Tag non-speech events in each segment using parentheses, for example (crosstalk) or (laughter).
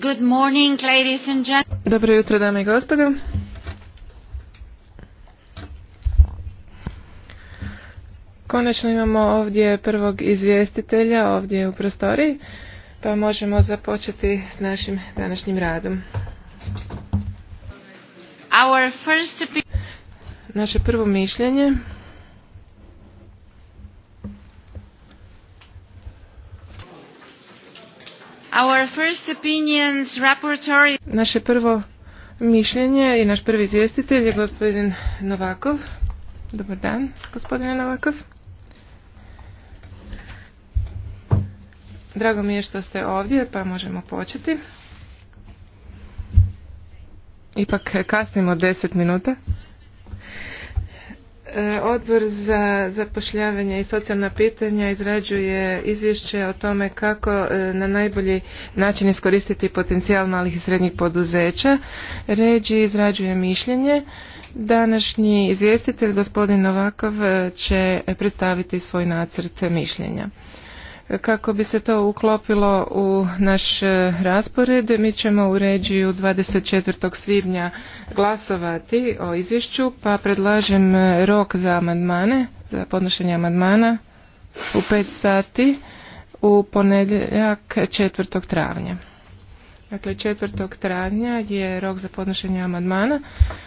Good morning, ladies Dobro jutro, dame i gospodo. Konačno imamo ovdje prvog izvjestitelja ovdje u prostoriji, pa možemo započeti s našim današnjim radom. Our first... Naše prvo mišljenje Naše prvo mišljenje i naš prvi izvjestitelj je gospodin Novakov. Dobar dan, gospodine Novakov. Drago mi je što ste ovdje, pa možemo početi. Ipak kasnimo deset minuta. E, Odbor za zapošljavanje i socijalna pitanja izrađuje izvješće o tome kako e, na najbolji način iskoristiti potencijal malih i srednjih poduzeća. Ređi izrađuje mišljenje. Današnji izvjestitelj gospodin Novakov e, će predstaviti svoj nacrt mišljenja. Kako bi se to uklopilo u naš e, raspored, mi ćemo u ređiju 24. svibnja glasovati o izvješću, pa predlažem e, rok za amandmane, za podnošenje amandmana u 5 sati u ponedjeljak 4. travnja. Dakle, 4. travnja je rok za podnošenje amandmana,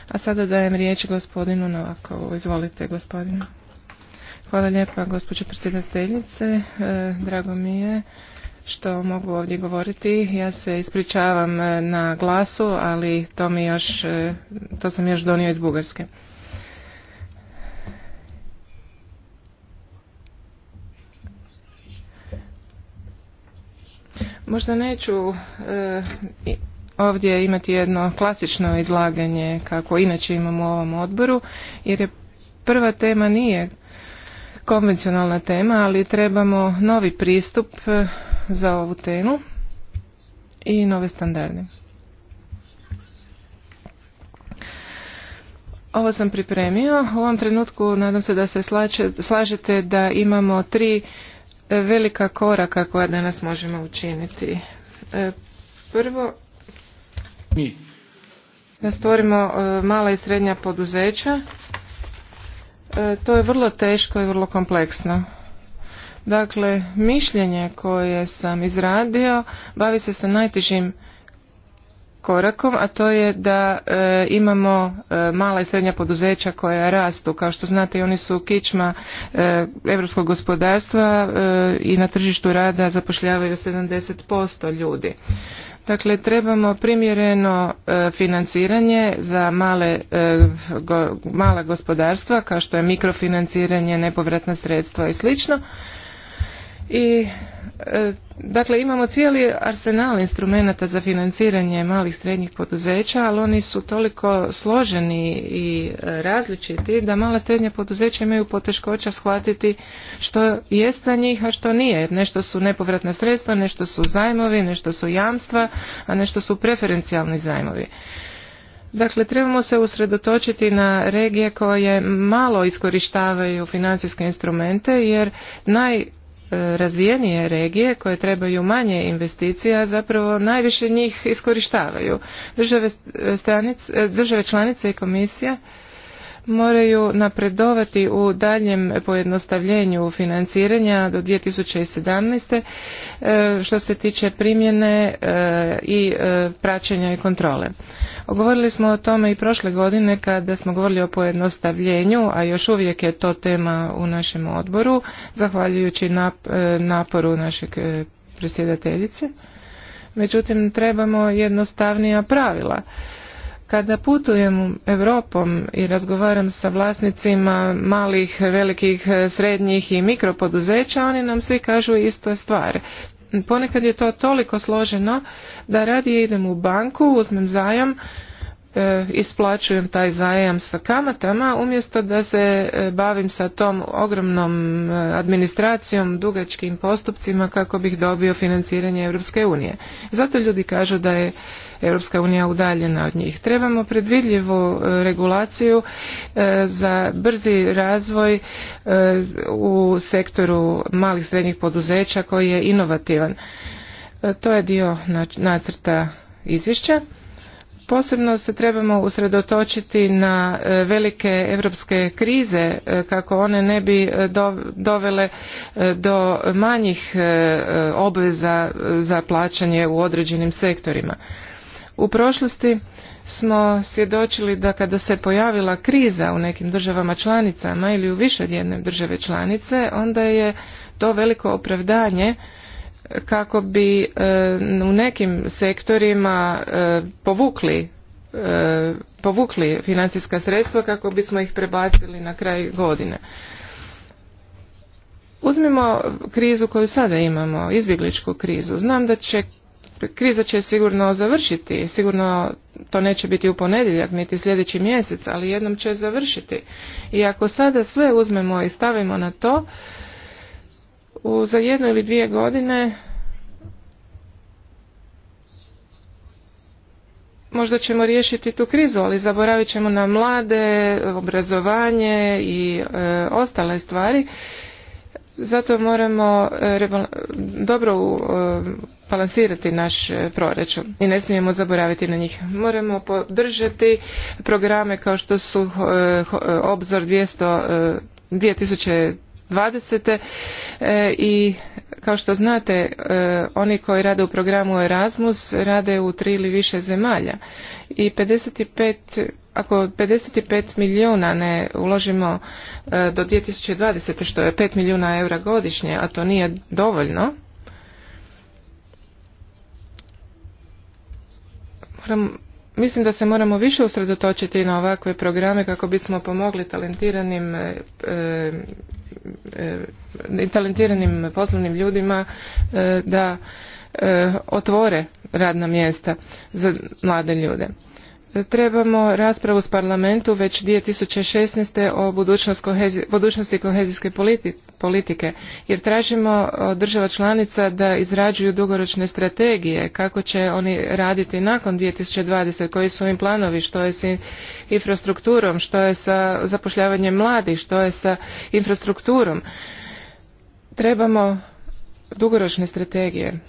a sada dajem riječ gospodinu Novakovu. Izvolite, gospodinu. Hvala lijepa gospođo predsjedateljice. E, drago mi je što mogu ovdje govoriti. Ja se ispričavam e, na glasu, ali to mi još, e, to sam još donio iz Bugarske. Možda neću ovdje imati jedno klasično izlaganje kako inače imamo u ovom odboru, jer je prva tema nije konvencionalna tema, ali trebamo novi pristup eh, za ovu temu i nove standarde. Ovo sam pripremio. U ovom trenutku nadam se da se slažete da imamo tri eh, velika koraka koja danas možemo učiniti. Eh, prvo, da stvorimo mala i srednja poduzeća E, to je vrlo teško i vrlo kompleksno. Dakle, mišljenje koje sam izradio bavi se sa najtežim korakom, a to je da e, imamo e, mala i srednja poduzeća koja rastu. Kao što znate, oni su kičma e, europskog gospodarstva i na tržištu rada zapošljavaju 70% ljudi. Dakle, trebamo primjereno e, financiranje za male, e, mala gospodarstva, kao što je mikrofinanciranje, nepovratna sredstva i slično. I E, dakle, imamo cijeli arsenal instrumenata za financiranje malih srednjih poduzeća, ali oni su toliko složeni i e, različiti da mala srednja poduzeća imaju poteškoća shvatiti što jest za njih, a što nije. Jer nešto su nepovratna sredstva, nešto su zajmovi, nešto su jamstva, a nešto su preferencijalni zajmovi. Dakle, trebamo se usredotočiti na regije koje malo iskorištavaju financijske instrumente, jer naj razvijenije regije koje trebaju manje investicija zapravo najviše njih iskorištavaju. Države, države članice i komisija moraju napredovati u daljem pojednostavljenju financiranja do 2017. E, što se tiče primjene e, i e, praćenja i kontrole. Govorili smo o tome i prošle godine kada smo govorili o pojednostavljenju, a još uvijek je to tema u našem odboru, zahvaljujući naporu našeg predsjedateljice. Međutim, trebamo jednostavnija pravila kada putujem Europom i razgovaram sa vlasnicima malih, velikih, srednjih i mikropoduzeća, oni nam svi kažu isto stvar. Ponekad je to toliko složeno da radije idem u banku, uzmem zajam, e, isplaćujem taj zajam sa kamatama umjesto da se e, bavim sa tom ogromnom e, administracijom, dugačkim postupcima kako bih dobio financiranje Europske unije. Zato ljudi kažu da je Europska unija udaljena od njih. Trebamo predvidljivu e, regulaciju e, za brzi razvoj e, u sektoru malih srednjih poduzeća koji je inovativan. To je dio nacrta izvješća. Posebno se trebamo usredotočiti na velike europske krize kako one ne bi dovele do manjih obveza za plaćanje u određenim sektorima. U prošlosti smo svjedočili da kada se pojavila kriza u nekim državama članicama ili u više od jedne države članice, onda je to veliko opravdanje kako bi e, u nekim sektorima e, povukli e, povukli financijska sredstva kako bismo ih prebacili na kraj godine. Uzmimo krizu koju sada imamo, izbjegličku krizu. Znam da će kriza će sigurno završiti, sigurno to neće biti u ponedjeljak niti sljedeći mjesec, ali jednom će završiti. I ako sada sve uzmemo i stavimo na to, u, za jednu ili dvije godine možda ćemo riješiti tu krizu, ali zaboravit ćemo na mlade, obrazovanje i e, ostale stvari. Zato moramo e, dobro u, e, balansirati naš e, proračun i ne smijemo zaboraviti na njih. Moramo podržati programe kao što su e, e, obzor 2020. i kao što znate oni koji rade u programu Erasmus rade u tri ili više zemalja i 55 ako 55 milijuna ne uložimo do 2020. što je 5 milijuna eura godišnje, a to nije dovoljno, mislim da se moramo više usredotočiti na ovakve programe kako bismo pomogli talentiranim e, e, e, talentiranim poslovnim ljudima da otvore radna mjesta za mlade ljude. Trebamo raspravu s parlamentu već 2016. o budućnosti kohezijske politike, jer tražimo od država članica da izrađuju dugoročne strategije, kako će oni raditi nakon 2020, koji su im planovi, što je s infrastrukturom, što je sa zapošljavanjem mladih, što je sa infrastrukturom. Trebamo dugoročne strategije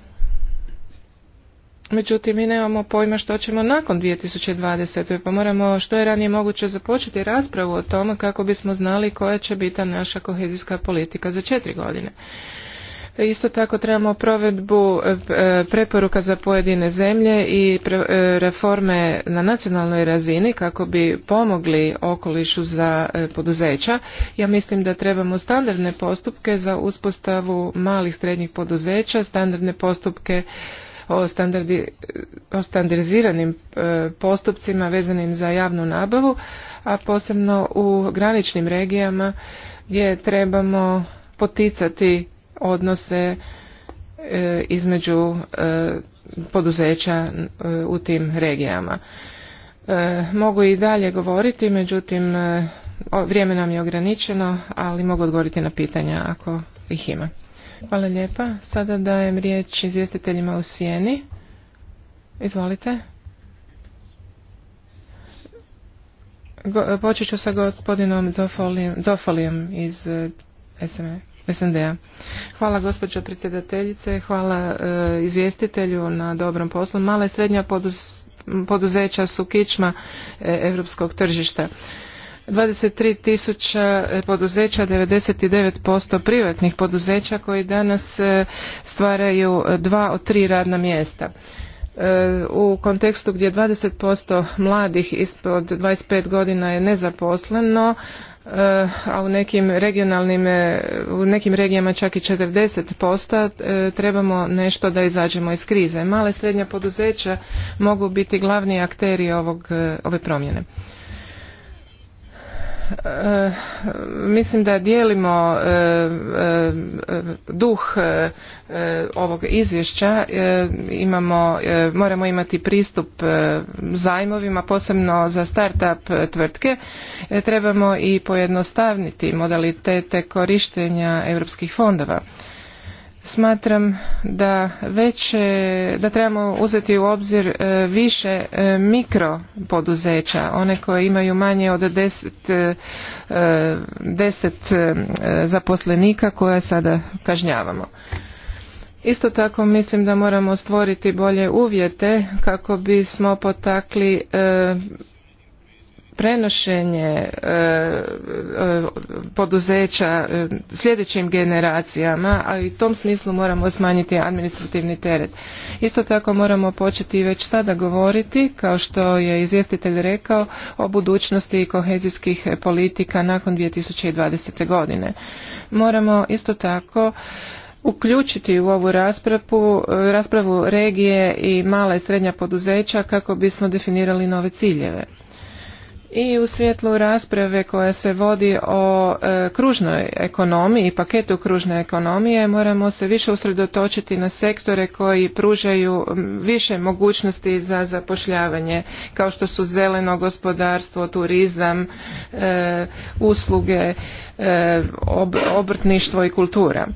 Međutim, mi nemamo pojma što ćemo nakon 2020. pa moramo što je ranije moguće započeti raspravu o tome kako bismo znali koja će biti naša kohezijska politika za četiri godine. Isto tako trebamo provedbu e, e, preporuka za pojedine zemlje i e, reforme na nacionalnoj razini kako bi pomogli okolišu za poduzeća. Ja mislim da trebamo standardne postupke za uspostavu malih srednjih poduzeća, standardne postupke o, standardiziranim e, postupcima vezanim za javnu nabavu, a posebno u graničnim regijama gdje trebamo poticati odnose e, između e, poduzeća u tim regijama. Mogu i dalje govoriti, međutim vrijeme nam je ograničeno, ali mogu odgovoriti na pitanja ako ih ima. Hvala lijepa. Sada dajem riječ izvjestiteljima u sjeni. Izvolite. počet ću sa gospodinom Zofolijom, iz eh, SND-a. E, hvala gospođo predsjedateljice, hvala eh, izvjestitelju na dobrom poslu. Mala i srednja poduzeća su kičma europskog eh, tržišta. 23 tisuća poduzeća, 99% privatnih poduzeća koji danas e, stvaraju dva od tri radna mjesta e, u kontekstu gdje 20% mladih ispod 25 godina je nezaposleno, e, a u nekim regionalnim, u nekim regijama čak i 40%, trebamo nešto da izađemo iz krize. Male srednja poduzeća mogu biti glavni akteri ovog, ove promjene. E, mislim da dijelimo e, e, duh ovog izvješća imamo moramo imati pristup zajmovima posebno za startup tvrtke trebamo i pojednostavniti modalitete korištenja europskih fondova smatram da već da trebamo uzeti u obzir e, više e, mikro poduzeća, one koje imaju manje od deset 10 e, zaposlenika koje sada kažnjavamo. Isto tako mislim da moramo stvoriti bolje uvjete kako bismo potakli prenošenje e, e, poduzeća e, sljedećim generacijama, a i u tom smislu moramo smanjiti administrativni teret. Isto tako moramo početi već sada govoriti, kao što je izvjestitelj rekao, o budućnosti kohezijskih politika nakon 2020. godine. Moramo isto tako uključiti u ovu raspravu, raspravu regije i mala i srednja poduzeća kako bismo definirali nove ciljeve i u svjetlu rasprave koja se vodi o e, kružnoj ekonomiji i paketu kružne ekonomije moramo se više usredotočiti na sektore koji pružaju više mogućnosti za zapošljavanje kao što su zeleno gospodarstvo, turizam, e, usluge, e, obrtništvo i kultura.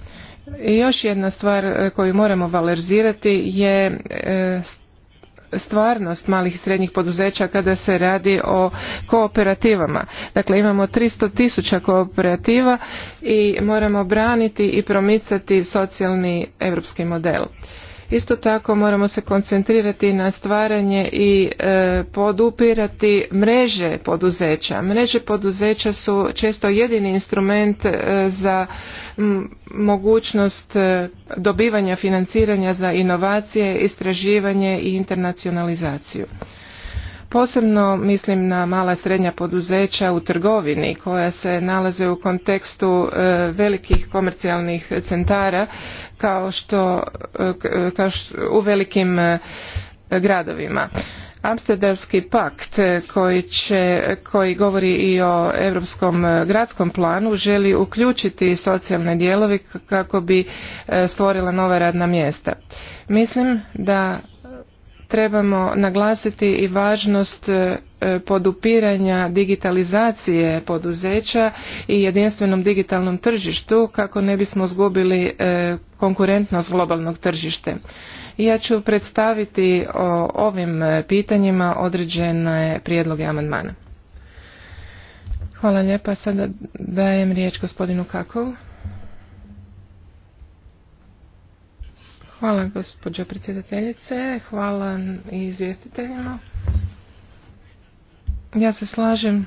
I još jedna stvar koju moramo valorizirati je stvarnost malih i srednjih poduzeća kada se radi o kooperativama. Dakle, imamo 300 tisuća kooperativa i moramo braniti i promicati socijalni europski model. Isto tako moramo se koncentrirati na stvaranje i e, podupirati mreže poduzeća. Mreže poduzeća su često jedini instrument e, za mogućnost e, dobivanja financiranja za inovacije, istraživanje i internacionalizaciju. Posebno mislim na mala srednja poduzeća u trgovini koja se nalaze u kontekstu velikih komercijalnih centara kao što, u velikim e, gradovima. Amsterdamski pakt e, koji, će, koji govori i o europskom e, gradskom planu želi uključiti socijalne dijelovi kako bi stvorila nova radna mjesta. Mislim da trebamo naglasiti i važnost e, podupiranja digitalizacije poduzeća i jedinstvenom digitalnom tržištu kako ne bismo zgubili e, konkurentnost globalnog tržište. Ja ću predstaviti o ovim e, pitanjima određene prijedloge amandmana. Hvala lijepa. Sada dajem riječ gospodinu Kakovu. Hvala gospođo predsjedateljice, hvala i izvjestiteljima. Ja se slažem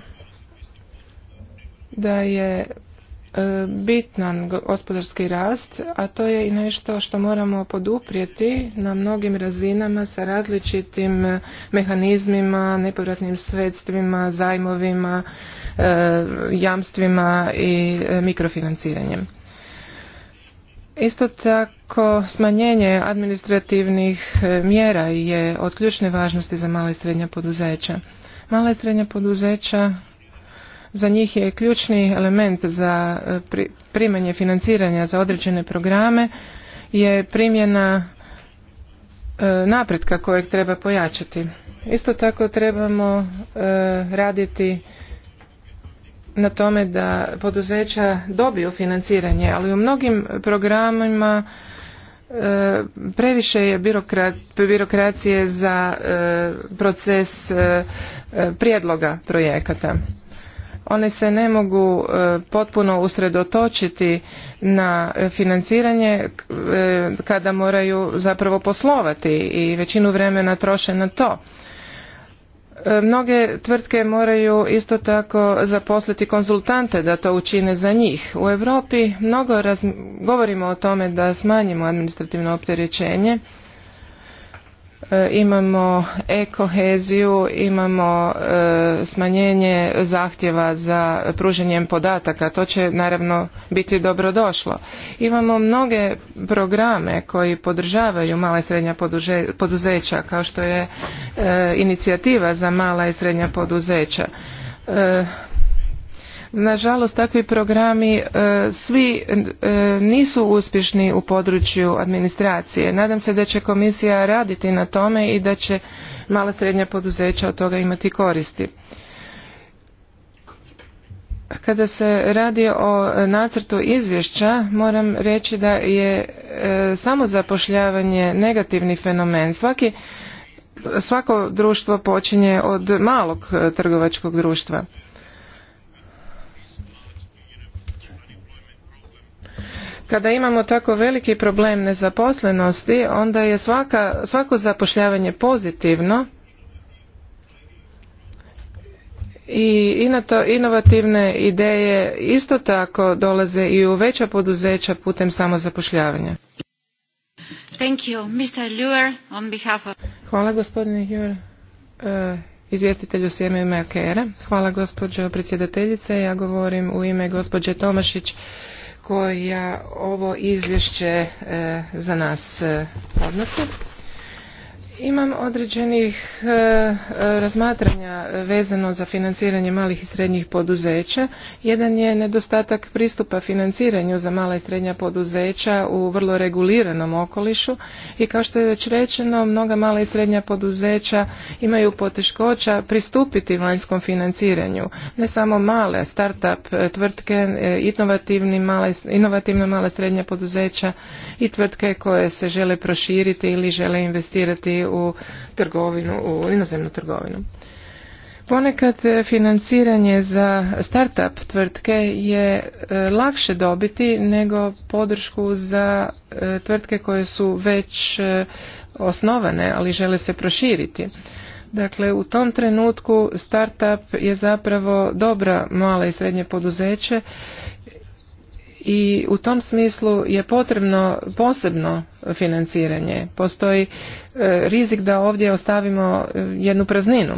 da je e, bitan gospodarski rast, a to je i nešto što moramo poduprijeti na mnogim razinama sa različitim e, mehanizmima, nepovratnim sredstvima, zajmovima, e, jamstvima i mikrofinanciranjem. Isto tako smanjenje administrativnih e, mjera je od ključne važnosti za mala i srednja poduzeća. Mala i srednja poduzeća za njih je ključni element za e, primanje financiranja za određene programe je primjena e, napretka kojeg treba pojačati. Isto tako trebamo raditi na tome da poduzeća dobiju financiranje, ali u mnogim programima e, previše je birokracije za e, proces e, prijedloga projekata. One se ne mogu potpuno usredotočiti na financiranje kada moraju zapravo poslovati i većinu vremena troše na to. E, mnoge tvrtke moraju isto tako zaposliti konzultante da to učine za njih. U Europi mnogo govorimo o tome da smanjimo administrativno opterećenje E, imamo ekoheziju, imamo e, smanjenje zahtjeva za pruženjem podataka, to će naravno biti dobrodošlo. Imamo mnoge programe koji podržavaju mala i srednja poduzeća, kao što je e, inicijativa za mala i srednja poduzeća. Nažalost, takvi programi e, svi e, nisu uspješni u području administracije. Nadam se da će komisija raditi na tome i da će mala srednja poduzeća od toga imati koristi. Kada se radi o nacrtu izvješća, moram reći da je e, samo zapošljavanje negativni fenomen. Svaki, svako društvo počinje od malog trgovačkog društva. Kada imamo tako veliki problem nezaposlenosti, onda je svaka, svako zapošljavanje pozitivno i inovativne ideje isto tako dolaze i u veća poduzeća putem samozapošljavanja. Thank you. Mr. Luer, on behalf of... Hvala gospodine e, izvjestitelju Sjeme Hvala gospođo predsjedateljice. Ja govorim u ime gospođe Tomašić koja ovo izvješće e, za nas e, podnosi. Imam određenih e, e, razmatranja vezano za financiranje malih i srednjih poduzeća. Jedan je nedostatak pristupa financiranju za mala i srednja poduzeća u vrlo reguliranom okolišu i kao što je već rečeno, mnoga mala i srednja poduzeća imaju poteškoća pristupiti vanjskom financiranju. Ne samo male, start-up e, tvrtke, inovativna mala i srednja poduzeća i tvrtke koje se žele proširiti ili žele investirati u trgovinu, u inozemnu trgovinu. Ponekad e, financiranje za startup tvrtke je e, lakše dobiti nego podršku za e, tvrtke koje su već osnovane, ali žele se proširiti. Dakle, u tom trenutku startup je zapravo dobra mala i srednje poduzeće i u tom smislu je potrebno posebno financiranje. Postoji E, rizik da ovdje ostavimo e, jednu prazninu.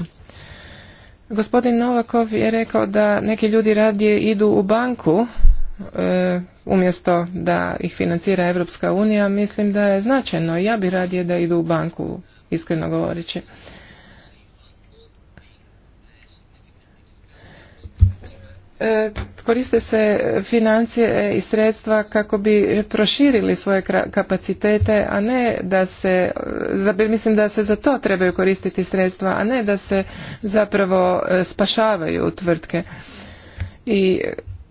Gospodin Novakov je rekao da neki ljudi radije idu u banku e, umjesto da ih financira Europska unija, mislim da je značajno. Ja bi radije da idu u banku, iskreno govoreći. E, koriste se financije i sredstva kako bi proširili svoje kapacitete, a ne da se, mislim da se za to trebaju koristiti sredstva, a ne da se zapravo e, spašavaju tvrtke. I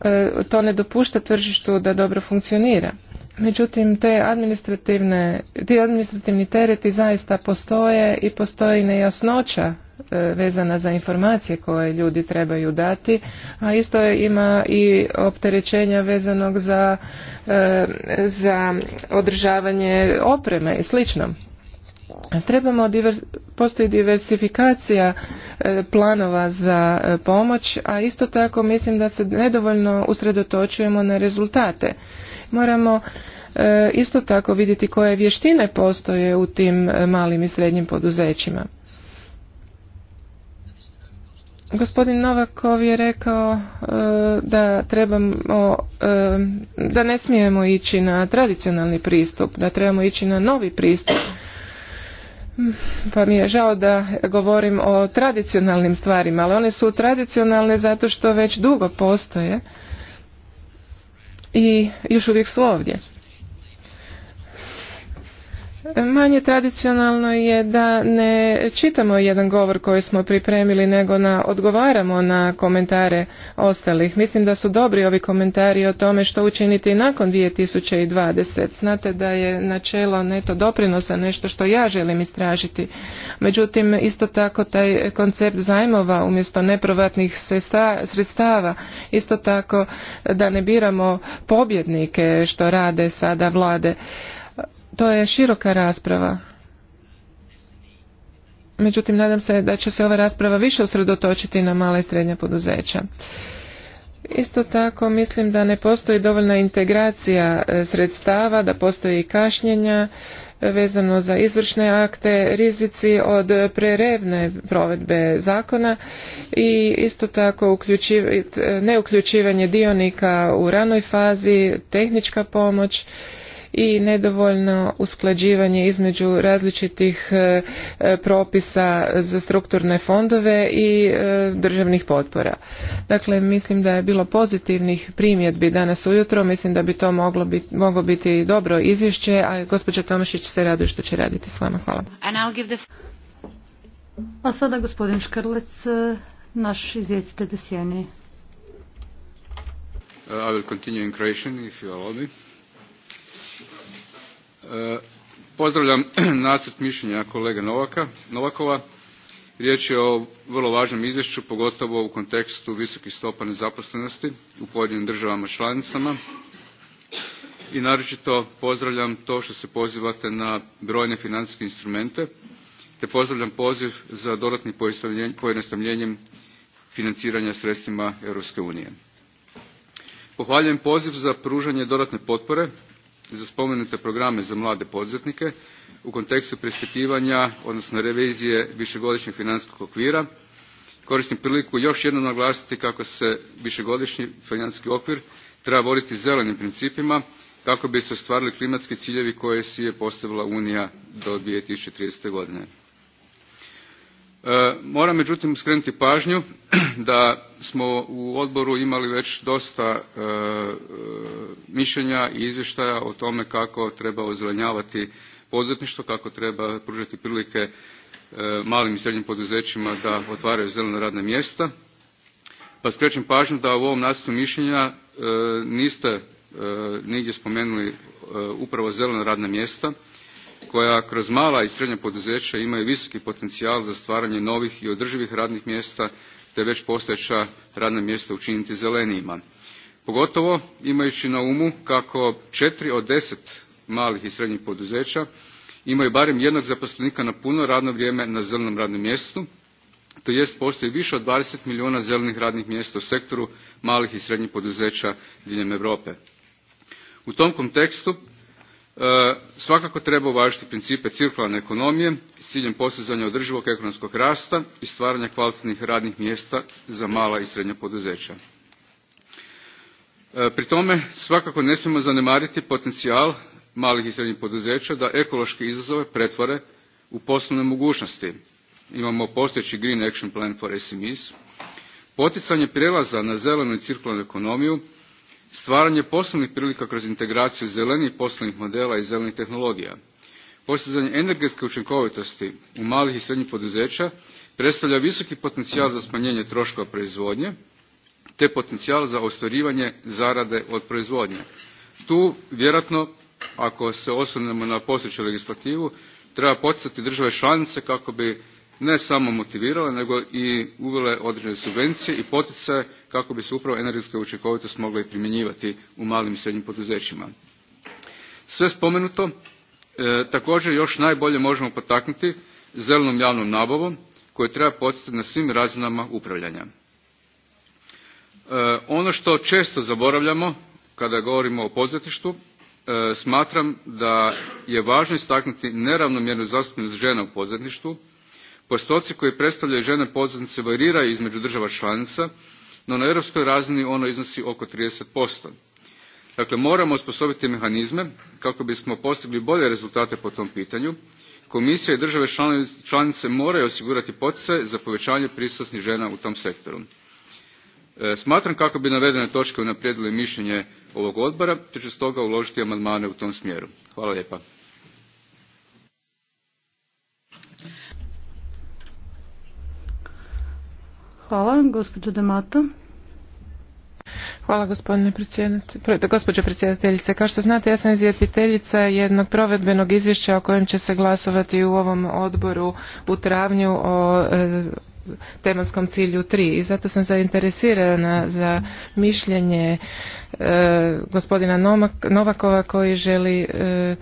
e, to ne dopušta tržištu da dobro funkcionira. Međutim, te administrativne, ti administrativni tereti zaista postoje i postoji nejasnoća e, vezana za informacije koje ljudi trebaju dati, a isto ima i opterećenja vezanog za, e, za održavanje opreme i slično. Trebamo postoji diversifikacija e, planova za pomoć, a isto tako mislim da se nedovoljno usredotočujemo na rezultate. Moramo e, isto tako vidjeti koje vještine postoje u tim e, malim i srednjim poduzećima. Gospodin Novakov je rekao e, da trebamo, da ne smijemo ići na tradicionalni pristup, da trebamo ići na novi pristup. Pa mi je žao da govorim o tradicionalnim stvarima, ali one su tradicionalne zato što već dugo postoje i još uvijek su ovdje. Manje tradicionalno je da ne čitamo jedan govor koji smo pripremili, nego na, odgovaramo na komentare ostalih. Mislim da su dobri ovi komentari o tome što učiniti nakon 2020. Znate da je načelo neto doprinosa nešto što ja želim istražiti. Međutim, isto tako taj koncept zajmova umjesto neprovatnih sredstava, isto tako da ne biramo pobjednike što rade sada vlade. To je široka rasprava. Međutim, nadam se da će se ova rasprava više usredotočiti na mala i srednja poduzeća. Isto tako mislim da ne postoji dovoljna integracija e, sredstava, da postoji kašnjenja e, vezano za izvršne akte, rizici od prerevne provedbe zakona i isto tako e, neuključivanje dionika u ranoj fazi, tehnička pomoć i nedovoljno usklađivanje između različitih e, e, propisa za strukturne fondove i e, državnih potpora. Dakle, mislim da je bilo pozitivnih primjedbi danas ujutro, mislim da bi to moglo biti, moglo biti dobro izvješće, a gospođa Tomašić se radi što će raditi s vama. Hvala. A sada gospodin Škrlec, naš izvjestitelj do Sjeni. Uh, I will continue in Croatian if you allow me. Pozdravljam (clears throat) nacrt mišljenja kolege Novakova. Riječ je o vrlo važnom izvješću, pogotovo u kontekstu visokih stopa nezaposlenosti u pojedinim državama članicama i naročito pozdravljam to što se pozivate na brojne financijske instrumente te pozdravljam poziv za dodatnim pojednostavljenjem financiranja sredstvima Europske unije. Pohvaljujem poziv za pružanje dodatne potpore za spomenute programe za mlade poduzetnike u kontekstu preispitivanja odnosno revizije višegodišnjeg financijskog okvira koristim priliku još jednom naglasiti kako se višegodišnji financijski okvir treba voditi zelenim principima kako bi se ostvarili klimatski ciljevi koje si je postavila unija do. two thousand and thirty godine E, moram međutim skrenuti pažnju (clears throat) da smo u odboru imali već dosta e, e, mišljenja i izvještaja o tome kako treba ozelenjavati poduzetništvo kako treba pružati prilike malim i srednjim poduzećima da otvaraju zelena radna mjesta pa skrećem pažnju da u ovom nacrtu mišljenja niste nigdje spomenuli upravo zelena radna mjesta koja kroz mala i srednja poduzeća imaju visoki potencijal za stvaranje novih i održivih radnih mjesta te već postojeća radna mjesta učiniti zelenijima pogotovo imajući na umu kako četiri od deset malih i srednjih poduzeća imaju barem jednog zaposlenika na puno radno vrijeme na zelenom radnom mjestu to jest postoji više od dvadeset milijuna zelenih radnih mjesta u sektoru malih i srednjih poduzeća diljem europe u tom kontekstu E, svakako treba uvažiti principe cirkularne ekonomije s ciljem postizanja održivog ekonomskog rasta i stvaranja kvalitetnih radnih mjesta za mala i srednja poduzeća. E, pri tome svakako ne smijemo zanemariti potencijal malih i srednjih poduzeća da ekološke izazove pretvore u poslovne mogućnosti. Imamo postojeći Green Action Plan for SMEs, poticanje prijelaza na zelenu i cirkularnu ekonomiju stvaranje poslovnih prilika kroz integraciju zelenih poslovnih modela i zelenih tehnologija postizanje energetske učinkovitosti u malih i srednjih poduzeća predstavlja visoki potencijal za smanjenje troškova proizvodnje te potencijal za ostvarivanje zarade od proizvodnje. Tu vjerojatno ako se osvrnemo na postojeću legislativu treba poticati države članice kako bi ne samo motivirale nego i uvele određene subvencije i poticaje kako bi se upravo energetska učinkovitost mogla i primjenjivati u malim i srednjim poduzećima. Sve spomenuto e, također još najbolje možemo potaknuti zelenom javnom nabavom koju treba poticati na svim razinama upravljanja. E, ono što često zaboravljamo kada govorimo o poduzetništvu e, smatram da je važno istaknuti neravnomjernu zastupljenost žena u poduzetništvu postoci koji predstavljaju žene poduzetnice variraju između država članica no na europskoj razini ono iznosi oko thirty dakle moramo osposobiti mehanizme kako bismo postigli bolje rezultate po tom pitanju komisija i države članice moraju osigurati poticaje za povećanje prisutnosti žena u tom sektoru e, smatram kako bi navedene točke unaprijedile mišljenje ovog odbora te ću stoga uložiti amandmane u tom smjeru hvala lijepa Hvala, gospođo Demata. Hvala gospodine predsjedatelj, gospođo predsjedateljice. Kao što znate, ja sam izvjetiteljica jednog provedbenog izvješća o kojem će se glasovati u ovom odboru u travnju o e, tematskom cilju 3 i zato sam zainteresirana za mišljenje e, gospodina Novakova koji želi e,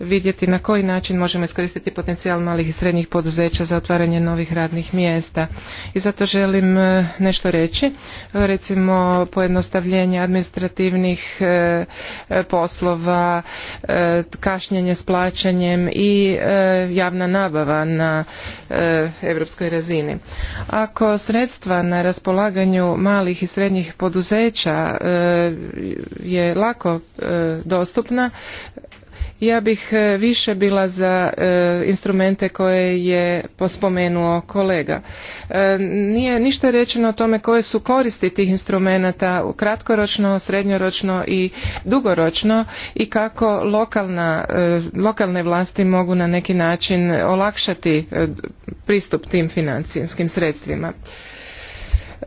vidjeti na koji način možemo iskoristiti potencijal malih i srednjih poduzeća za otvaranje novih radnih mjesta. I zato želim e, nešto reći, e, recimo pojednostavljenje administrativnih e, poslova, kašnjenje s plaćanjem i javna nabava na europskoj razini. Ako sredstva na raspolaganju malih i srednjih poduzeća je lako dostupna ja bih e, više bila za e, instrumente koje je pospomenuo kolega. E, nije ništa rečeno o tome koje su koristi tih instrumenata kratkoročno, srednjoročno i dugoročno i kako lokalna, lokalne vlasti mogu na neki način olakšati pristup tim financijskim sredstvima.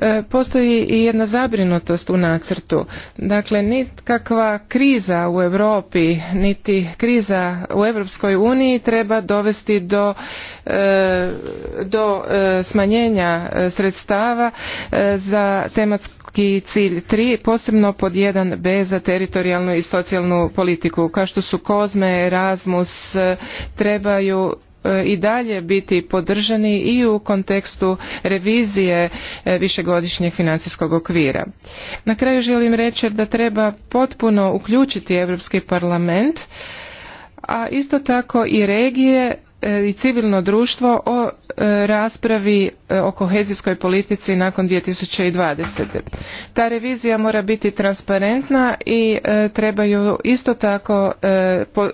E, postoji i jedna zabrinutost u nacrtu. Dakle, nikakva kriza u Europi, niti kriza u Europskoj uniji treba dovesti do, e, do e, smanjenja sredstava za tematski cilj tri posebno pod jedan b za teritorijalnu i socijalnu politiku kao što su kozme erasmus trebaju E, i dalje biti podržani i u kontekstu revizije e, višegodišnjeg financijskog okvira. Na kraju želim reći da treba potpuno uključiti Europski parlament a isto tako i regije E, i civilno društvo o e, raspravi e, o kohezijskoj politici nakon 2020. Ta revizija mora biti transparentna i trebaju isto tako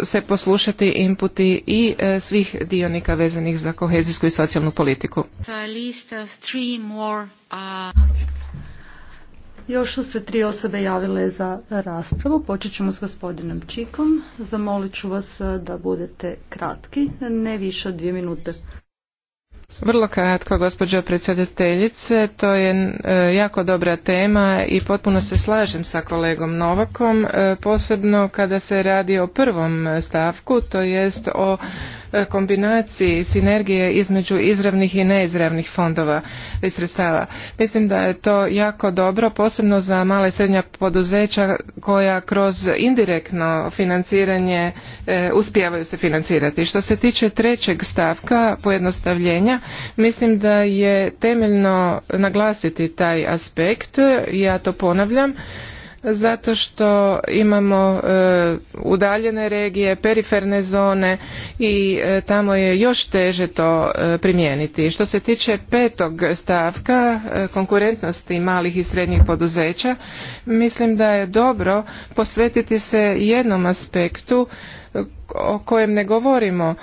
se poslušati inputi i svih dionika vezanih za kohezijsku i socijalnu politiku. Još su se tri osobe javile za raspravu. Počet ćemo s gospodinom Čikom. Zamolit ću vas e, da budete kratki, ne više od dvije minute. Vrlo kratko, gospođo predsjedateljice, to je e, jako dobra tema i potpuno se slažem sa kolegom Novakom, e, posebno kada se radi o prvom stavku, to jest o E, kombinaciji sinergije između izravnih i neizravnih fondova i sredstava. Mislim da je to jako dobro, posebno za male i srednja poduzeća koja kroz indirektno financiranje e, uspijevaju se financirati. Što se tiče trećeg stavka pojednostavljenja, mislim da je temeljno naglasiti taj aspekt, ja to ponavljam, zato što imamo e, udaljene regije, periferne zone i e, tamo je još teže to e, primijeniti. Što se tiče petog stavka konkurentnosti malih i srednjih poduzeća, mislim da je dobro posvetiti se jednom aspektu o kojem ne govorimo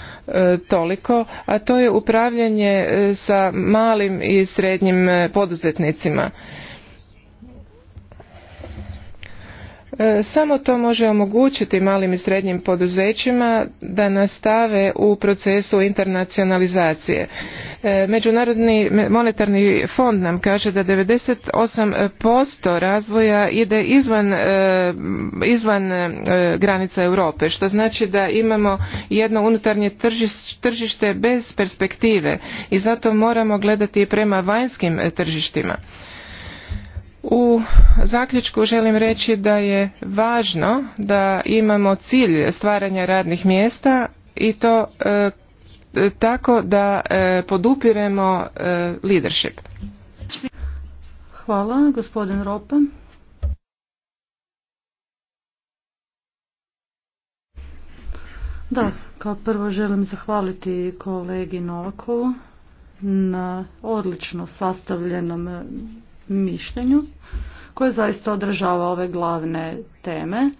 toliko, a to je upravljanje sa malim i srednjim poduzetnicima. E, samo to može omogućiti malim i srednjim poduzećima da nastave u procesu internacionalizacije. E, Međunarodni monetarni fond nam kaže da 98% razvoja ide izvan, e, izvan granica Europe, što znači da imamo jedno unutarnje tržište bez perspektive i zato moramo gledati prema vanjskim tržištima. U zaključku želim reći da je važno da imamo cilj stvaranja radnih mjesta i to e, tako da e, podupiremo e, leadership. Hvala, gospodin Ropa. Da, kao prvo želim zahvaliti kolegi Novakovu na odlično sastavljenom mišljenju koje zaista održava ove glavne teme.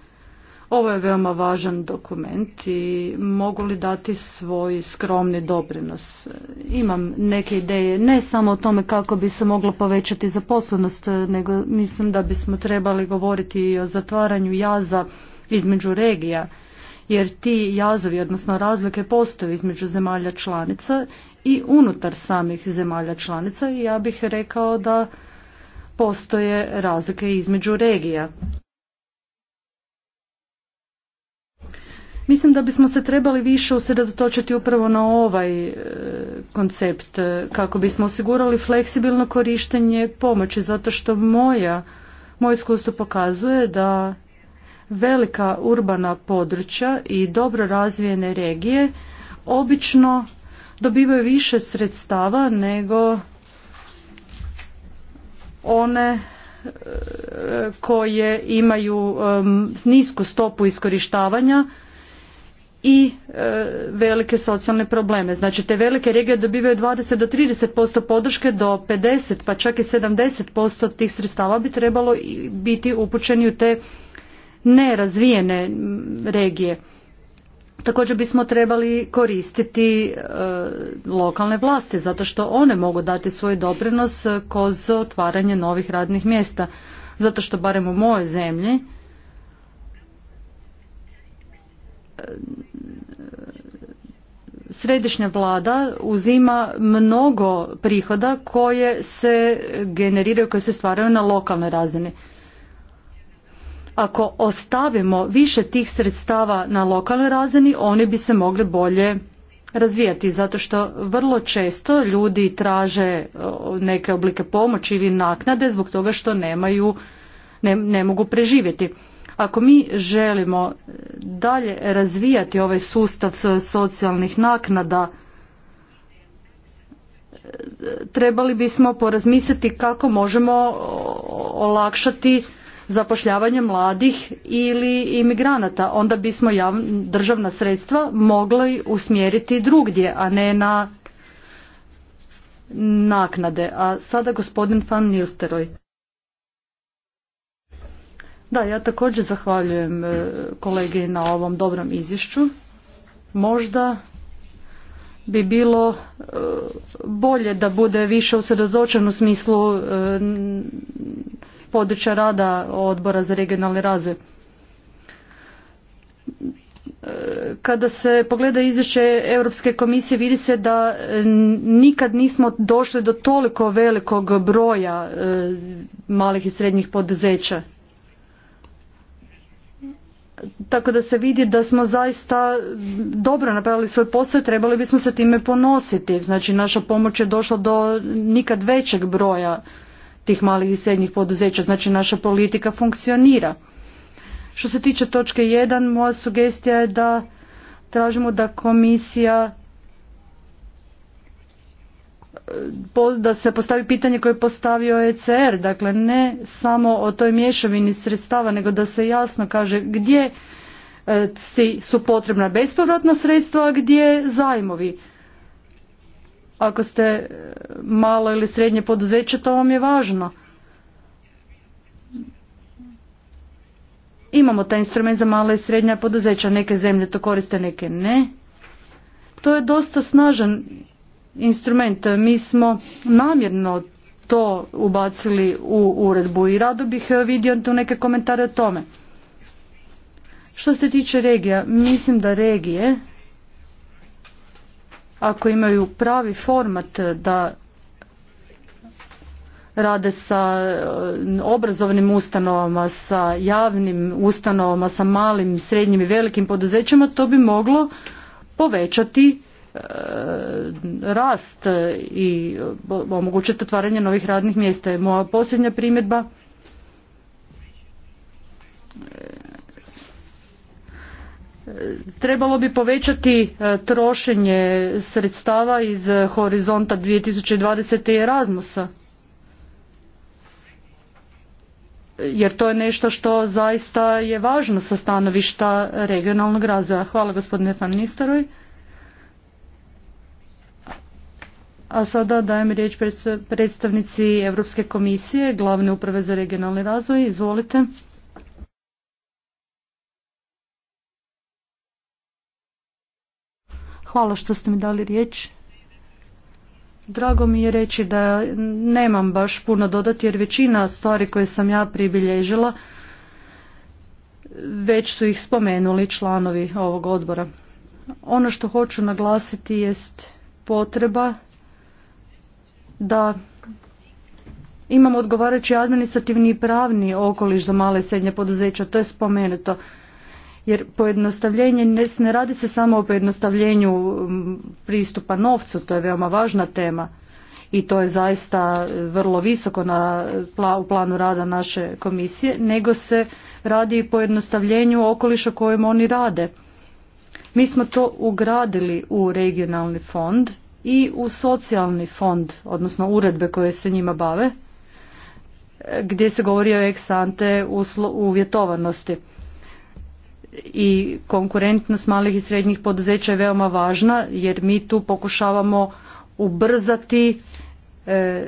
Ovo je veoma važan dokument i mogu li dati svoj skromni doprinos. Imam neke ideje ne samo o tome kako bi se moglo povećati zaposlenost, nego mislim da bismo trebali govoriti i o zatvaranju jaza između regija, jer ti jazovi, odnosno razlike, postoje između zemalja članica i unutar samih zemalja članica i ja bih rekao da postoje razlike između regija. Mislim da bismo se trebali više usredotočiti upravo na ovaj e, koncept e, kako bismo osigurali fleksibilno korištenje pomoći zato što moja, moje iskustvo pokazuje da velika urbana područja i dobro razvijene regije obično dobivaju više sredstava nego one e, koje imaju e, nisku stopu iskorištavanja i e, velike socijalne probleme. Znači te velike regije dobivaju 20 do 30% podrške do 50 pa čak i 70% tih sredstava bi trebalo biti upućeni u te nerazvijene regije. Također bismo trebali koristiti e, lokalne vlasti zato što one mogu dati svoj doprinos e, kroz otvaranje novih radnih mjesta. Zato što barem u mojoj zemlji e, središnja vlada uzima mnogo prihoda koje se generiraju, koje se stvaraju na lokalnoj razini ako ostavimo više tih sredstava na lokalnoj razini, oni bi se mogli bolje razvijati zato što vrlo često ljudi traže e, neke oblike pomoći ili naknade zbog toga što nemaju ne, ne mogu preživjeti. Ako mi želimo dalje razvijati ovaj sustav socijalnih naknada e, trebali bismo porazmisliti kako možemo olakšati zapošljavanje mladih ili imigranata. Onda bismo državna sredstva mogli usmjeriti drugdje, a ne na naknade. A sada gospodin Van Nilsteroj. Da, ja također zahvaljujem e, kolegi na ovom dobrom izvješću. Možda bi bilo e, bolje da bude više usredozočen u smislu e, područja rada odbora za regionalni razvoj. Kada se pogleda izvješće Europske komisije vidi se da e, nikad nismo došli do toliko velikog broja e, malih i srednjih poduzeća. Tako da se vidi da smo zaista dobro napravili svoj posao i trebali bismo se time ponositi. Znači naša pomoć je došla do nikad većeg broja tih malih i srednjih poduzeća. Znači naša politika funkcionira. Što se tiče točke 1, moja sugestija je da tražimo da komisija e, da se postavi pitanje koje je postavio ECR, dakle ne samo o toj mješavini sredstava, nego da se jasno kaže gdje e, su potrebna bespovratna sredstva, a gdje zajmovi. Ako ste e, malo ili srednje poduzeće, to vam je važno. Imamo taj instrument za mala i srednja poduzeća, neke zemlje to koriste, neke ne. To je dosta snažan instrument. Mi smo namjerno to ubacili u uredbu i rado bih e, vidio tu neke komentare o tome. Što se tiče regija, mislim da regije ako imaju pravi format da rade sa e, obrazovnim ustanovama, sa javnim ustanovama, sa malim, srednjim i velikim poduzećima, to bi moglo povećati e, rast i omogućiti otvaranje novih radnih mjesta. Moja posljednja primjedba trebalo bi povećati e, trošenje sredstava iz horizonta 2020. i Erasmusa. Jer to je nešto što zaista je važno sa stanovišta regionalnog razvoja. Hvala gospodine van Nistaroj. A sada dajem riječ predstavnici Europske komisije, glavne uprave za regionalni razvoj. Izvolite. Hvala što ste mi dali riječ. Drago mi je reći da nemam baš puno dodati jer većina stvari koje sam ja pribilježila već su ih spomenuli članovi ovog odbora. Ono što hoću naglasiti jest potreba da imamo odgovarajući administrativni i pravni okoliš za male i srednje poduzeća, to je spomenuto jer pojednostavljenje ne radi se samo o pojednostavljenju pristupa novcu, to je veoma važna tema i to je zaista e, vrlo visoko na, u planu rada naše komisije, nego se radi i pojednostavljenju okoliša kojem oni rade. Mi smo to ugradili u regionalni fond i u socijalni fond, odnosno uredbe koje se njima bave, e, gdje se govori o ex ante uvjetovanosti i konkurentnost malih i srednjih poduzeća je veoma važna jer mi tu pokušavamo ubrzati e, e,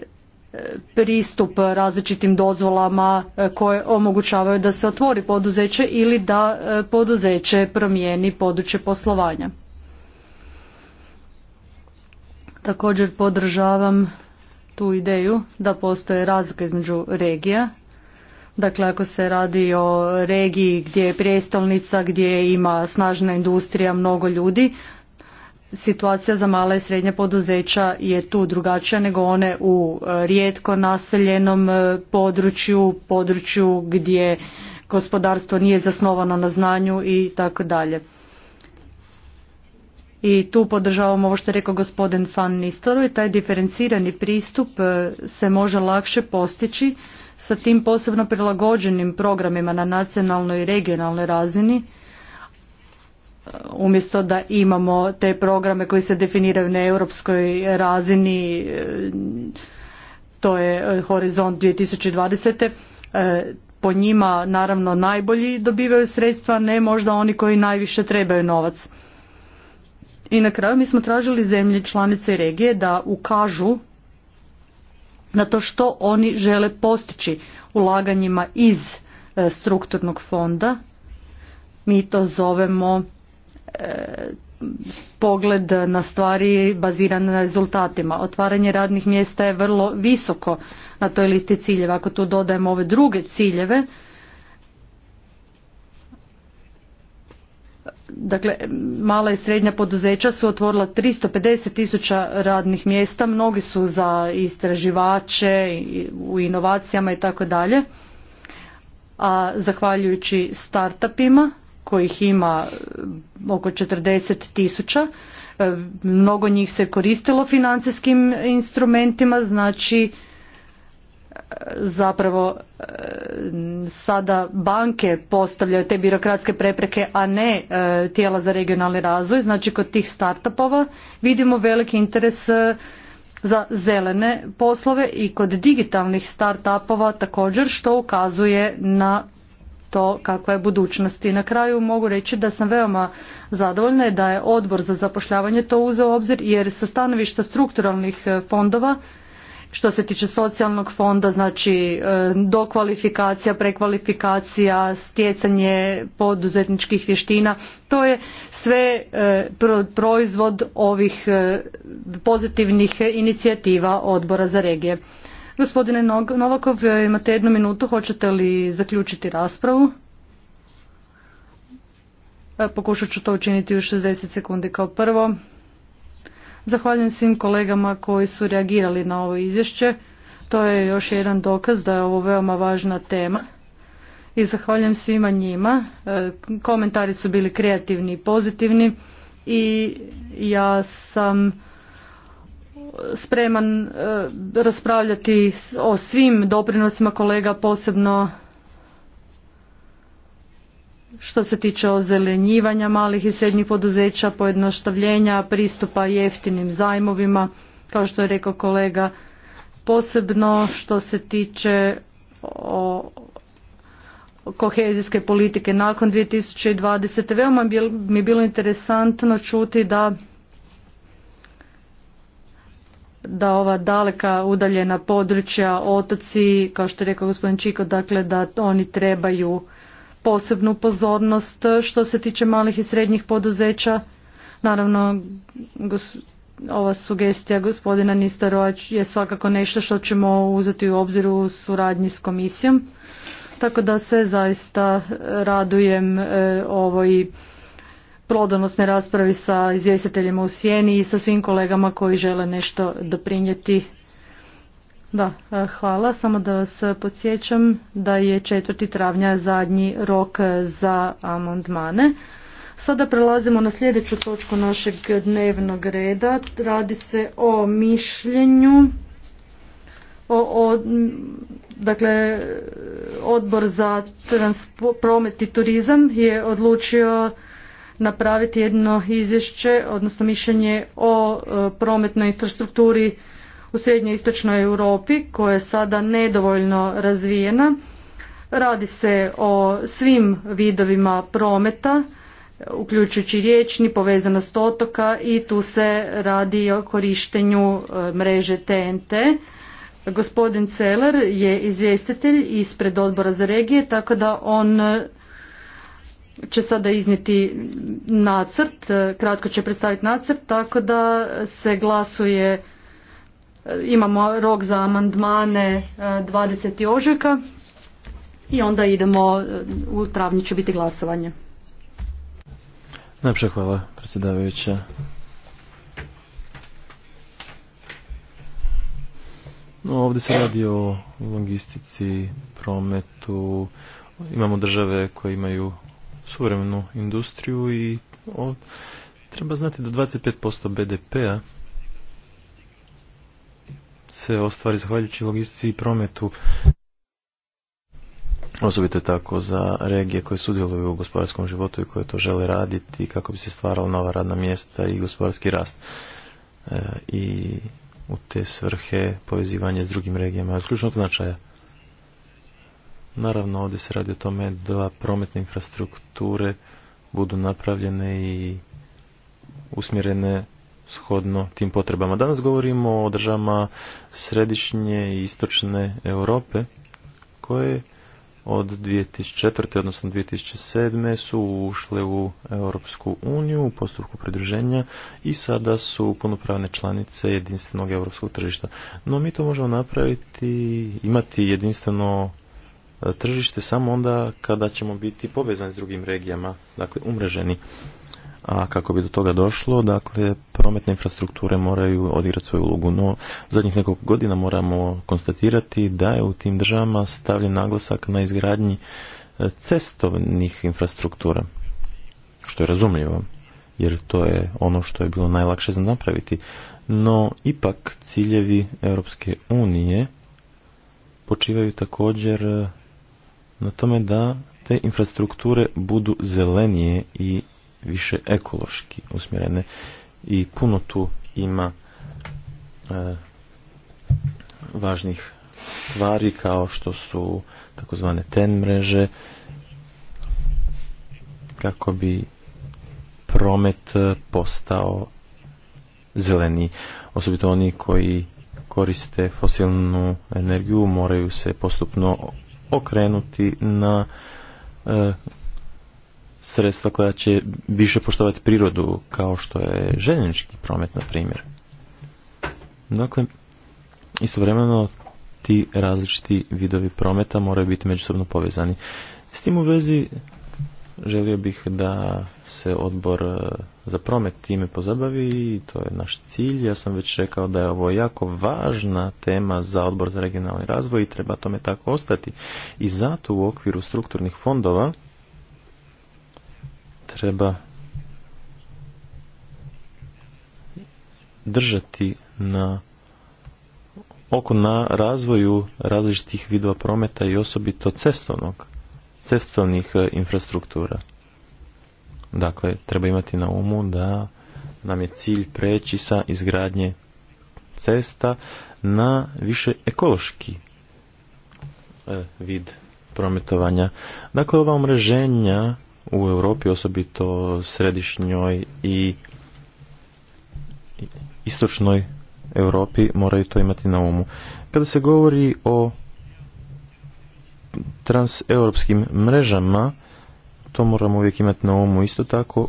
pristup različitim dozvolama e, koje omogućavaju da se otvori poduzeće ili da poduzeće promijeni područje poslovanja. Također podržavam tu ideju da postoje razlika između regija Dakle, ako se radi o regiji gdje je prijestolnica, gdje ima snažna industrija, mnogo ljudi, situacija za mala i srednja poduzeća je tu drugačija nego one u e, rijetko naseljenom e, području, području gdje gospodarstvo nije zasnovano na znanju i tako dalje. I tu podržavam ovo što je rekao gospodin Fan Nistoru taj diferencirani pristup e, se može lakše postići sa tim posebno prilagođenim programima na nacionalnoj i regionalnoj razini umjesto da imamo te programe koji se definiraju na europskoj razini to je e, horizont 2020. E, po njima naravno najbolji dobivaju sredstva, ne možda oni koji najviše trebaju novac. I na kraju mi smo tražili zemlje članice regije da ukažu na to što oni žele postići ulaganjima iz e, strukturnog fonda. Mi to zovemo e, pogled na stvari baziran na rezultatima. Otvaranje radnih mjesta je vrlo visoko na toj listi ciljeva. Ako tu dodajemo ove druge ciljeve, Dakle, mala i srednja poduzeća su otvorila 350 tisuća radnih mjesta, mnogi su za istraživače u inovacijama i tako dalje. A zahvaljujući startupima kojih ima e, oko 40 tisuća, e, mnogo njih se koristilo financijskim instrumentima, znači zapravo e, sada banke postavljaju te birokratske prepreke, a ne e, tijela za regionalni razvoj. Znači kod tih startupova vidimo veliki interes e, za zelene poslove i kod digitalnih startupova također što ukazuje na to kakva je budućnost. I na kraju mogu reći da sam veoma zadovoljna da je odbor za zapošljavanje to uzeo u obzir jer sa stanovišta strukturalnih fondova što se tiče socijalnog fonda, znači e, dokvalifikacija, prekvalifikacija, stjecanje poduzetničkih vještina, to je sve e, proizvod ovih e, pozitivnih inicijativa odbora za regije. Gospodine Novakov, imate jednu minutu, hoćete li zaključiti raspravu? Pokušat ću to učiniti u 60 sekundi kao prvo. Zahvaljujem svim kolegama koji su reagirali na ovo izvješće. To je još jedan dokaz da je ovo veoma važna tema. I zahvaljujem svima njima. E, komentari su bili kreativni i pozitivni i ja sam spreman e, raspravljati o svim doprinosima kolega, posebno što se tiče ozelenjivanja malih i srednjih poduzeća, pojednostavljenja, pristupa jeftinim zajmovima, kao što je rekao kolega, posebno što se tiče o kohezijske politike nakon 2020. Veoma mi je bilo interesantno čuti da da ova daleka udaljena područja, otoci, kao što je rekao gospodin Čiko, dakle da oni trebaju posebnu pozornost e, što se tiče malih i srednjih poduzeća. Naravno, ova sugestija gospodina Nistaroa je svakako nešto što ćemo uzeti u obzir u suradnji s komisijom. Tako da se zaista radujem e, ovoj plodonosnoj raspravi sa izvjestiteljima u sjeni i sa svim kolegama koji žele nešto doprinijeti da, e, hvala. Samo da vas podsjećam da je 4. travnja zadnji rok za amandmane. Sada prelazimo na sljedeću točku našeg dnevnog reda. Radi se o mišljenju o, dakle odbor za promet i turizam je odlučio napraviti jedno izvješće, odnosno mišljenje o e, prometnoj infrastrukturi u srednjoj Europi koja je sada nedovoljno razvijena. Radi se o svim vidovima prometa, uključujući riječni, povezanost otoka i tu se radi o korištenju e, mreže TNT. Gospodin Celer je izvjestitelj ispred odbora za regije, tako da on e, će sada iznijeti nacrt, e, kratko će predstaviti nacrt, tako da se glasuje Imamo rok za amandmane 20. E, ožujka i onda idemo, e, u travnju će biti glasovanje. najprije hvala predsjedavajuća. No, ovdje se radi o logistici, prometu, imamo države koje imaju suvremenu industriju i treba znati da 25% BDP-a se ostvari zahvaljujući logistici i prometu. Osobito je tako za regije koje sudjeluju u gospodarskom životu i koje to žele raditi kako bi se stvarala nova radna mjesta i gospodarski rast. E, I u te svrhe povezivanje s drugim regijama od ključnog značaja. Naravno, ovdje se radi o tome da prometne infrastrukture budu napravljene i usmjerene shodno tim potrebama. Danas govorimo o državama središnje i istočne Europe koje od 2004. odnosno 2007. su ušle u Europsku uniju u postupku pridruženja i sada su punopravne članice jedinstvenog europskog tržišta. No mi to možemo napraviti, imati jedinstveno e, tržište samo onda kada ćemo biti povezani s drugim regijama, dakle umreženi a kako bi do toga došlo, dakle, prometne infrastrukture moraju odigrati svoju ulogu. No, zadnjih nekoliko godina moramo konstatirati da je u tim državama stavljen naglasak na izgradnji e, cestovnih infrastruktura, što je razumljivo, jer to je ono što je bilo najlakše za napraviti. No, ipak ciljevi Europske unije počivaju također e, na tome da te infrastrukture budu zelenije i više ekološki usmjerene i puno tu ima e, važnih stvari kao što su takozvane ten mreže kako bi promet postao zeleni. Osobito oni koji koriste fosilnu energiju moraju se postupno okrenuti na e, sredstva koja će više poštovati prirodu kao što je željeznički promet na primjer. Dakle, istovremeno ti različiti vidovi prometa moraju biti međusobno povezani. S tim u vezi želio bih da se odbor e, za promet time pozabavi i to je naš cilj. Ja sam već rekao da je ovo jako važna tema za odbor za regionalni razvoj i treba tome tako ostati. I zato u okviru strukturnih fondova treba držati na oko na razvoju različitih vidova prometa i osobito cestovnog, cestovnih e, infrastruktura. Dakle, treba imati na umu da nam je cilj preći sa izgradnje cesta na više ekološki e, vid prometovanja. Dakle, ova umreženja u Europi, osobito središnjoj i istočnoj Europi moraju to imati na umu. Kada se govori o transeuropskim mrežama, to moramo uvijek imati na umu. Isto tako e,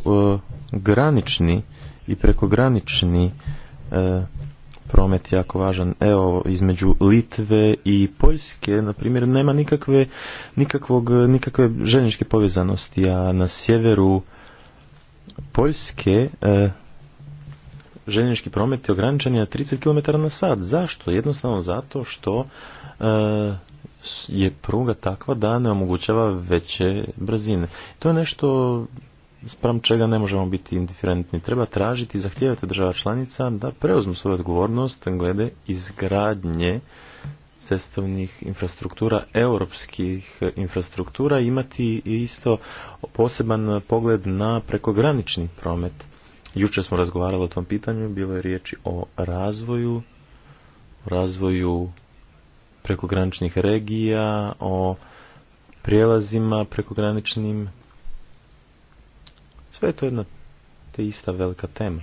granični i prekogranični e, promet jako važan. Evo, između Litve i Poljske, na primjer, nema nikakve, nikakvog, nikakve željezničke povezanosti, a na sjeveru Poljske e, željeznički promet je ograničen na 30 km na sat. Zašto? Jednostavno zato što e, je pruga takva da ne omogućava veće brzine. To je nešto sprem čega ne možemo biti indiferentni. Treba tražiti i zahtijevati država članica da preuzmu svoju odgovornost glede izgradnje cestovnih infrastruktura, europskih infrastruktura, imati isto poseban pogled na prekogranični promet. Jučer smo razgovarali o tom pitanju, bilo je riječi o razvoju, razvoju prekograničnih regija, o prijelazima prekograničnim sve je to jedna te ista velika tema.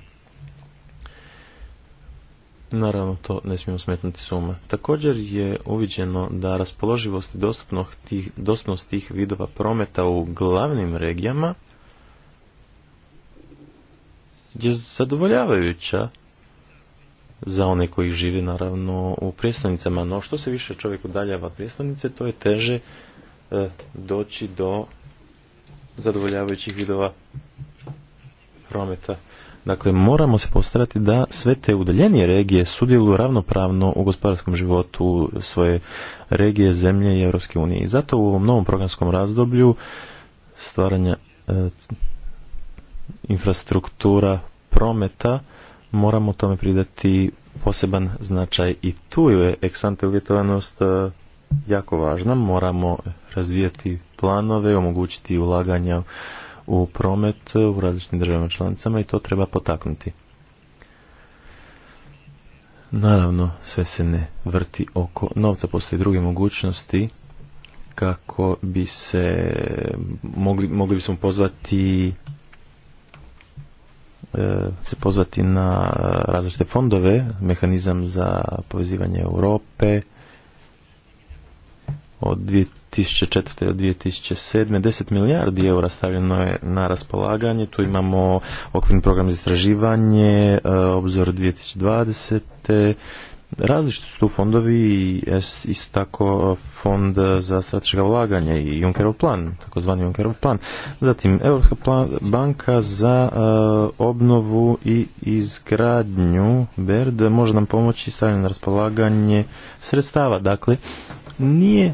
Naravno, to ne smijemo smetnuti suma. Također je uviđeno da raspoloživost i tih, dostupnost tih vidova prometa u glavnim regijama je zadovoljavajuća za one koji žive naravno u prijestavnicama. no što se više čovjek udaljava od to je teže e, doći do zadovoljavajućih vidova prometa. Dakle, moramo se postarati da sve te udaljenije regije sudjeluju ravnopravno u gospodarskom životu svoje regije, zemlje i Europske unije. I zato u ovom novom programskom razdoblju stvaranja e, infrastruktura prometa moramo tome pridati poseban značaj i tu je eksante uvjetovanost e, jako važna. Moramo razvijati planove, omogućiti ulaganja u promet u različitim državama članicama i to treba potaknuti. Naravno, sve se ne vrti oko novca, postoje druge mogućnosti kako bi se mogli, mogli bismo pozvati e, se pozvati na različite fondove, mehanizam za povezivanje Europe, od 2004. do 2007. 10 milijardi eura stavljeno je na raspolaganje. Tu imamo okvirni program za istraživanje, e, obzor 2020. Različiti su tu fondovi i isto tako fond za strateška ulaganja i Junckerov plan, takozvani Junckerov plan. Zatim Europska banka za e, obnovu i izgradnju BERD može nam pomoći stavljanje na raspolaganje sredstava. Dakle, nije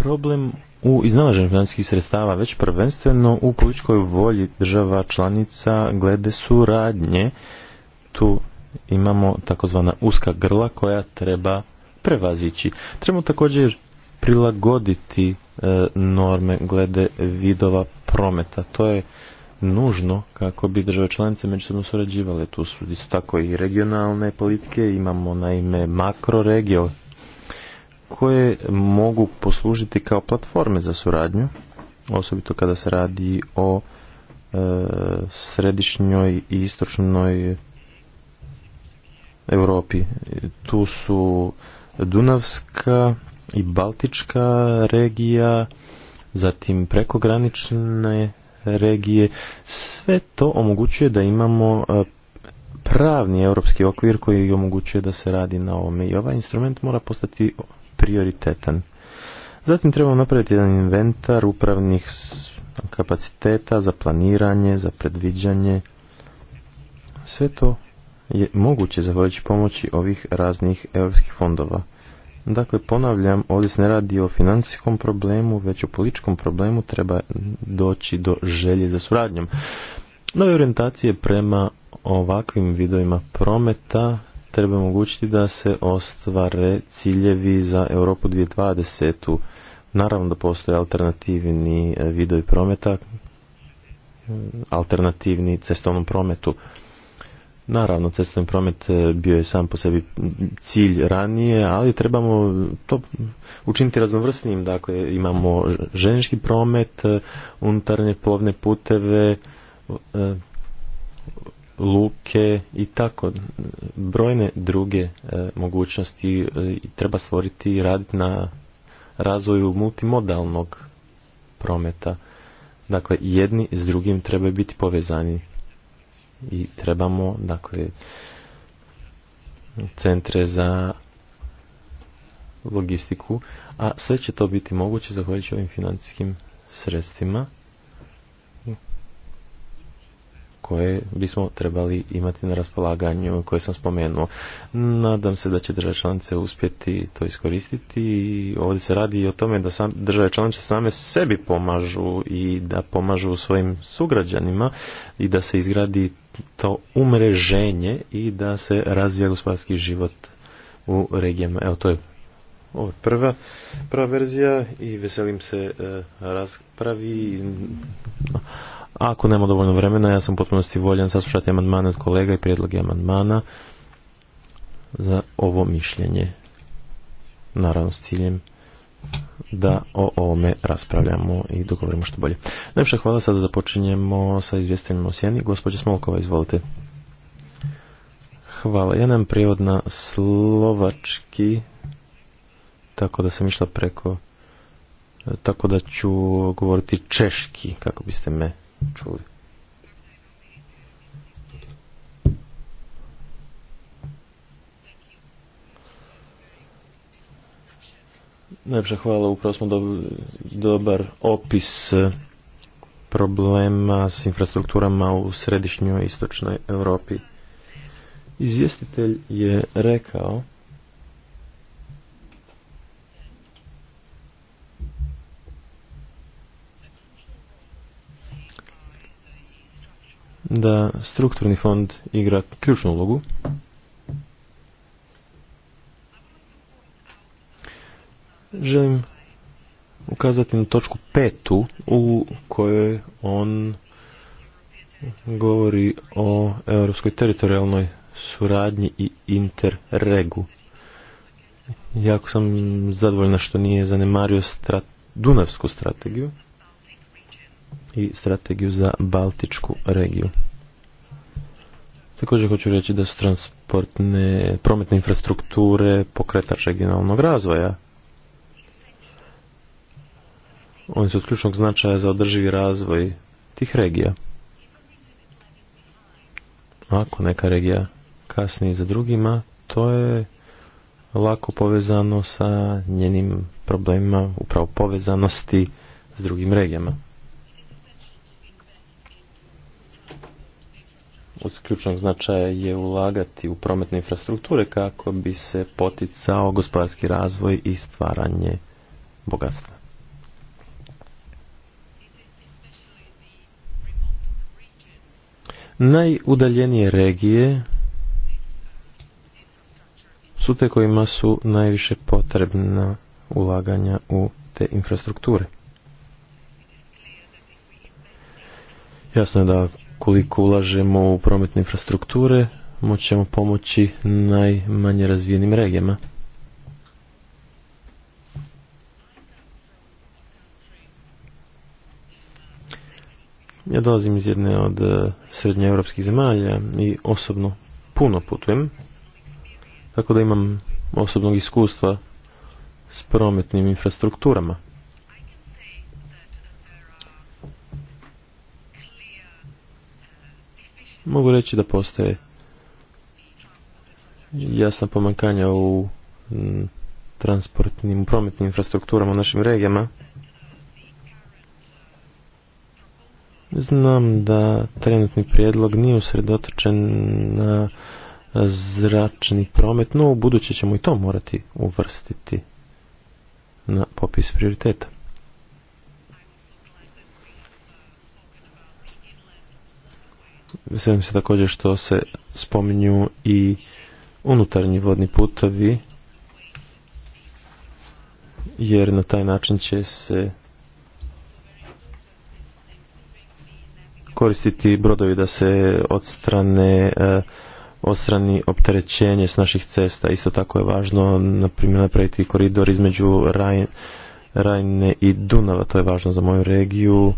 problem u iznalaženju financijskih sredstava, već prvenstveno u političkoj volji država članica glede suradnje. Tu imamo takozvana uska grla koja treba prevazići. Trebamo također prilagoditi e, norme glede vidova prometa. To je nužno kako bi države članice međusobno surađivale. Tu su isto tako i regionalne politike, imamo naime makroregio koje mogu poslužiti kao platforme za suradnju, osobito kada se radi o e, središnjoj i istočnoj Europi. Tu su Dunavska i Baltička regija, zatim prekogranične regije. Sve to omogućuje da imamo e, pravni europski okvir koji omogućuje da se radi na ovome. I ovaj instrument mora postati prioritetan. Zatim trebamo napraviti jedan inventar upravnih kapaciteta za planiranje, za predviđanje. Sve to je moguće zahvaljujući pomoći ovih raznih europskih fondova. Dakle, ponavljam, ovdje se ne radi o financijskom problemu, već o političkom problemu treba doći do želje za suradnjom. Nove orijentacije prema ovakvim vidovima prometa treba omogućiti da se ostvare ciljevi za Europu 2020. Naravno da postoje alternativni eh, vidovi prometa, mm, alternativni cestovnom prometu. Naravno, cestovni promet eh, bio je sam po sebi cilj ranije, ali trebamo to učiniti raznovrsnim. Dakle, imamo ženski promet, eh, unutarnje plovne puteve, luke i tako brojne druge e, mogućnosti e, treba stvoriti i raditi na razvoju multimodalnog prometa. Dakle, jedni s drugim trebaju biti povezani i trebamo, dakle, centre za logistiku, a sve će to biti moguće zahvaljujući ovim financijskim sredstvima koje bismo trebali imati na raspolaganju koje sam spomenuo. Nadam se da će države članice uspjeti to iskoristiti i ovdje se radi i o tome da sam, države članice same sebi pomažu i da pomažu svojim sugrađanima i da se izgradi to umreženje i da se razvija gospodarski život u regijama. Evo to je ovo prva, prva verzija i veselim se e, raspravi. Ako nema dovoljno vremena, ja sam potpunosti voljan saslušati amandmane od kolega i prijedloge amandmana za ovo mišljenje. Naravno s ciljem da o ovome raspravljamo i dogovorimo što bolje. Najviše hvala, sada započinjemo sa izvjestanjem o sjeni. Gospođa Smolkova, izvolite. Hvala. Ja nam prijevod na slovački, tako da sam išla preko, tako da ću govoriti češki, kako biste me čuli. Najpša hvala, upravo smo dobar opis e, problema s infrastrukturama u središnjoj istočnoj Europi. Izvjestitelj je rekao da strukturni fond igra ključnu ulogu. Želim ukazati na točku petu u kojoj on govori o europskoj teritorijalnoj suradnji i interregu. Jako sam zadovoljna što nije zanemario Dunavsku strategiju i strategiju za Baltičku regiju. Također hoću reći da su transportne, prometne infrastrukture pokretač regionalnog razvoja. Oni su od ključnog značaja za održivi razvoj tih regija. Ako neka regija kasni za drugima, to je lako povezano sa njenim problemima upravo povezanosti s drugim regijama. od ključnog značaja je ulagati u prometne infrastrukture kako bi se poticao gospodarski razvoj i stvaranje bogatstva. Najudaljenije regije su te kojima su najviše potrebna ulaganja u te infrastrukture. Jasno je da koliko ulažemo u prometne infrastrukture, moćemo pomoći najmanje razvijenim regijama. Ja dolazim iz jedne od evropskih zemalja i osobno puno putujem, tako da imam osobnog iskustva s prometnim infrastrukturama. mogu reći da postoje jasna pomankanja u mm, transportnim, prometnim infrastrukturama u našim regijama. Znam da trenutni prijedlog nije usredotočen na zračni promet, no u buduće ćemo i to morati uvrstiti na popis prioriteta. Veselim se također što se spominju i unutarnji vodni putovi, jer na taj način će se koristiti brodovi da se odstrane e, odstrani opterećenje s naših cesta. Isto tako je važno, na napraviti koridor između Rajne i Dunava. To je važno za moju regiju.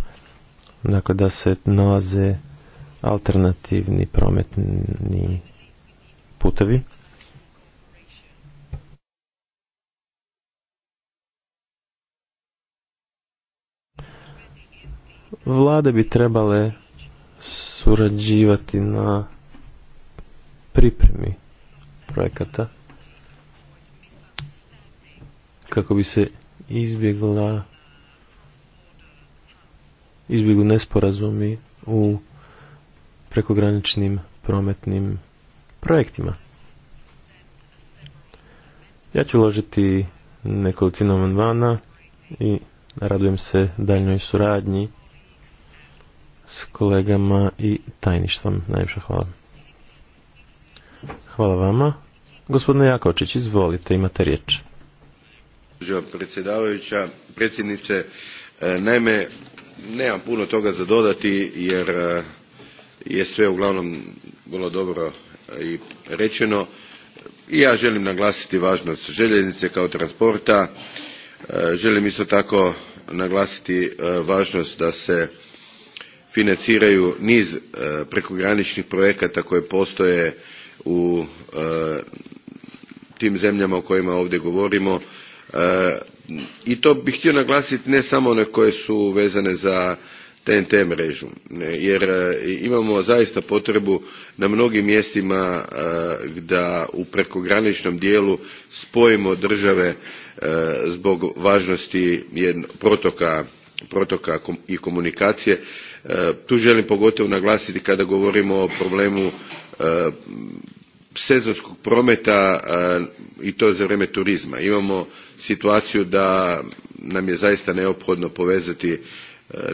Dakle, da se nalaze alternativni prometni putevi. Vlade bi trebale surađivati na pripremi projekata kako bi se izbjegla izbjegli nesporazumi u prekograničnim prometnim projektima. Ja ću uložiti nekolicinu amandmana i radujem se daljnoj suradnji s kolegama i tajništvom. Najviše hvala. Hvala vama. Gospodine Jakovčić, izvolite, imate riječ. Predsjedavajuća, predsjednice, e, naime, nemam puno toga za dodati jer e, je sve uglavnom vrlo dobro e, i rečeno i ja želim naglasiti važnost željeznice kao transporta e, želim isto tako naglasiti e, važnost da se financiraju niz prekograničnih projekata koji postoje u tim zemljama o kojima ovdje govorimo i to bih htio naglasiti ne samo one koje su vezane za TNT mrežu jer e, imamo zaista potrebu na mnogim mjestima e, da u prekograničnom dijelu spojimo države e, zbog važnosti protoka, protoka i komunikacije. Tu želim pogotovo naglasiti kada govorimo o problemu sezonskog prometa i to za vrijeme turizma. Imamo situaciju da nam je zaista neophodno povezati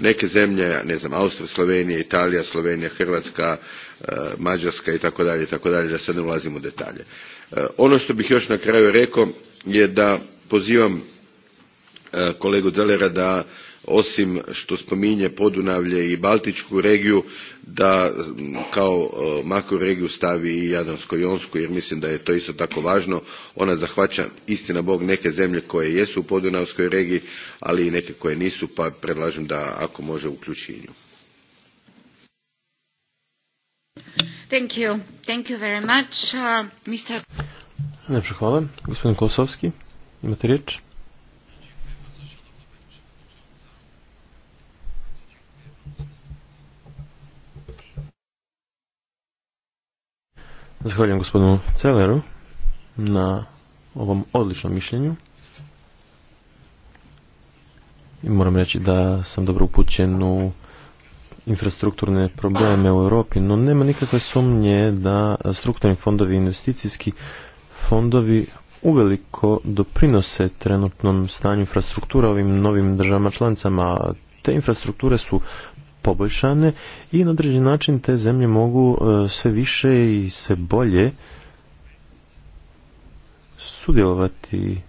neke zemlje ne znam Austrija, Slovenija, Italija, Slovenija, Hrvatska, e, Mađarska i tako dalje i tako dalje da sad ne ulazim u detalje. E, ono što bih još na kraju rekao je da pozivam e, kolegu Zelera da osim što spominje podunavlje i baltičku regiju da kao e, makroregiju stavi i jadransko jonsku jer mislim da je to isto tako važno ona zahvaća istina bog neke zemlje koje jesu u podunavskoj regiji ali i neke koje nisu pa predlažem da ako može uključi i nju uh, Gospodin Zahvaljujem gospodinu Celeru na ovom odličnom mišljenju. I moram reći da sam dobro upućen u infrastrukturne probleme u Europi, no nema nikakve sumnje da strukturni fondovi i investicijski fondovi uveliko doprinose trenutnom stanju infrastruktura ovim novim državama članicama. Te infrastrukture su poboljšane i na određen način te zemlje mogu e, sve više i sve bolje sudjelovati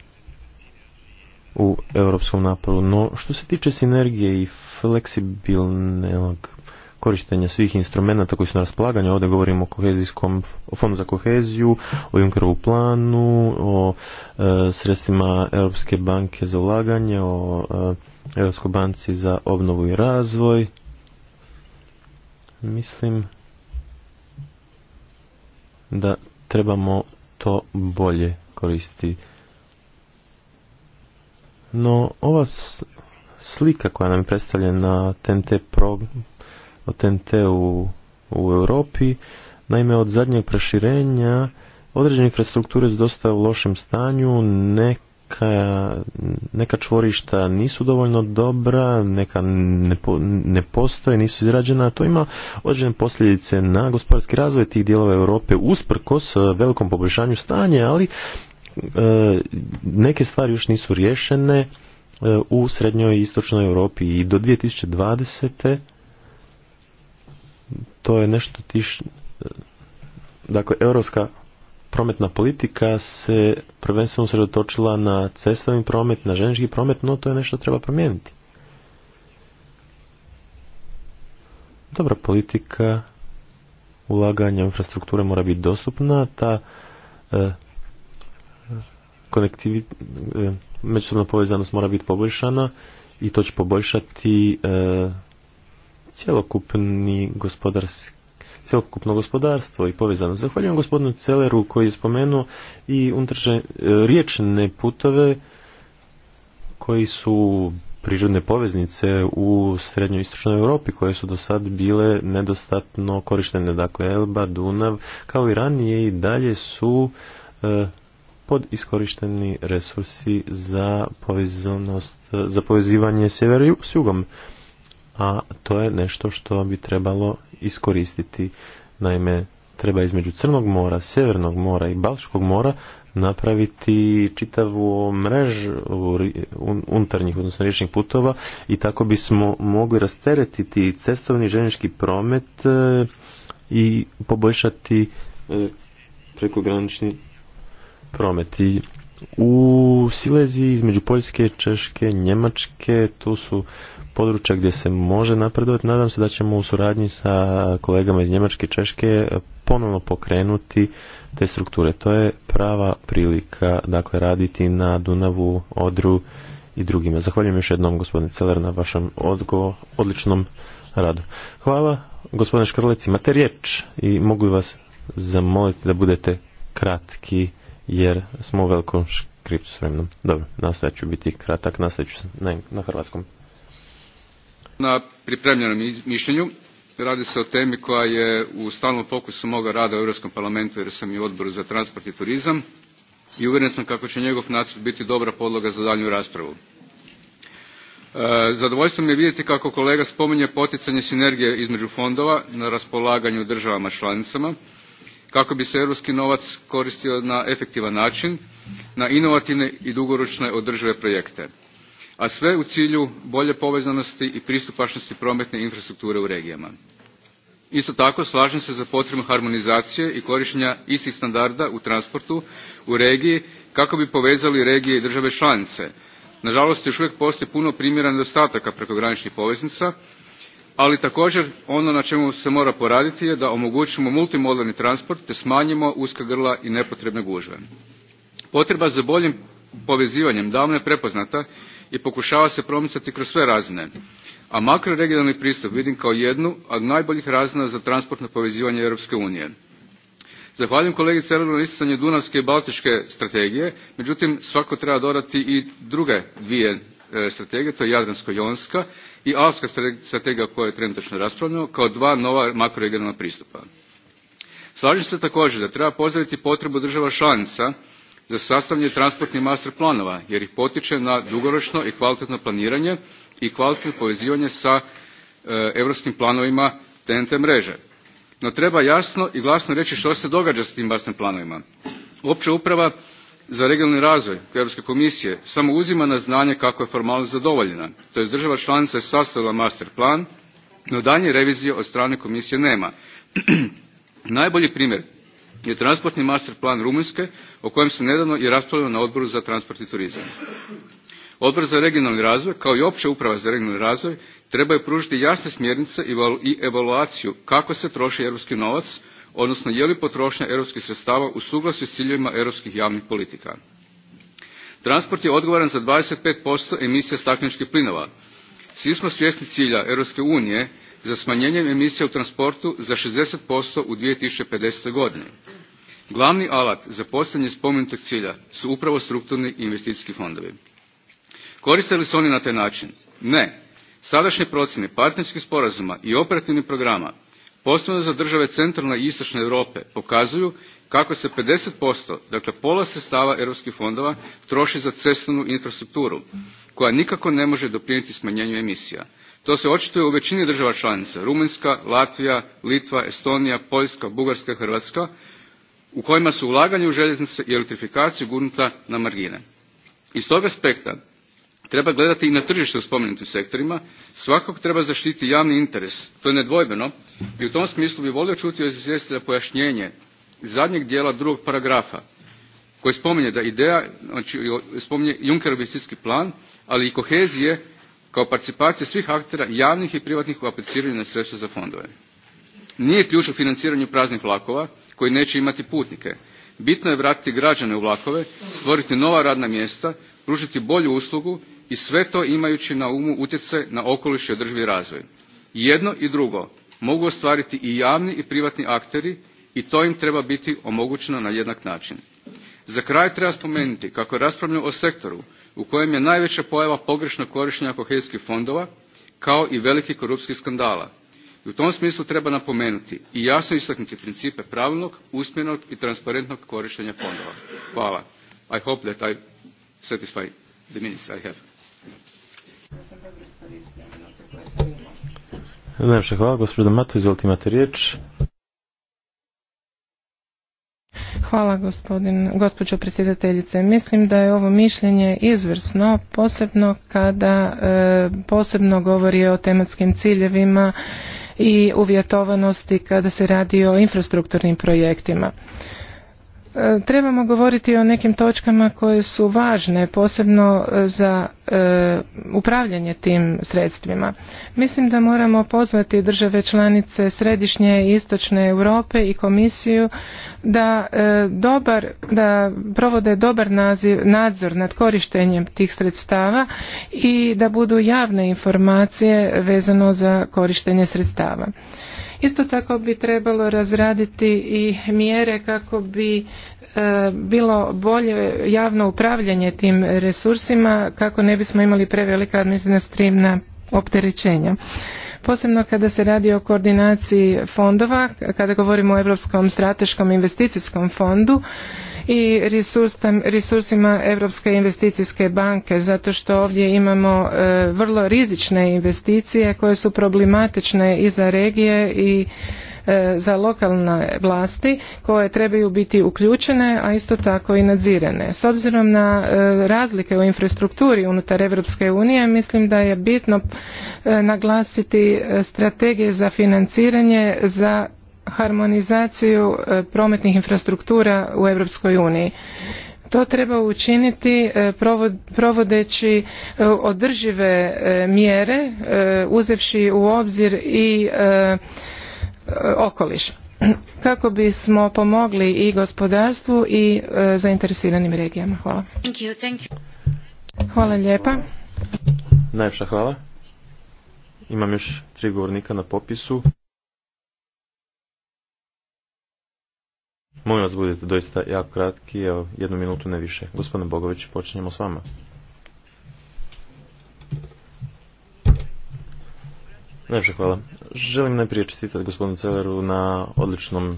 u europskom naporu. No što se tiče sinergije i fleksibilnog korištenja svih instrumenta koji su na raspolaganju, ovdje govorimo o kohezijskom o fondu za koheziju, o Junkerovu planu, o e, sredstvima Europske banke za ulaganje, o e, Europskoj banci za obnovu i razvoj. Mislim da trebamo to bolje koristiti. No, ova slika koja nam je predstavljena TNT o TNT u, Europi, naime od zadnjeg proširenja određene infrastrukture su dosta u lošem stanju, neke neka, neka čvorišta nisu dovoljno dobra, neka ne, ne postoje, nisu izrađena, to ima određene posljedice na gospodarski razvoj tih dijelova Europe usprkos e, velikom poboljšanju stanja, ali e, neke stvari još nisu riješene e, u srednjoj i istočnoj Europi i do 2020. to je nešto tiš... E, dakle, Europska prometna politika se prvenstveno sredotočila na cestovni promet, na željeznički promet, no to je nešto treba promijeniti. Dobra politika ulaganja infrastrukture mora biti dostupna, ta e, konektivi, e, međusobna povezanost mora biti poboljšana i to će poboljšati e, cjelokupni gospodarski cjelokupno gospodarstvo i povezano. Zahvaljujem gospodinu Celeru koji je spomenuo i unutrašnje e, riječne putove koji su prirodne poveznice u srednjoj istočnoj Europi koje su do sad bile nedostatno korištene. Dakle, Elba, Dunav, kao i ranije i dalje su e, podiskorišteni resursi za povezanost, za povezivanje sjevera s jugom a to je nešto što bi trebalo iskoristiti. Naime, treba između Crnog mora, Sjevernog mora i Balškog mora napraviti čitavu mrež unutarnjih, odnosno riječnih putova i tako bismo mogli rasteretiti cestovni željeznički promet e, i poboljšati e, prekogranični promet. I u Sileziji između Poljske, Češke, Njemačke, tu su područja gdje se može napredovati. Nadam se da ćemo u suradnji sa kolegama iz Njemačke i Češke ponovno pokrenuti te strukture. To je prava prilika dakle, raditi na Dunavu, Odru i drugima. Zahvaljujem još jednom gospodine Celer na vašem odgo, odličnom radu. Hvala gospodine Škrlec, imate riječ i mogu vas zamoliti da budete kratki jer smo u velikom škriptu s vremenom. Dobro, ću biti kratak, ću na, hrvatskom. Na pripremljenom mišljenju radi se o temi koja je u stalnom fokusu moga rada u Europskom parlamentu jer sam i u odboru za transport i turizam i uvjeren sam kako će njegov nacrt biti dobra podloga za daljnju raspravu. E, zadovoljstvo mi je vidjeti kako kolega spominje poticanje sinergije između fondova na raspolaganju državama članicama kako bi se europski novac koristio na efektivan način na inovativne i dugoročne održive projekte a sve u cilju bolje povezanosti i pristupačnosti prometne infrastrukture u regijama. Isto tako slažem se za potrebu harmonizacije i korištenja istih standarda u transportu u regiji kako bi povezali regije i države članice. Nažalost još uvijek postoji puno primjera nedostataka prekograničnih poveznica ali također ono na čemu se mora poraditi je da omogućimo multimodalni transport te smanjimo uska grla i nepotrebne gužve. Potreba za boljim povezivanjem davno je prepoznata i pokušava se promicati kroz sve razine, a makroregionalni pristup vidim kao jednu od najboljih razina za transportno povezivanje Europske unije. Zahvaljujem kolegi Cerveru na isticanju Dunavske i Baltičke strategije, međutim svako treba dodati i druge dvije E, strategije, to je Jadransko-Jonska i Alpska strategija o kojoj trenutačno raspravljamo, kao dva nova makroregionalna pristupa. Slažem se također da treba pozdraviti potrebu država članica za sastavljanje transportnih master planova, jer ih potiče na dugoročno i kvalitetno planiranje i kvalitetno povezivanje sa europskim planovima TNT mreže. No treba jasno i glasno reći što se događa s tim master planovima. Opća uprava za regionalni razvoj Europske komisije samo uzima na znanje kako je formalnost zadovoljena, je država članica je sastavila master plan, no daljnje revizije od strane komisije nema. (clears throat) Najbolji primjer je transportni master plan Rumunjske o kojem se nedavno i raspravljalo na odboru za transport i turizam. Odbor za regionalni razvoj kao i opća uprava za regionalni razvoj trebaju pružiti jasne smjernice i evaluaciju kako se troši europski novac odnosno je li potrošnja europskih sredstava u suglasju s ciljevima europskih javnih politika. Transport je odgovoran za 25% emisija stakleničkih plinova. Svi smo svjesni cilja Europske unije za smanjenjem emisija u transportu za 60% u 2050. godini. Glavni alat za postizanje spomenutog cilja su upravo strukturni i investicijski fondovi. Koriste li se oni na taj način? Ne. Sadašnje procjene partnerskih sporazuma i operativnih programa posebno za države centralne i istočne europe pokazuju kako se fifty dakle pola sredstava europskih fondova troši za cestovnu infrastrukturu koja nikako ne može doprinijeti smanjenju emisija. to se očituje u većini država članica rumunjska latvija litva estonija poljska bugarska i hrvatska u kojima su ulaganja u željeznice i elektrifikaciju gurnuta na margine. iz tog aspekta treba gledati i na tržište u spomenutim sektorima Svakog treba zaštititi javni interes to je nedvojbeno i u tom smislu bi volio čuti od izvjestitelja pojašnjenje zadnjeg dijela drugog paragrafa koji spominje da ideja znači spominje junckerov investicijski plan ali i kohezije kao participacije svih aktera javnih i privatnih u apliciranju na sredstva za fondove nije ključ u financiranju praznih vlakova koji neće imati putnike bitno je vratiti građane u vlakove stvoriti nova radna mjesta pružiti bolju uslugu i sve to imajući na umu utjecaj na okoliš i održivi razvoj. jedno i drugo mogu ostvariti i javni i privatni akteri i to im treba biti omogućeno na jednak način. Za kraj treba spomenuti kako raspravljamo o sektoru u kojem je najveća pojava pogrešnog korištenja kohezijskih fondova kao i velikih korupcijskih skandala. I u tom smislu treba napomenuti i jasno istaknuti principe pravilnog, usmjerenog i transparentnog korištenja fondova. Hvala. I hope that I satisfy the minutes I have. Najlepše hvala, gospođo Damato, izvolite imate riječ. Hvala gospodin, gospođo predsjedateljice. Mislim da je ovo mišljenje izvrsno, posebno kada e, posebno govori o tematskim ciljevima i uvjetovanosti kada se radi o infrastrukturnim projektima. E, trebamo govoriti o nekim točkama koje su važne, posebno e, za e, upravljanje tim sredstvima. Mislim da moramo pozvati države članice središnje i istočne Europe i komisiju da, dobar, da provode dobar naziv, nadzor nad korištenjem tih sredstava i da budu javne informacije vezano za korištenje sredstava. Isto tako bi trebalo razraditi i mjere kako bi e, bilo bolje javno upravljanje tim resursima kako ne bismo imali prevelika administrativna opterećenja posebno kada se radi o koordinaciji fondova kada govorimo o europskom strateškom investicijskom fondu i resursima Europske investicijske banke zato što ovdje imamo e, vrlo rizične investicije koje su problematične i za regije i e, za lokalne vlasti koje trebaju biti uključene, a isto tako i nadzirane. S obzirom na e, razlike u infrastrukturi unutar Europske unije, mislim da je bitno naglasiti strategije za financiranje za harmonizaciju e, prometnih infrastruktura u Europskoj uniji. To treba učiniti e, provodeći e, održive mjere, uzevši u obzir i okoliš kako bismo pomogli i gospodarstvu i zainteresiranim regijama. Hvala. Hvala lijepa. hvala. Imam još tri na popisu. Molim vas budete doista jako kratki, evo jednu minutu ne više. Gospodine Bogović, počinjemo s vama. Najprej hvala. Želim najprije čestitati gospodinu Celeru na odličnom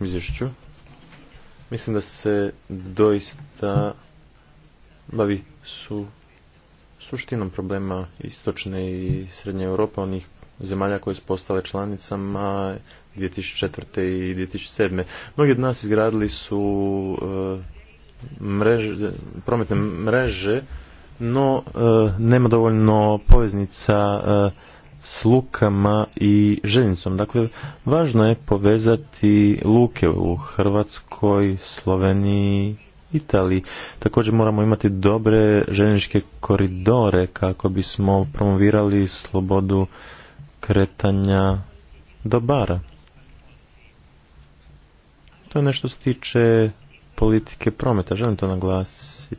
izvješću. Mislim da se doista bavi su suštinom problema istočne i srednje Europe, onih zemalja koje su postale članicama 2004. i 2007. Mnogi od nas izgradili su e, mreže, prometne mreže, no e, nema dovoljno poveznica e, s lukama i željeznicom. Dakle, važno je povezati luke u Hrvatskoj, Sloveniji, Italiji. Također moramo imati dobre željezničke koridore kako bismo promovirali slobodu kretanja dobara. To je nešto se tiče politike prometa, želim to naglasiti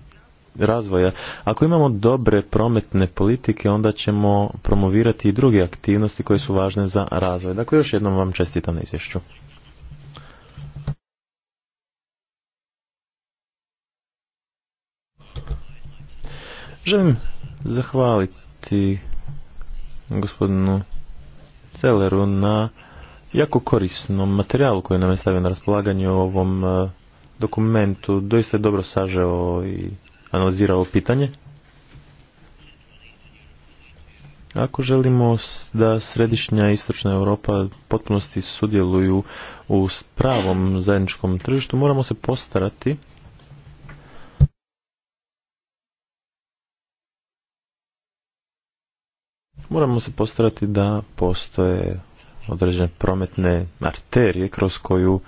razvoja. Ako imamo dobre prometne politike, onda ćemo promovirati i druge aktivnosti koje su važne za razvoj. Dakle, još jednom vam čestitam na izvješću. Želim zahvaliti gospodinu Celeru na jako korisnom materijalu koji nam je stavio na raspolaganje u ovom e, dokumentu. Doista je dobro sažeo i analizirao pitanje. Ako želimo da središnja i istočna Europa potpunosti sudjeluju u pravom zajedničkom tržištu, moramo se postarati moramo se postarati da postoje određene prometne arterije kroz koju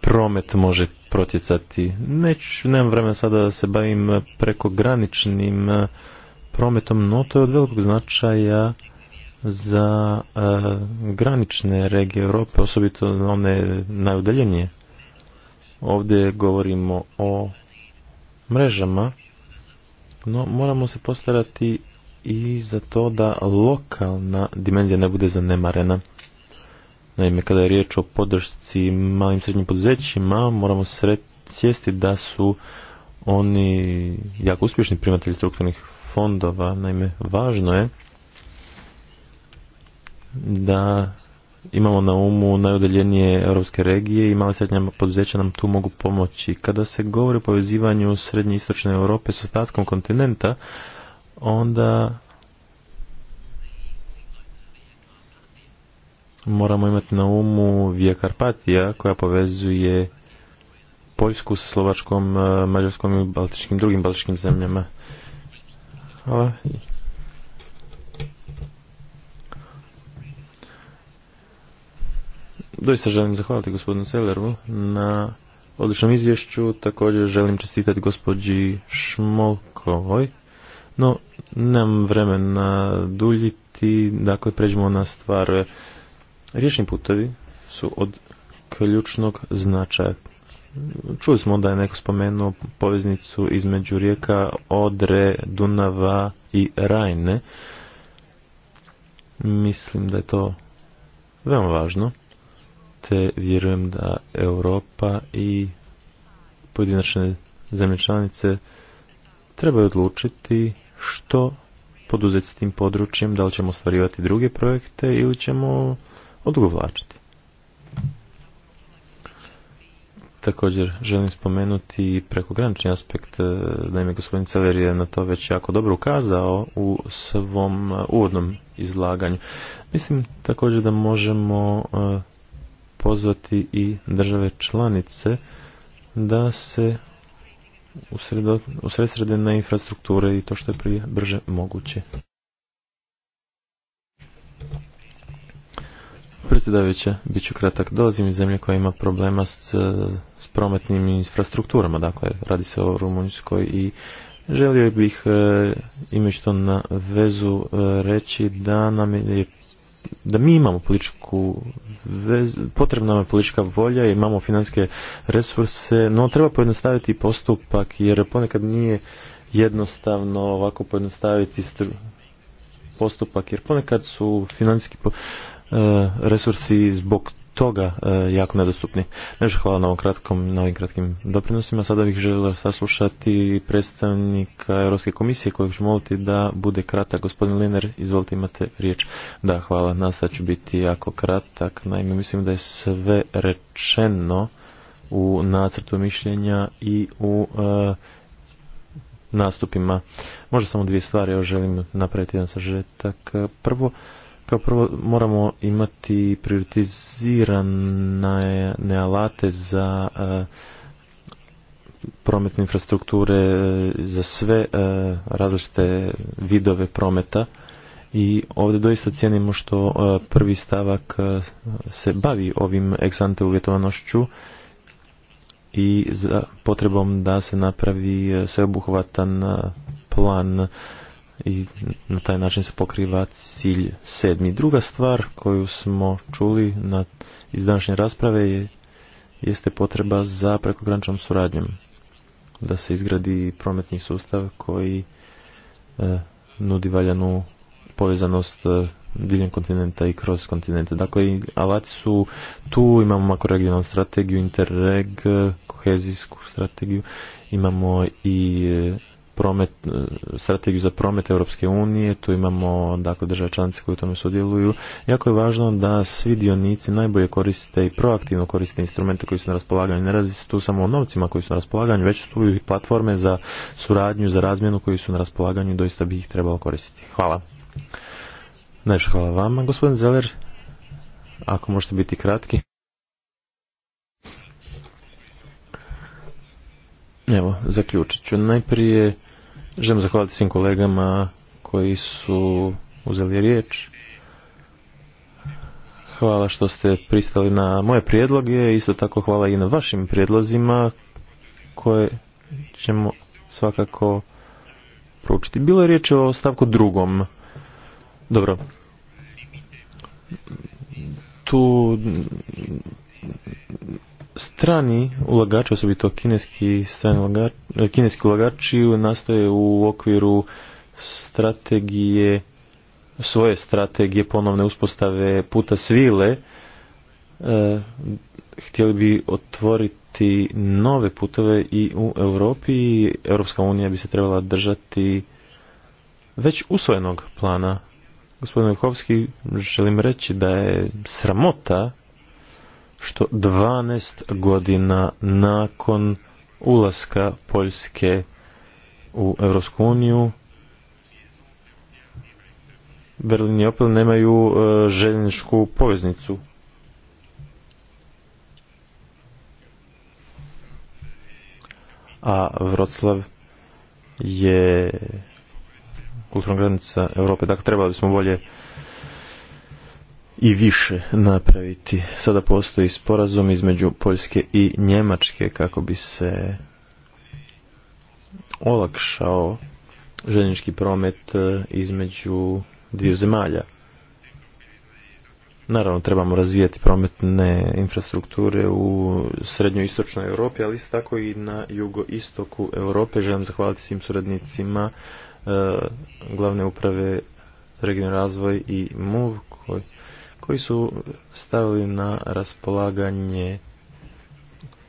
promet može protjecati. neću nemam vremena sada da se bavim prekograničnim eh, prometom, no to je od velikog značaja za eh, granične regije Europe, osobito one najudaljenije. Ovdje govorimo o mrežama, no moramo se postarati i za to da lokalna dimenzija ne bude zanemarena. Naime, kada je riječ o podršci malim srednjim poduzećima, moramo sjesti da su oni jako uspješni primatelji strukturnih fondova. Naime, važno je da imamo na umu najudaljenije europske regije i mala srednja poduzeća nam tu mogu pomoći. Kada se govori o povezivanju srednje istočne Europe s ostatkom kontinenta, onda moramo imati na umu Via Karpatija koja povezuje Poljsku sa Slovačkom, e, Mađarskom i Baltičkim, drugim Baltičkim zemljama. Hvala. Doista želim zahvaliti gospodinu Seleru na odličnom izvješću. Također želim čestitati gospođi Šmolkovoj. No, nemam vremena duljiti. Dakle, pređemo na stvar Riječni putovi su od ključnog značaja. Čuli smo da je neko spomenuo poveznicu između rijeka Odre, Dunava i Rajne. Mislim da je to veoma važno, te vjerujem da Europa i pojedinačne zemlje članice trebaju odlučiti što poduzeti s tim područjem, da li ćemo ostvarivati druge projekte ili ćemo odgovlačiti. Također želim spomenuti prekogranični aspekt, e, naime gospodin Celer je na to već jako dobro ukazao u svom e, uvodnom izlaganju. Mislim također da možemo e, pozvati i države članice da se usredsrede na infrastrukture i to što je prije brže moguće. Predsjedavajuća, bit ću kratak. Dolazim iz zemlje koja ima problema s, e, s prometnim infrastrukturama, dakle radi se o Rumunjskoj i želio bih e, imajući to na vezu e, reći da nam je da mi imamo političku vez, potrebna nam je politička volja, imamo financijske resurse, no treba pojednostaviti postupak jer ponekad nije jednostavno ovako pojednostaviti postupak jer ponekad su financijski E, resursi zbog toga e, jako nedostupni. Nešto hvala na, ovom kratkom, na ovim kratkim doprinosima. Sada bih želio saslušati predstavnika Europske komisije kojeg ću moliti da bude kratak. Gospodin Liner, izvolite imate riječ. Da, hvala. Nastat ću biti jako kratak. Naime, mislim da je sve rečeno u nacrtu mišljenja i u e, nastupima. Možda samo dvije stvari, još želim napraviti jedan sažetak. Prvo, kao prvo moramo imati prioritizirane alate za e, prometne infrastrukture e, za sve e, različite vidove prometa i ovdje doista cijenimo što prvi stavak se bavi ovim eksante uvjetovanošću i potrebom da se napravi sveobuhvatan plan i na taj način se pokriva cilj sedmi. Druga stvar koju smo čuli na, iz današnje rasprave je, jeste potreba za prekograničnom suradnjom. Da se izgradi prometni sustav koji e, nudi valjanu povezanost e, diljem kontinenta i kroz kontinente. Dakle, alati su tu, imamo makroregionalnu strategiju, interreg, kohezijsku strategiju, imamo i e, promet, e, strategiju za promet Europske unije, tu imamo dakle države članice koje u tome sudjeluju. Jako je važno da svi dionici najbolje koriste i proaktivno koriste instrumente koji su na raspolaganju. Ne radi se tu samo o novcima koji su na raspolaganju, već tu i platforme za suradnju, za razmjenu koji su na raspolaganju i doista bi ih trebalo koristiti. Hvala. Najviše hvala vama. Gospodin Zeller, ako možete biti kratki. Evo, zaključit ću. Najprije Želim zahvaliti svim kolegama koji su uzeli riječ. Hvala što ste pristali na moje prijedloge, isto tako hvala i na vašim prijedlozima koje ćemo svakako proučiti. Bilo je riječ o stavku drugom. Dobro. Tu strani ulagači, osobito kineski, strani ulagači, e, kineski ulagači nastoje u okviru strategije svoje strategije ponovne uspostave puta svile e, htjeli bi otvoriti nove putove i u Europi Europska unija bi se trebala držati već usvojenog plana. Gospodin Vukovski želim reći da je sramota što 12 godina nakon ulaska Poljske u Europsku uniju Berlin i Opel nemaju e, željezničku poveznicu. A Vroclav je kulturna granica Europe. Dakle, trebali smo bolje i više napraviti. Sada postoji sporazum između Poljske i Njemačke kako bi se olakšao željeznički promet e, između dviju zemalja. Naravno, trebamo razvijati prometne infrastrukture u srednjoj istočnoj Europi, ali isto tako i na jugoistoku Europe. Želim zahvaliti svim suradnicima e, glavne uprave regionalni razvoj i MUV koji koji su stavili na raspolaganje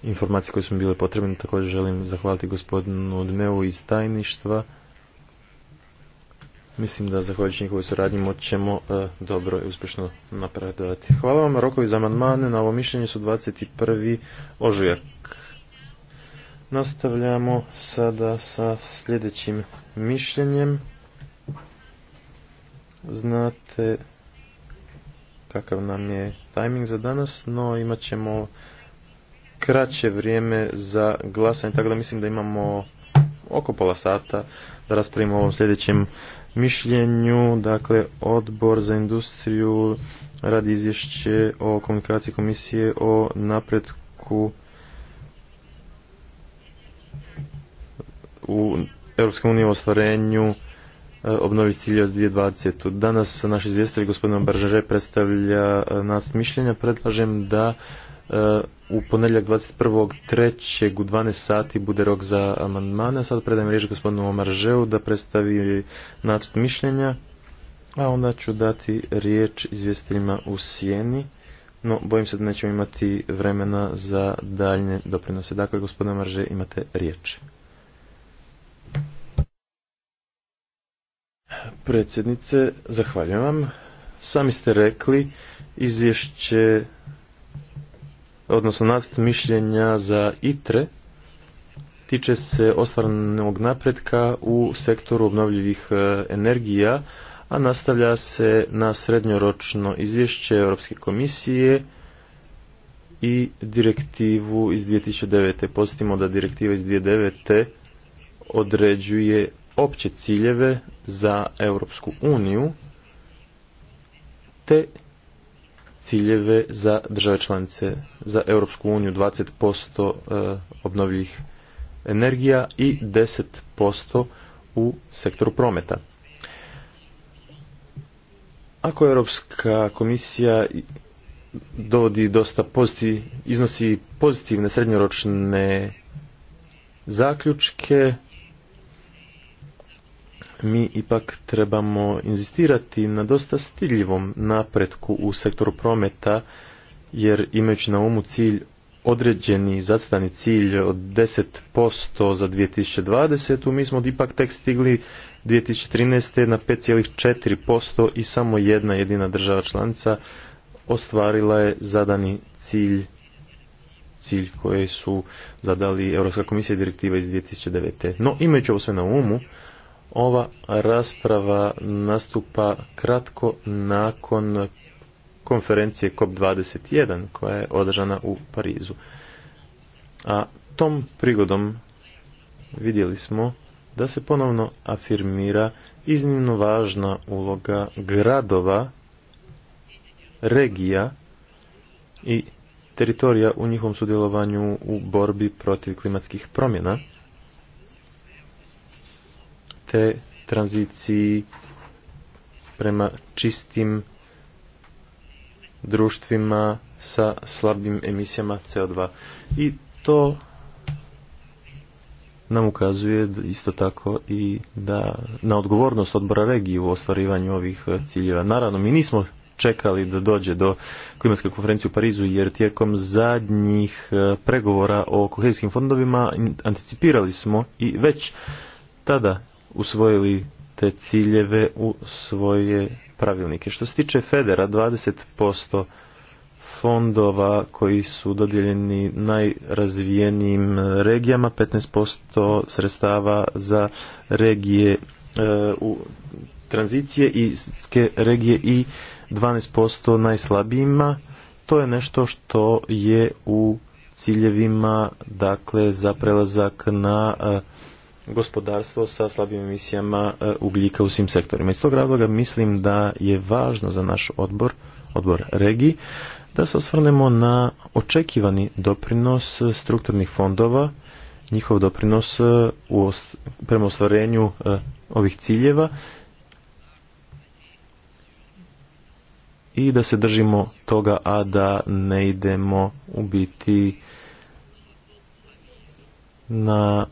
informacije koje su mi bile potrebne. Također želim zahvaliti gospodinu Dmeu iz tajništva. Mislim da zahvaljujući njihovoj suradnji moćemo e, dobro i uspješno napredovati. Hvala vam. Rokovi za amandmane na ovo mišljenje su 21. ožujak. Nastavljamo sada sa sljedećim mišljenjem. Znate kakav nam je tajming za danas, no imat ćemo kraće vrijeme za glasanje, tako da mislim da imamo oko pola sata da raspravimo o ovom sljedećem mišljenju. Dakle, odbor za industriju radi izvješće o komunikaciji komisije o napretku u EU o ostvarenju obnoviti cilja s 2020. Danas naš izvjestitelj gospodin Barže predstavlja e, nas mišljenja. Predlažem da e, u ponedjeljak 21.3. u 12 sati bude rok za amandmane. Sad predajem riječ gospodinu Omaržeu da predstavi nacrt mišljenja, a onda ću dati riječ izvjestiteljima u Sjeni. No, bojim se da nećemo imati vremena za daljne doprinose. Dakle, gospodine Marže, imate riječ. predsjednice, zahvaljujem vam. Sami ste rekli, izvješće, odnosno nacrt mišljenja za ITRE, tiče se ostvarenog napretka u sektoru obnovljivih e, energija, a nastavlja se na srednjoročno izvješće Europske komisije i direktivu iz 2009. Postimo da direktiva iz 2009. određuje opće ciljeve za Europsku uniju te ciljeve za države članice za Europsku uniju 20% eh, obnovljivih energija i 10% u sektoru prometa. Ako Europska komisija dovodi dosta pozitiv, iznosi pozitivne srednjoročne zaključke, mi ipak trebamo inzistirati na dosta stiljivom napretku u sektoru prometa, jer imajući na umu cilj određeni zacitani cilj od 10% za 2020. Mi smo ipak tek stigli 2013. na 5,4% i samo jedna jedina država članica ostvarila je zadani cilj cilj koje su zadali Europska komisija direktiva iz 2009. No, imajući ovo sve na umu, ova rasprava nastupa kratko nakon konferencije COP21 koja je održana u Parizu. A tom prigodom vidjeli smo da se ponovno afirmira iznimno važna uloga gradova, regija i teritorija u njihovom sudjelovanju u borbi protiv klimatskih promjena te tranziciji prema čistim društvima sa slabim emisijama CO2. I to nam ukazuje isto tako i da na odgovornost odbora regije u ostvarivanju ovih ciljeva. Naravno, mi nismo čekali da dođe do klimatske konferencije u Parizu jer tijekom zadnjih e, pregovora o kohezijskim fondovima anticipirali smo i već tada usvojili te ciljeve u svoje pravilnike. Što se tiče Federa, 20% fondova koji su dodijeljeni najrazvijenijim regijama, 15% sredstava za regije e, u tranzicije i regije i 12% najslabijima. To je nešto što je u ciljevima dakle za prelazak na e, gospodarstvo sa slabim emisijama e, ugljika u svim sektorima. Iz tog razloga mislim da je važno za naš odbor, odbor regiji, da se osvrnemo na očekivani doprinos strukturnih fondova, njihov doprinos e, u, prema ostvarenju e, ovih ciljeva i da se držimo toga, a da ne idemo u biti na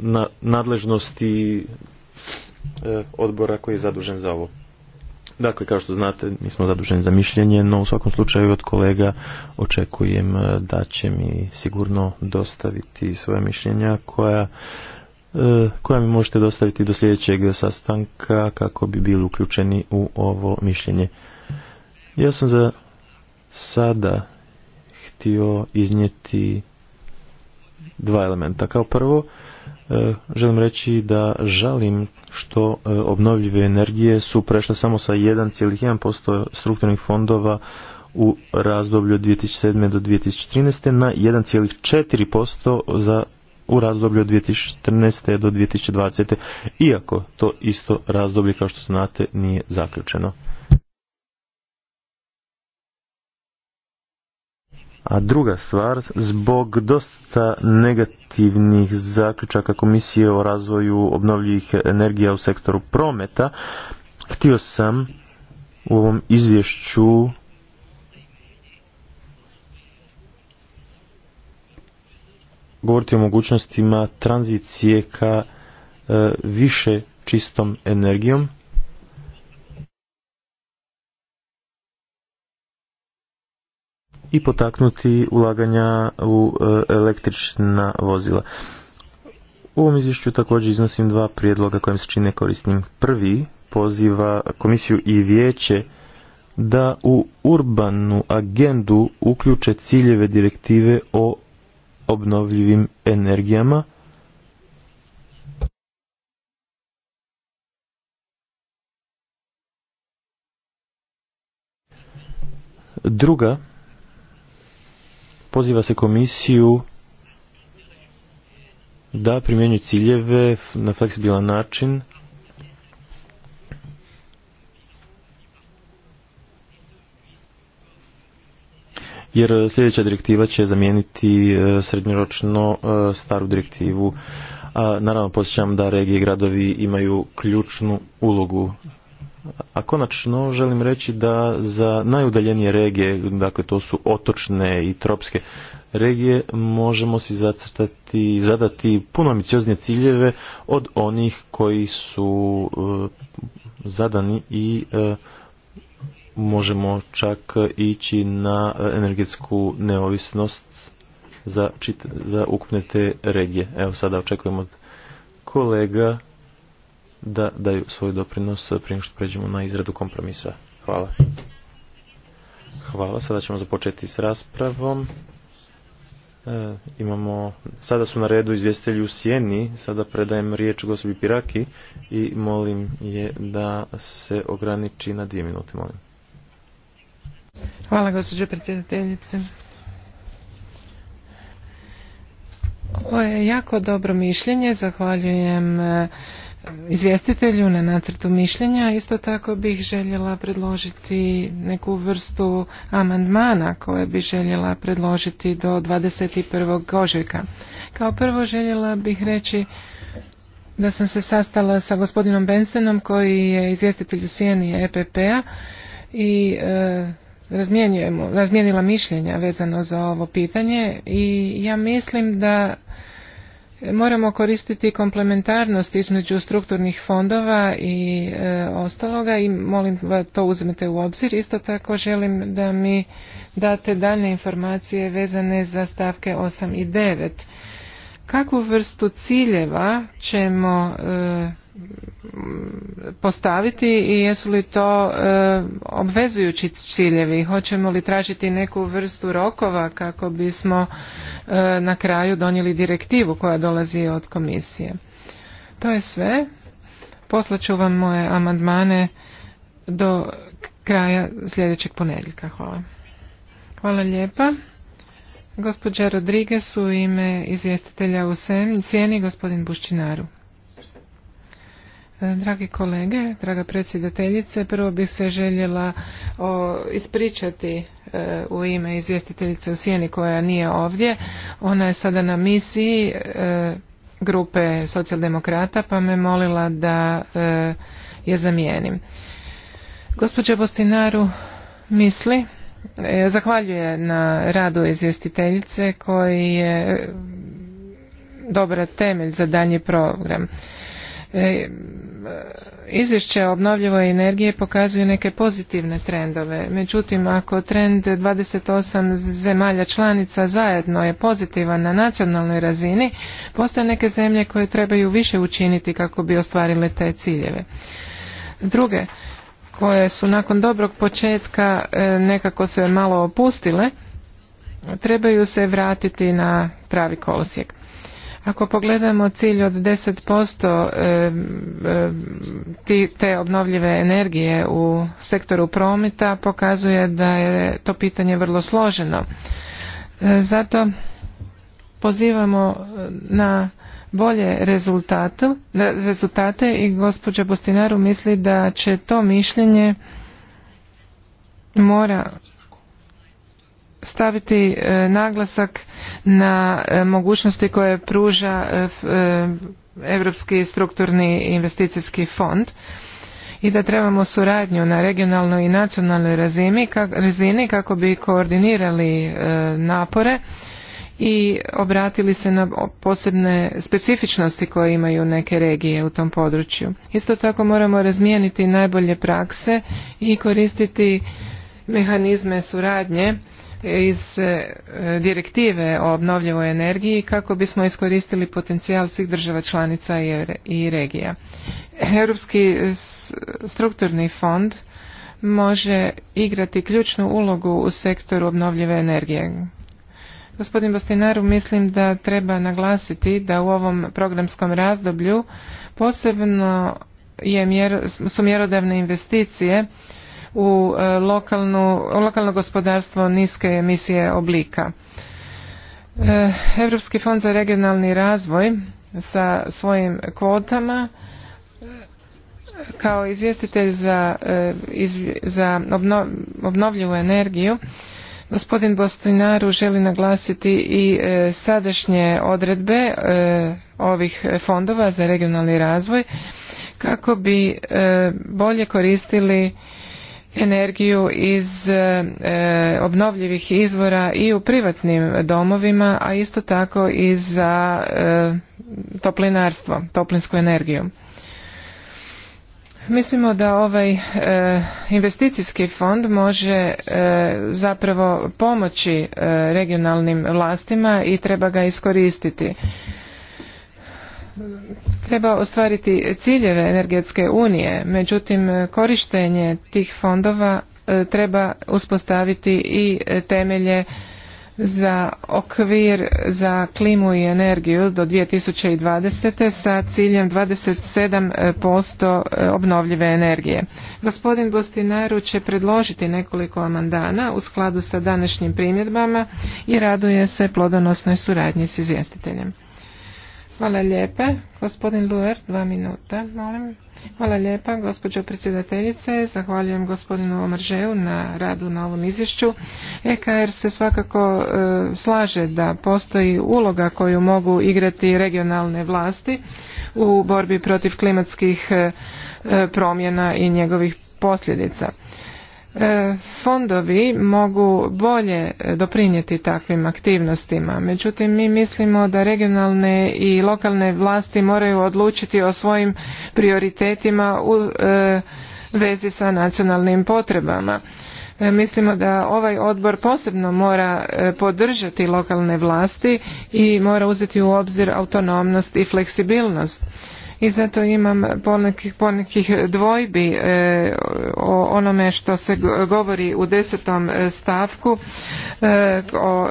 na nadležnosti e, odbora koji je zadužen za ovo. Dakle, kao što znate, mi smo zaduženi za mišljenje, no u svakom slučaju od kolega očekujem e, da će mi sigurno dostaviti svoje mišljenja koja e, koja mi možete dostaviti do sljedećeg sastanka kako bi bili uključeni u ovo mišljenje. Ja sam za sada htio iznijeti dva elementa. Kao prvo, E, želim reći da žalim što e, obnovljive energije su prešle samo sa 1,1% strukturnih fondova u razdoblju od 2007. do 2013. na 1,4% za u razdoblju od 2014. do 2020. Iako to isto razdoblje, kao što znate, nije zaključeno. A druga stvar, zbog dosta negativnih zaključaka komisije o razvoju obnovljivih energija u sektoru prometa, htio sam u ovom izvješću govoriti o mogućnostima tranzicije ka e, više čistom energijom i potaknuti ulaganja u e, električna vozila. U ovom izvješću također iznosim dva prijedloga kojim se čine korisnim. Prvi poziva komisiju i vijeće da u urbanu agendu uključe ciljeve direktive o obnovljivim energijama, Druga poziva se komisiju da primjenju ciljeve na fleksibilan način jer sljedeća direktiva će zamijeniti e, srednjoročno e, staru direktivu. naravno, posjećam da regije i gradovi imaju ključnu ulogu a konačno želim reći da za najudaljenije regije, dakle to su otočne i tropske regije, možemo si zacrtati, zadati puno ambicioznije ciljeve od onih koji su e, zadani i e, možemo čak ići na energetsku neovisnost za, za ukupne te regije. Evo sada očekujemo od kolega da daju svoj doprinos prije što pređemo na izradu kompromisa. Hvala. Hvala. Sada ćemo započeti s raspravom. E, imamo, sada su na redu izvjestitelji u sjeni, sada predajem riječ gospođi Piraki i molim je da se ograniči na dvije minute, molim. Hvala gospođo predsjedateljice. Ovo je jako dobro mišljenje, zahvaljujem e, izvjestitelju na nacrtu mišljenja. Isto tako bih željela predložiti neku vrstu amandmana koje bi željela predložiti do 21. ožujka. Kao prvo željela bih reći da sam se sastala sa gospodinom Bensenom koji je izvjestitelj Sijenije EPP-a i e, razmijenila mišljenja vezano za ovo pitanje i ja mislim da Moramo koristiti komplementarnost između strukturnih fondova i e, ostaloga i molim da to uzmete u obzir. Isto tako želim da mi date dalje informacije vezane za stavke 8 i 9. Kakvu vrstu ciljeva ćemo e, postaviti i jesu li to e, obvezujući ciljevi hoćemo li tražiti neku vrstu rokova kako bismo e, na kraju donijeli direktivu koja dolazi od komisije to je sve poslaću vam moje amandmane do kraja sljedećeg ponedjeljka hvala hvala lijepa gospođa Rodriguez u ime izvjestitelja u cijeni gospodin Buščinaru Dragi kolege, draga predsjedateljice, prvo bih se željela ispričati e, u ime izvjestiteljice u Sjeni koja nije ovdje. Ona je sada na misiji e, grupe socijaldemokrata pa me molila da e, je zamijenim. Gospođa Bostinaru misli, zahvaljuje na radu izvjestiteljice koji je dobra temelj za danji program. E, e, izvješće o obnovljivoj energiji pokazuju neke pozitivne trendove. Međutim, ako trend 28 zemalja članica zajedno je pozitivan na nacionalnoj razini, postoje neke zemlje koje trebaju više učiniti kako bi ostvarile te ciljeve. Druge, koje su nakon dobrog početka e, nekako se malo opustile, trebaju se vratiti na pravi kolosijek. Ako pogledamo cilj od 10% te obnovljive energije u sektoru prometa pokazuje da je to pitanje vrlo složeno. E, zato pozivamo na bolje rezultate i gospođa Bostinaru misli da će to mišljenje mora staviti e, naglasak na e, mogućnosti koje pruža e, Europski strukturni investicijski fond i da trebamo suradnju na regionalnoj i nacionalnoj razini kako bi koordinirali napore i obratili se na posebne specifičnosti koje imaju neke regije u tom području. Isto tako moramo razmijeniti najbolje prakse i koristiti mehanizme suradnje iz e, direktive o obnovljivoj energiji kako bismo iskoristili potencijal svih država članica i regija. Europski strukturni fond može igrati ključnu ulogu u sektoru obnovljive energije. Gospodin Bostinaru, mislim da treba naglasiti da u ovom programskom razdoblju posebno su mjerodavne investicije u e, lokalno gospodarstvo niske emisije oblika. Europski fond za regionalni razvoj sa svojim kvotama e, kao izvjestitelj za, e, obnovljivu energiju gospodin Bostinaru želi naglasiti i sadašnje odredbe ovih fondova za regionalni razvoj kako bi bolje koristili energiju iz e, e, obnovljivih izvora i u privatnim domovima, a isto tako i za e, toplinarstvo, toplinsku energiju. Mislimo da ovaj investicijski fond može zapravo pomoći regionalnim vlastima i treba ga iskoristiti treba ostvariti ciljeve energetske unije, međutim korištenje tih fondova e, treba uspostaviti i temelje za okvir za klimu i energiju do 2020. sa ciljem 27% e, obnovljive energije. Gospodin Bostinaru će predložiti nekoliko amandana u skladu sa današnjim primjedbama i raduje se plodonosnoj suradnji s izvjestiteljem. Hvala lijepa. Gospodin Luer, dva minuta, molim. Hvala lijepa, gospođo predsjedateljice. Zahvaljujem gospodinu Omaržeju na radu na ovom izvješću. EKR er se svakako e, slaže da postoji uloga koju mogu igrati regionalne vlasti u borbi protiv klimatskih e, e, promjena i njegovih posljedica. E, fondovi mogu bolje doprinijeti takvim aktivnostima. Međutim, mi mislimo da regionalne i lokalne vlasti moraju odlučiti o svojim prioritetima u e, vezi sa nacionalnim potrebama. E, mislimo da ovaj odbor posebno mora podržati lokalne vlasti i mora uzeti u obzir autonomnost i fleksibilnost i zato imam ponekih, ponekih dvojbi e, o onome što se govori u desetom e, stavku e,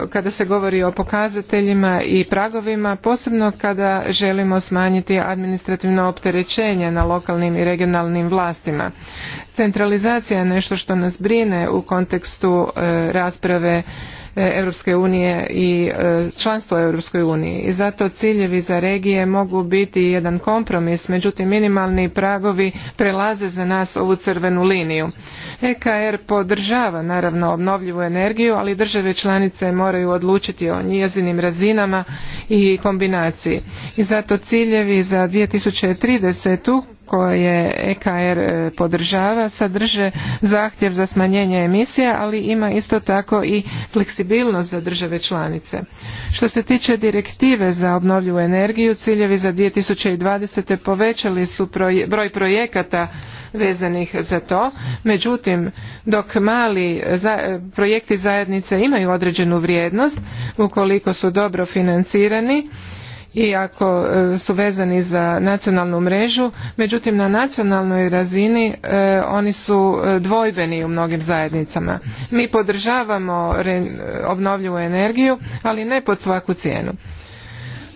kada se govori o pokazateljima i pragovima posebno kada želimo smanjiti administrativno opterećenje na lokalnim i regionalnim vlastima centralizacija je nešto što nas brine u kontekstu rasprave E, Europske unije i e, članstvo Europskoj uniji i zato ciljevi za regije mogu biti jedan kompromis, međutim minimalni pragovi prelaze za nas ovu crvenu liniju. EKR er podržava naravno obnovljivu energiju, ali države članice moraju odlučiti o njezinim razinama i kombinaciji. I zato ciljevi za 2030 koje EKR e, podržava sadrže zahtjev za smanjenje emisija, ali ima isto tako i fleksibilnost za države članice. Što se tiče direktive za obnovljivu energiju, ciljevi za 2020. povećali su broj projekata vezanih za to. Međutim, dok mali e, e, projekti zajednice imaju određenu vrijednost, ukoliko su dobro financirani, iako e, su vezani za nacionalnu mrežu, međutim na nacionalnoj razini e, oni su e, dvojbeni u mnogim zajednicama. Mi podržavamo obnovljivu energiju, ali ne pod svaku cijenu.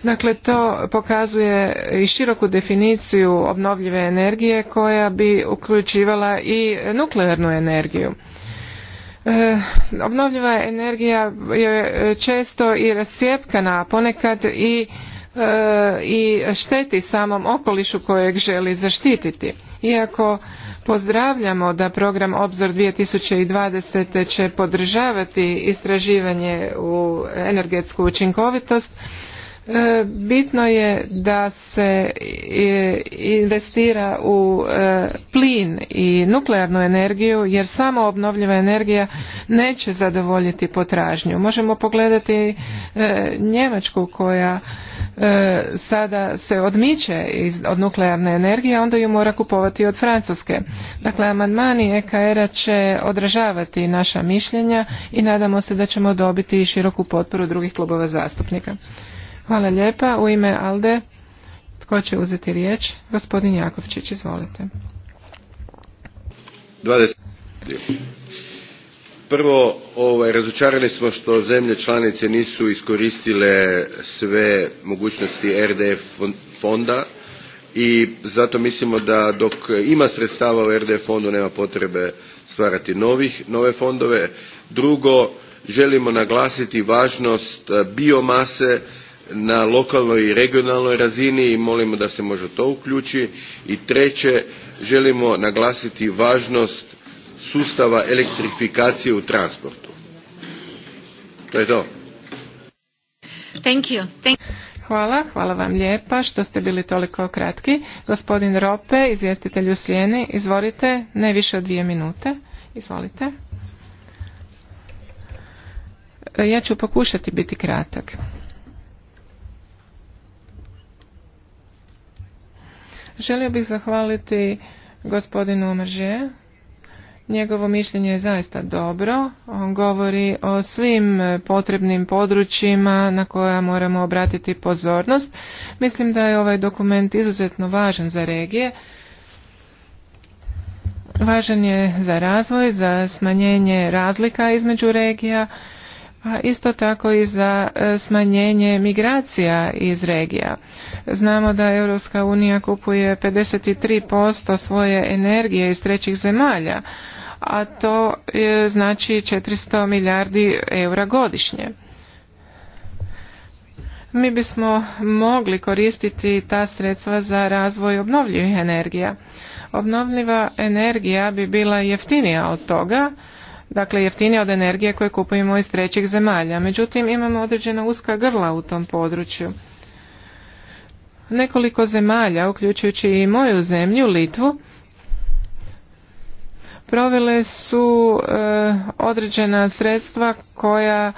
Dakle, to pokazuje i široku definiciju obnovljive energije koja bi uključivala i nuklearnu energiju. obnovljiva energija je često i rascijepkana, a ponekad i E, i šteti samom okolišu kojeg želi zaštititi. Iako pozdravljamo da program Obzor 2020. će podržavati istraživanje u energetsku učinkovitost, E, bitno je da se e, investira u e, plin i nuklearnu energiju jer samo obnovljiva energija neće zadovoljiti potražnju. Možemo pogledati Njemačku koja sada se odmiče od nuklearne energije, onda ju mora kupovati od Francuske. Dakle, amandmani EKR-a će odražavati naša mišljenja i nadamo se da ćemo dobiti široku potporu drugih klubova zastupnika. Hvala lijepa. U ime Alde, tko će uzeti riječ? Gospodin Jakovčić, izvolite. 20. Prvo, ovaj, razočarani smo što zemlje članice nisu iskoristile sve mogućnosti RDF fonda i zato mislimo da dok ima sredstava u RDF fondu nema potrebe stvarati novih, nove fondove. Drugo, želimo naglasiti važnost biomase na lokalnoj i regionalnoj razini i molimo da se možda to uključi. I treće, želimo naglasiti važnost sustava elektrifikacije u transportu. To je to. Thank you. Hvala, hvala vam lijepa što ste bili toliko kratki. Gospodin Rope, izvjestitelj u Sijeni, izvolite, ne više od dvije minute. Izvolite. E, ja ću pokušati biti kratak. Želio bih zahvaliti gospodinu Omaržije. Njegovo mišljenje je zaista dobro. On govori o svim potrebnim područjima na koja moramo obratiti pozornost. Mislim da je ovaj dokument izuzetno važan za regije. Važan je za razvoj, za smanjenje razlika između regija, a isto tako i za e, smanjenje migracija iz regija. Znamo da Europska unija kupuje 53% svoje energije iz trećih zemalja, a to znači 400 milijardi eura godišnje. Mi bismo mogli koristiti ta sredstva za razvoj obnovljivih energija. Obnovljiva energija bi bila jeftinija od toga, dakle jeftinija od energije koje kupujemo iz trećih zemalja. Međutim, imamo određena uska grla u tom području Nekoliko zemalja, uključujući i moju zemlju, Litvu, provele su e, određena sredstva koja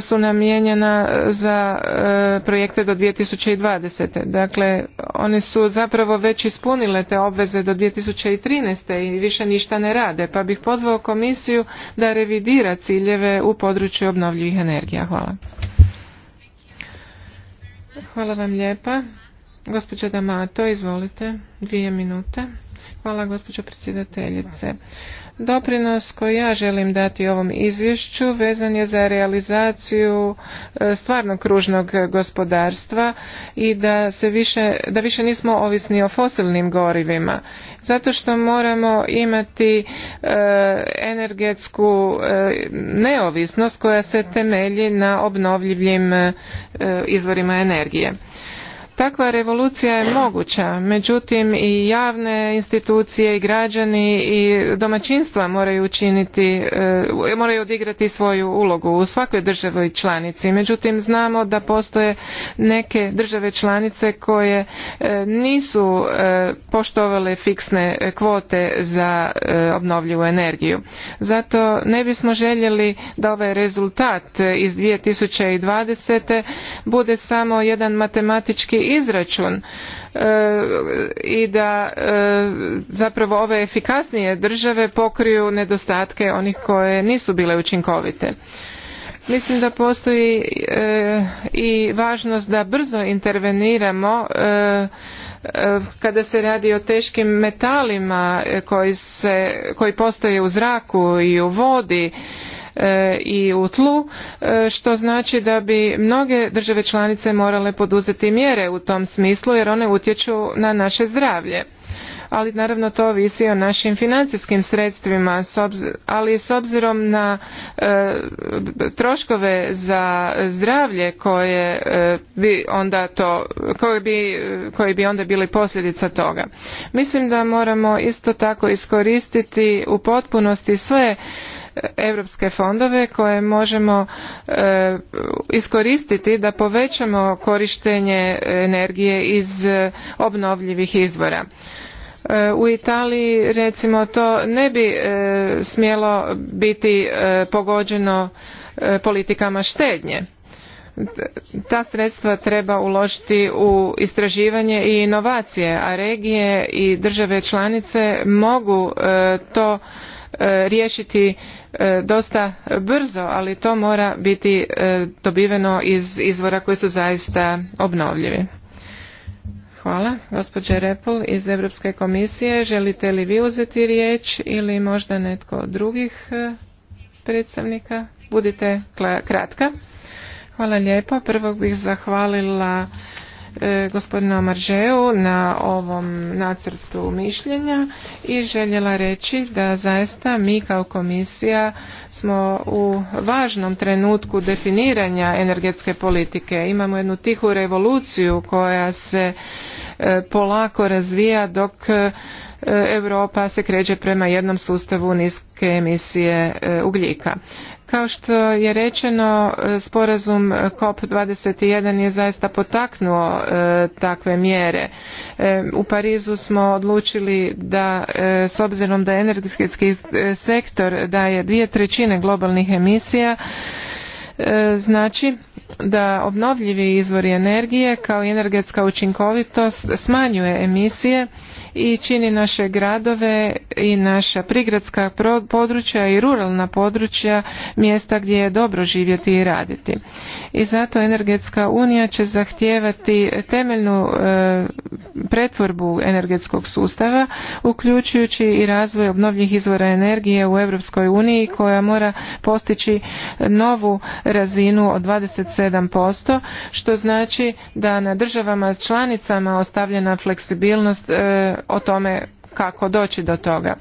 su namijenjena za e, projekte do 2020. Dakle, oni su zapravo već ispunile te obveze do 2013. i više ništa ne rade, pa bih pozvao komisiju da revidira ciljeve u području obnovljivih energija. Hvala. Hvala vam lijepa. Gospođa Damato, izvolite, dvije minute. Hvala gospođo predsjedateljice. Doprinos koji ja želim dati ovom izvješću vezan je za realizaciju e, stvarnog kružnog gospodarstva i da se više, da više nismo ovisni o fosilnim gorivima. Zato što moramo imati e, energetsku e, neovisnost koja se temelji na obnovljivim izvorima energije. Takva revolucija je moguća, međutim i javne institucije i građani i domaćinstva moraju učiniti, e, moraju odigrati svoju ulogu u svakoj državoj članici. Međutim, znamo da postoje neke države članice koje e, nisu e, poštovale fiksne kvote za obnovljivu energiju. Zato ne bismo željeli da ovaj rezultat iz 2020. bude samo jedan matematički izračun e, i da e, zapravo ove efikasnije države pokriju nedostatke onih koje nisu bile učinkovite. Mislim da postoji e, i važnost da brzo interveniramo kada se radi o teškim metalima koji, koji postoje u zraku i u vodi E, i u tlu, e, što znači da bi mnoge države članice morale poduzeti mjere u tom smislu jer one utječu na naše zdravlje ali naravno to ovisi o našim financijskim sredstvima ali s obzirom na e, troškove za zdravlje koje bi onda to koji bi, koji bi onda bili posljedica toga mislim da moramo isto tako iskoristiti u potpunosti sve europske fondove koje možemo e, iskoristiti da povećamo korištenje energije iz obnovljivih izvora. E, u Italiji recimo to ne bi e, smjelo biti pogođeno politikama štednje ta sredstva treba uložiti u istraživanje i inovacije a regije i države članice mogu to riješiti E, dosta brzo, ali to mora biti e, dobiveno iz izvora koji su zaista obnovljivi. Hvala. Gospođe Repul iz Europske komisije, želite li vi uzeti riječ ili možda netko od drugih e, predstavnika? Budite kratka. Hvala lijepo. Prvo bih zahvalila E, gospodina Maržeu na ovom nacrtu mišljenja i željela reći da zaista mi kao komisija smo u važnom trenutku definiranja energetske politike. Imamo jednu tihu revoluciju koja se e, polako razvija dok e, Europa se kreće prema jednom sustavu niske emisije ugljika. Kao što je rečeno, e, sporazum e, COP21 je zaista potaknuo e, takve mjere. u Parizu smo odlučili da, s obzirom da energetski sektor daje dvije trećine globalnih emisija, znači da obnovljivi izvori energije kao i energetska učinkovitost smanjuje emisije i čini naše gradove i naša prigradska područja i ruralna područja mjesta gdje je dobro živjeti i raditi. I zato energetska unija će zahtijevati temeljnu e, pretvorbu energetskog sustava uključujući i razvoj obnovljivih izvora energije u Europskoj uniji koja mora postići novu razinu od 27% što znači da na državama članicama ostavljena fleksibilnost e, o tome kako doći do toga.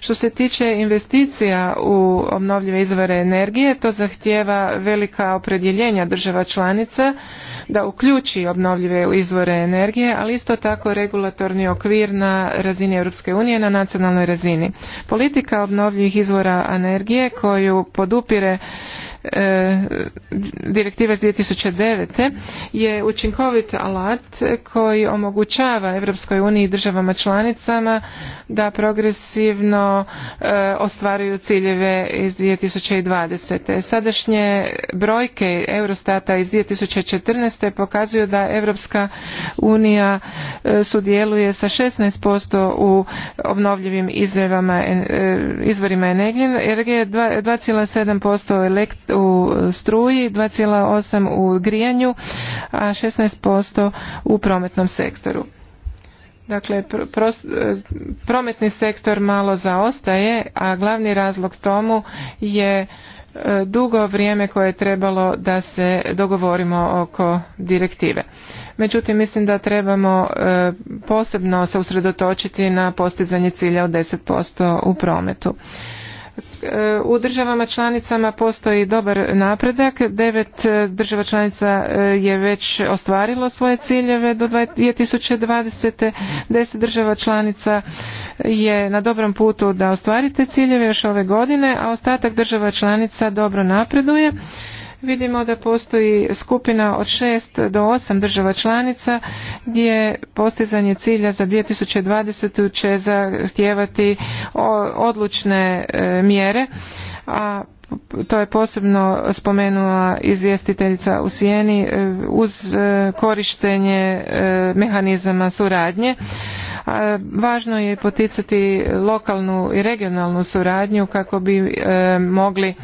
Što se tiče investicija u obnovljive izvore energije, to zahtjeva velika opredjeljenja država članica da uključi obnovljive izvore energije, ali isto tako regulatorni okvir na razini Europske unije na nacionalnoj razini. Politika obnovljivih izvora energije koju podupire direktiva 2009. je učinkovit alat koji omogućava Europskoj uniji i državama članicama da progresivno e, ostvaruju ciljeve iz 2020. Sadašnje brojke Eurostata iz 2014. pokazuju da Europska unija e, sudjeluje sa 16% u obnovljivim e, izvorima energije, 2,7% u struji, 2,8 u grijanju, a 16% u prometnom sektoru. Dakle, prometni sektor malo zaostaje, a glavni razlog tomu je e, dugo vrijeme koje je trebalo da se dogovorimo oko direktive. Međutim, mislim da trebamo e, posebno se usredotočiti na postizanje cilja od 10% u prometu. E, u državama članicama postoji dobar napredak. Devet e, država članica e, je već ostvarilo svoje ciljeve do 2020. Deset država članica je na dobrom putu da ostvarite ciljeve još ove godine, a ostatak država članica dobro napreduje vidimo da postoji skupina od šest do osam država članica gdje postizanje cilja za 2020. će zahtijevati odlučne e, mjere, a to je posebno spomenula izvjestiteljica u Sijeni e, uz e, korištenje mehanizama suradnje. Važno je poticati lokalnu i regionalnu suradnju kako bi mogli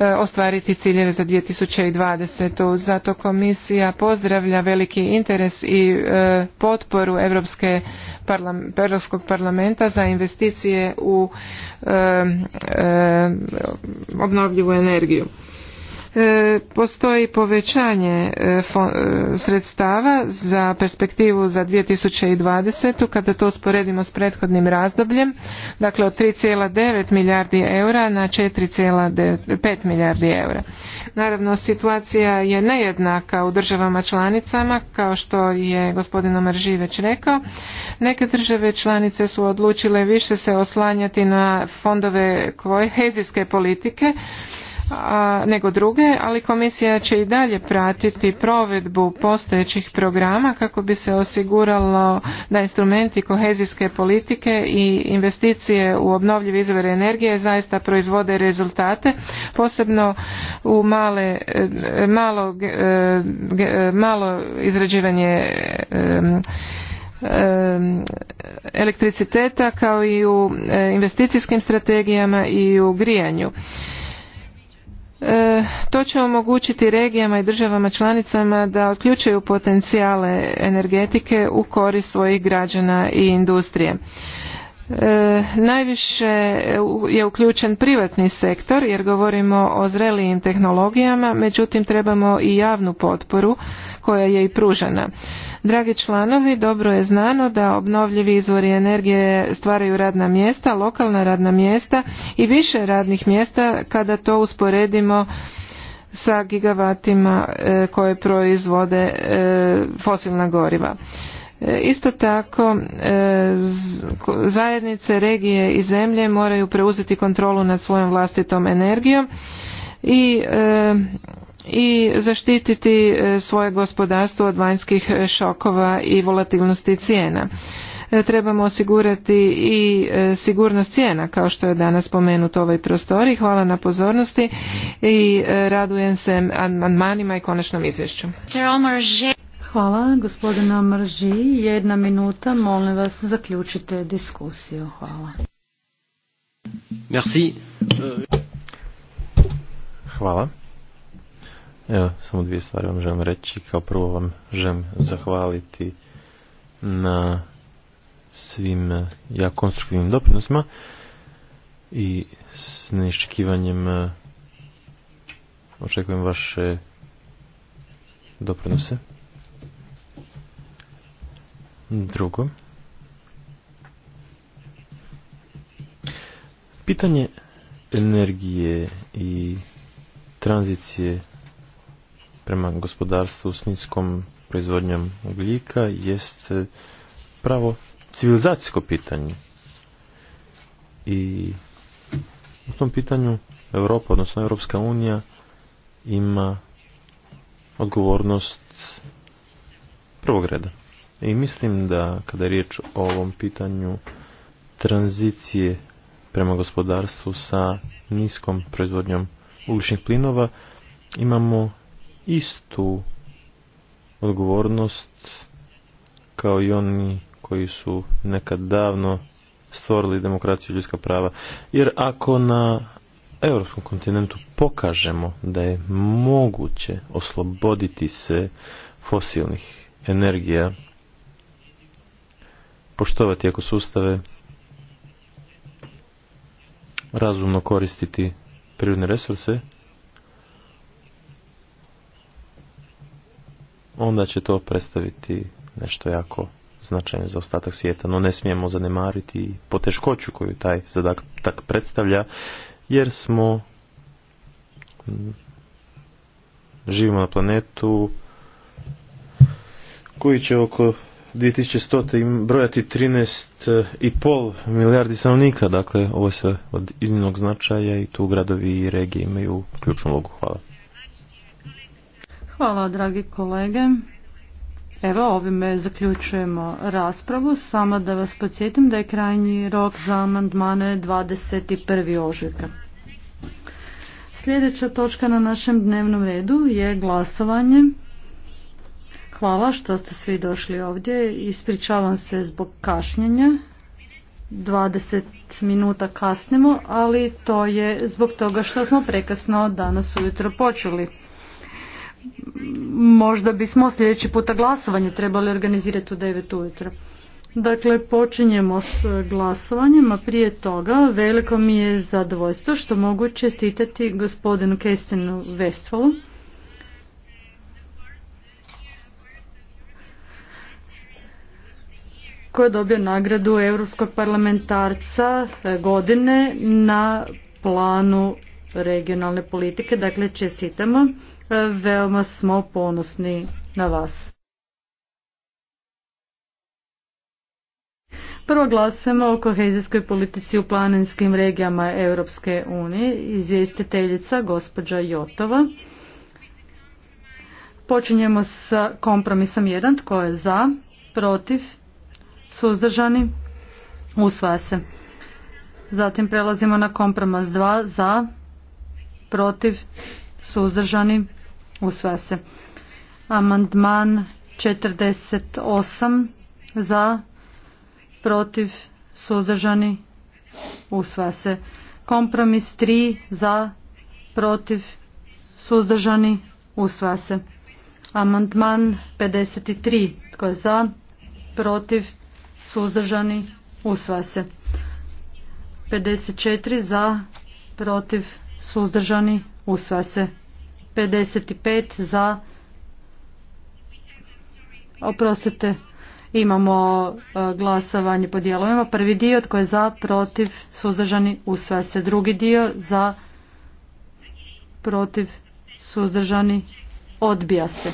E, ostvariti ciljeve za 2020. Zato komisija pozdravlja veliki interes i e, potporu Europske Europskog parlamenta za investicije u e, obnovljivu energiju. E, postoji povećanje e, e, sredstava za perspektivu za 2020. kada to usporedimo s prethodnim razdobljem, dakle od 3,9 milijardi eura na 4,5 milijardi eura. Naravno, situacija je nejednaka u državama članicama, kao što je gospodin Omar već rekao. Neke države članice su odlučile više se oslanjati na fondove kohezijske politike, a, nego druge, ali komisija će i dalje pratiti provedbu postojećih programa kako bi se osiguralo da instrumenti kohezijske politike i investicije u obnovljive izvore energije zaista proizvode rezultate, posebno u male, e, malo, e, e, malo izrađivanje elektriciteta kao i u investicijskim strategijama i u grijanju. E, to će omogućiti regijama i državama članicama da otključaju potencijale energetike u korist svojih građana i industrije. E, najviše je uključen privatni sektor jer govorimo o zrelijim tehnologijama, međutim trebamo i javnu potporu koja je i pružena. Dragi članovi, dobro je znano da obnovljivi izvori energije stvaraju radna mjesta, lokalna radna mjesta i više radnih mjesta kada to usporedimo sa gigavatima e, koje proizvode e, fosilna goriva. Isto tako, e, zajednice, regije i zemlje moraju preuzeti kontrolu nad svojom vlastitom energijom i e, i zaštititi e, svoje gospodarstvo od vanjskih šokova i volatilnosti cijena. Trebamo osigurati i sigurnost cijena, kao što je danas spomenuto ovoj prostori. Hvala na pozornosti i radujem se manima i konačnom izvješću. Hvala. Gospodina Mrži, jedna minuta. Molim vas, zaključite diskusiju. Hvala. Merci. Hvala. Evo, samo dvije stvari vam želim reći. Kao prvo vam želim zahvaliti na svim eh, ja konstruktivnim doprinosima i s neiščekivanjem eh, očekujem vaše doprinose. Drugo. Pitanje energije i tranzicije prema gospodarstvu s niskom proizvodnjom ugljika jest eh, pravo civilizacijsko pitanje. I u tom pitanju Europa, odnosno Europska unija, ima odgovornost prvog reda. I mislim da kada je riječ o ovom pitanju tranzicije prema gospodarstvu sa niskom proizvodnjom ugljičnih plinova, imamo istu odgovornost kao i oni koji su nekad davno stvorili demokraciju i ljudska prava. Jer ako na europskom kontinentu pokažemo da je moguće osloboditi se fosilnih energija poštovati ako sustave, razumno koristiti prirodne resurse, onda će to predstaviti nešto jako značajno za ostatak svijeta, no ne smijemo zanemariti poteškoću koju taj zadatak predstavlja, jer smo mm, živimo na planetu koji će oko 2100. brojati 13,5 milijardi stanovnika, dakle ovo je od iznimnog značaja i tu gradovi i regije imaju ključnu ulogu. Hvala. Hvala dragi kolege. Evo ovime zaključujemo raspravu. Samo da vas podsjetim da je krajnji rok za amandmane 21. ožujka. Sljedeća točka na našem dnevnom redu je glasovanje. Hvala što ste svi došli ovdje. Ispričavam se zbog kašnjenja. 20 minuta kasnimo, ali to je zbog toga što smo prekasno danas ujutro počeli. Možda bismo sljedeći puta glasovanje trebali organizirati u 9 ujutro. Dakle, počinjemo s glasovanjem, a prije toga veliko mi je zadovoljstvo što mogu čestitati gospodinu Kestinu Westfalu koji je dobio nagradu Europskog parlamentarca e, godine na planu regionalne politike. Dakle, čestitamo. E, veoma smo ponosni na vas. Prvo glasujemo o kohezijskoj politici u planinskim regijama Europske unije. Izvjestiteljica gospođa Jotova. Počinjemo sa kompromisom 1. Tko je za? Protiv? suzdržani, usvaja se. Zatim prelazimo na kompromis 2 za, protiv, suzdržani, usvaja se. Amandman 48 za, protiv, suzdržani, usvaja se. Kompromis 3 za, protiv, suzdržani, usvaja se. Amandman 53 tko je za, protiv, suzdržani, usvaja se. 54 za, protiv, suzdržani, usvaja se. 55 za, oprostite, imamo e, glasovanje po dijelovima. Prvi dio tko je za, protiv, suzdržani, usvaja se. Drugi dio za, protiv, suzdržani, odbija se.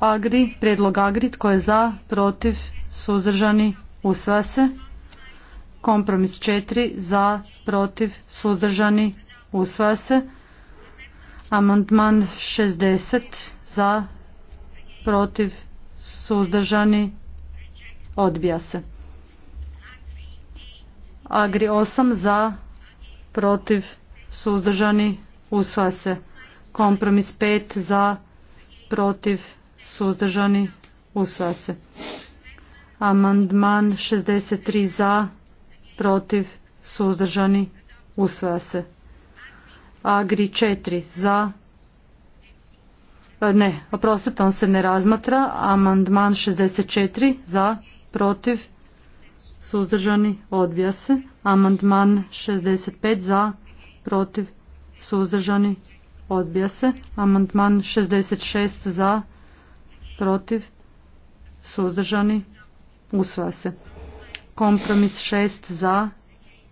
Agri, prijedlog Agri, tko je za, protiv, suzdržani, usvaja se. Kompromis 4, za, protiv, suzdržani, usvaja se. Amandman 60, za, protiv, suzdržani, odbija se. Agri 8, za, protiv, suzdržani, usvaja se. Kompromis 5, za, protiv, suzdržani, usvaja se. Amandman 63 za, protiv, suzdržani, usvaja se. Agri 4 za, e, ne, oprostite, on se ne razmatra. Amandman 64 za, protiv, suzdržani, odbija se. Amandman 65 za, protiv, suzdržani, odbija se. Amandman 66 za, protiv, suzdržani, usvaja se. Kompromis 6 za,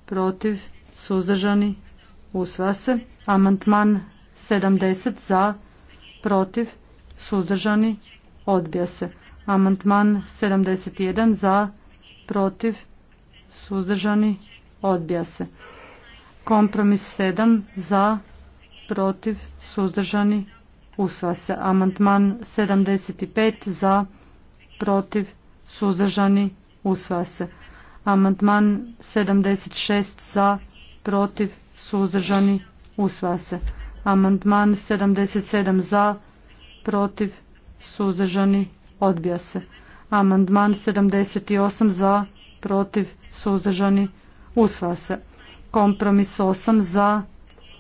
protiv, suzdržani, usvaja se. Amantman 70 za, protiv, suzdržani, odbija se. Amantman 71 za, protiv, suzdržani, odbija se. Kompromis 7 za, protiv, suzdržani, Usva se amantman 75 za, protiv, suzdržani, usva se. Amantman 76 za, protiv, suzdržani, usva se. Amantman 77 za, protiv, suzdržani, odbija se. Amandman 78 za, protiv, suzdržani, usva se. Kompromis 8 za,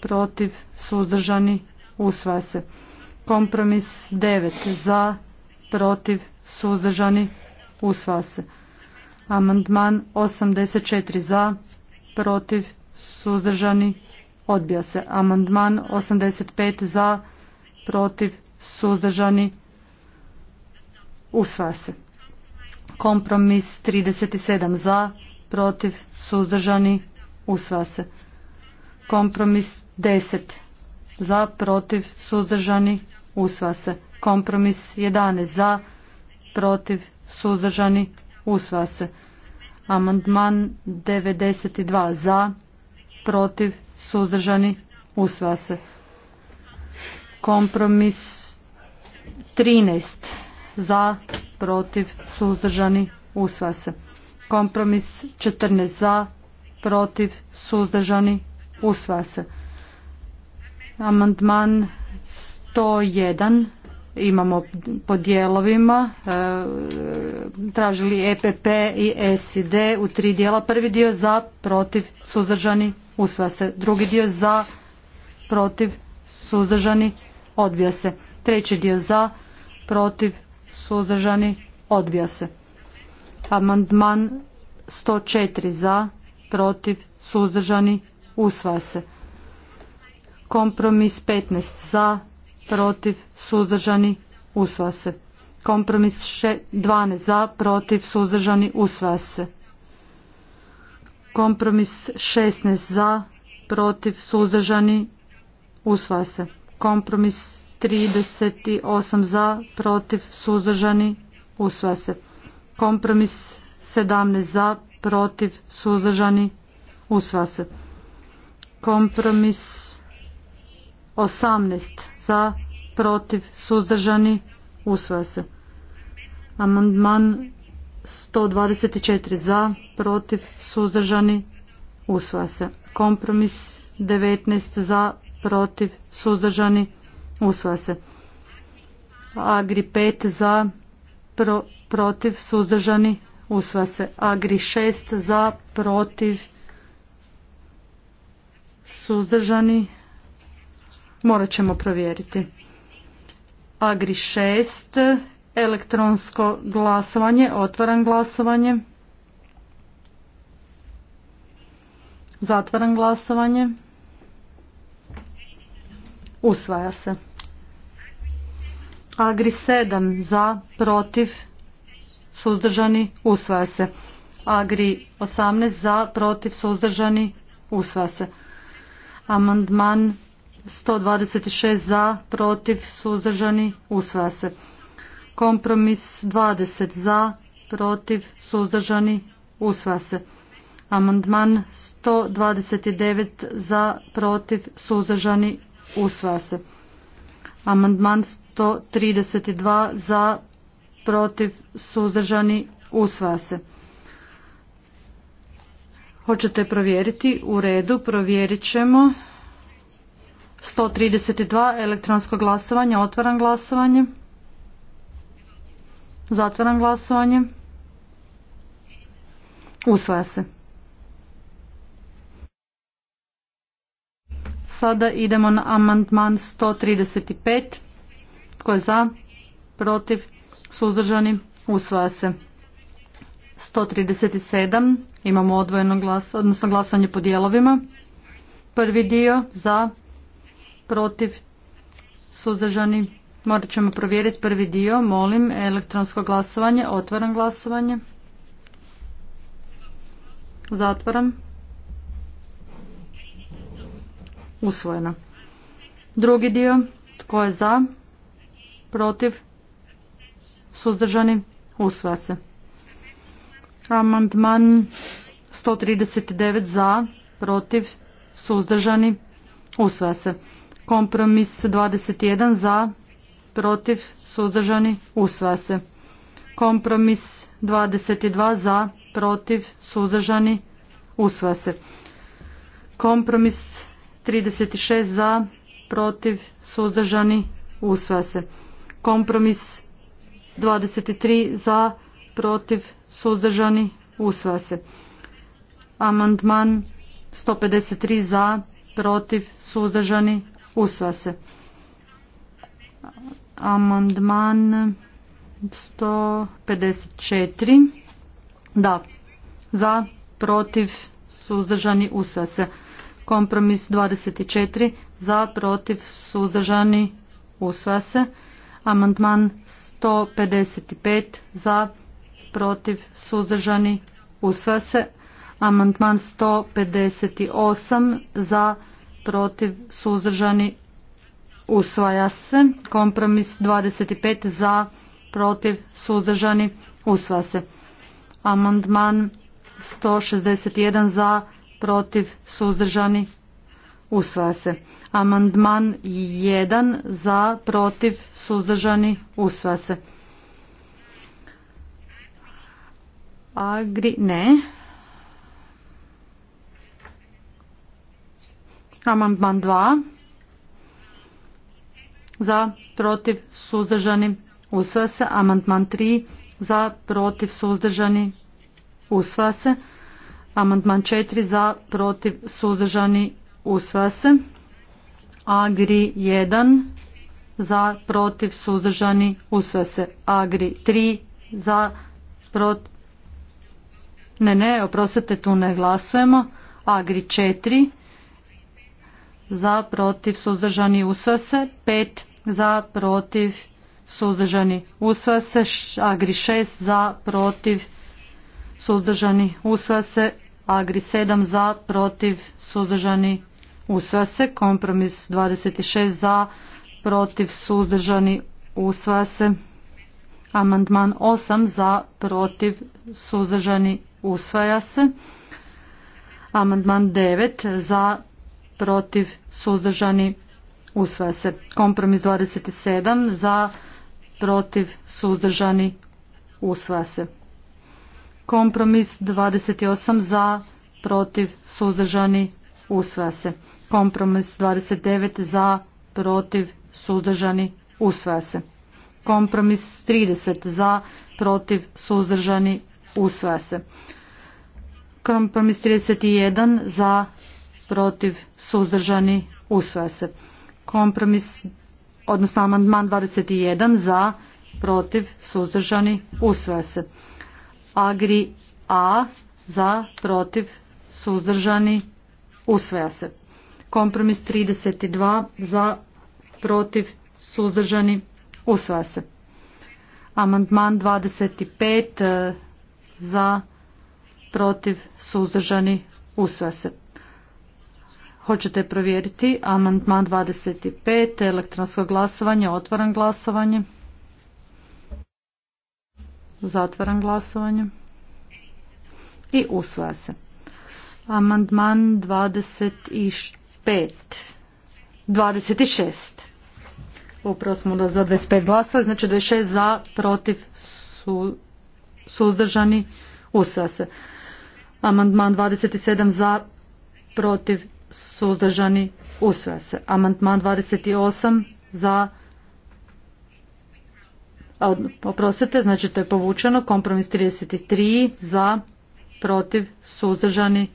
protiv, suzdržani, usva se. Kompromis 9 za, protiv, suzdržani, usva se. Amandman 84 za, protiv, suzdržani, odbija se. Amandman 85 za, protiv, suzdržani, usvaja se. Kompromis 37 za, protiv, suzdržani, usva se. Kompromis 10 za, protiv, suzdržani, usva se. Kompromis 11 za, protiv, suzdržani, usva se. Amandman 92 za, protiv, suzdržani, usva se. Kompromis 13 za, protiv, suzdržani, usva se. Kompromis 14 za, protiv, suzdržani, usva se. Amandman to jedan imamo po dijelovima e, tražili EPP i SID u tri dijela. Prvi dio za, protiv, suzdržani, usvaja se. Drugi dio za, protiv, suzdržani, odbija se. Treći dio za, protiv, suzdržani, odbija se. Amandman 104 za, protiv, suzdržani, usvaja se. Kompromis 15 za, protiv, suzdržani, usvaja se. Kompromis 12 za, protiv, suzdržani, usvaja se. Kompromis 16 za, protiv, suzdržani, usvaja se. Kompromis 38 za, protiv, suzdržani, usva se. Kompromis 17 za, protiv, suzdržani, usvaja se. Kompromis 18 za, protiv, suzdržani, usvaja se. Amandman 124 za, protiv, suzdržani, usvaja se. Kompromis 19 za, protiv, suzdržani, usvaja se. Agri 5 za, protiv, suzdržani, usvaja se. Agri 6 za, protiv, suzdržani, Morat ćemo provjeriti. Agri 6, elektronsko glasovanje, otvaram glasovanje. Zatvaram glasovanje. Usvaja se. Agri 7 za, protiv, suzdržani, usvaja se. Agri 18 za, protiv, suzdržani, usvaja se. Amandman 126 za, protiv, suzdržani, usvaja se. Kompromis 20 za, protiv, suzdržani, usvaja se. Amandman 129 za, protiv, suzdržani, usvaja se. Amandman 132 za, protiv, suzdržani, usvaja se. Hoćete provjeriti? U redu, provjerit ćemo. 132 elektronsko glasovanje. Otvaram glasovanje. Zatvaram glasovanje. Usvaja se. Sada idemo na amandman 135. Tko je za? Protiv? Suzdržani? Usvaja se. 137. Imamo odvojeno odnosno glasovanje po dijelovima. Prvi dio za, protiv, suzdržani. Morat ćemo provjeriti prvi dio. Molim elektronsko glasovanje. Otvaram glasovanje. Zatvaram. Usvojeno. Drugi dio. Tko je za? Protiv? Suzdržani? Usvaja se. Amandman 139 za, protiv, suzdržani, usvaja se. Kompromis 21 za, protiv, suzdržani, usvaja se. Kompromis 22 za, protiv, suzdržani, usvaja se. Kompromis 36 za, protiv, suzdržani, usvaja se. Kompromis 23 za, protiv, suzdržani, usvaja se. Amandman 153 za, protiv, suzdržani, Usva se. Amandman 154. Da. Za, protiv, suzdržani, usva se. Kompromis 24. Za, protiv, suzdržani, usva se. Amandman 155. Za, protiv, suzdržani, usva se. Amandman 158. Za, protiv, protiv, suzdržani, usvaja se. Kompromis 25 za, protiv, suzdržani, usvaja se. Amandman 161 za, protiv, suzdržani, usvaja se. Amandman 1 za, protiv, suzdržani, usvaja se. Agri, ne. Amandman 2 za, protiv, suzdržani, Usva se. Amandman 3 za, protiv, suzdržani, Usva se. Amandman 4 za, protiv, suzdržani, Usva se. Agri 1 za, protiv, suzdržani, usvaja se. Agri 3 za, protiv, ne, ne, oprostite, tu ne glasujemo. Agri 4 za, protiv, suzdržani, usva se. 5 za, protiv, suzdržani, usva se. Agri šest za, protiv, suzdržani, usva se. Agri 7 za, protiv, suzdržani, usva se. Kompromis 26 za, protiv, suzdržani, usva se. Amandman 8 za, protiv, suzdržani, usvaja se. Amandman 9 za, protiv, suzdržani, usvaja se. Kompromis 27 za, protiv, suzdržani, usvaja se. Kompromis 28 za, protiv, suzdržani, usvaja se. Kompromis 29 za, protiv, suzdržani, usvaja se. Kompromis 30 za, protiv, suzdržani, usvaja se. Kompromis 31 za, protiv, suzdržani, usvaja se. Kompromis, odnosno amandman 21 za, protiv, suzdržani, usvaja se. Agri A za, protiv, suzdržani, usvaja se. Kompromis 32 za, protiv, suzdržani, usvaja se. Amandman 25 eh, za, protiv, suzdržani, usvaja se. Hoćete provjeriti amandman 25, elektronsko glasovanje, otvaram glasovanje. Zatvaram glasovanje. I usvaja se. Amandman 25. 26. Upravo smo da za 25 glasali, znači 26 za, protiv, su, suzdržani, usvaja se. Amandman 27 za, protiv, suzdržani, usvaja se. Amantman 28 za, oprostite, znači to je povučeno, kompromis 33 za, protiv, suzdržani,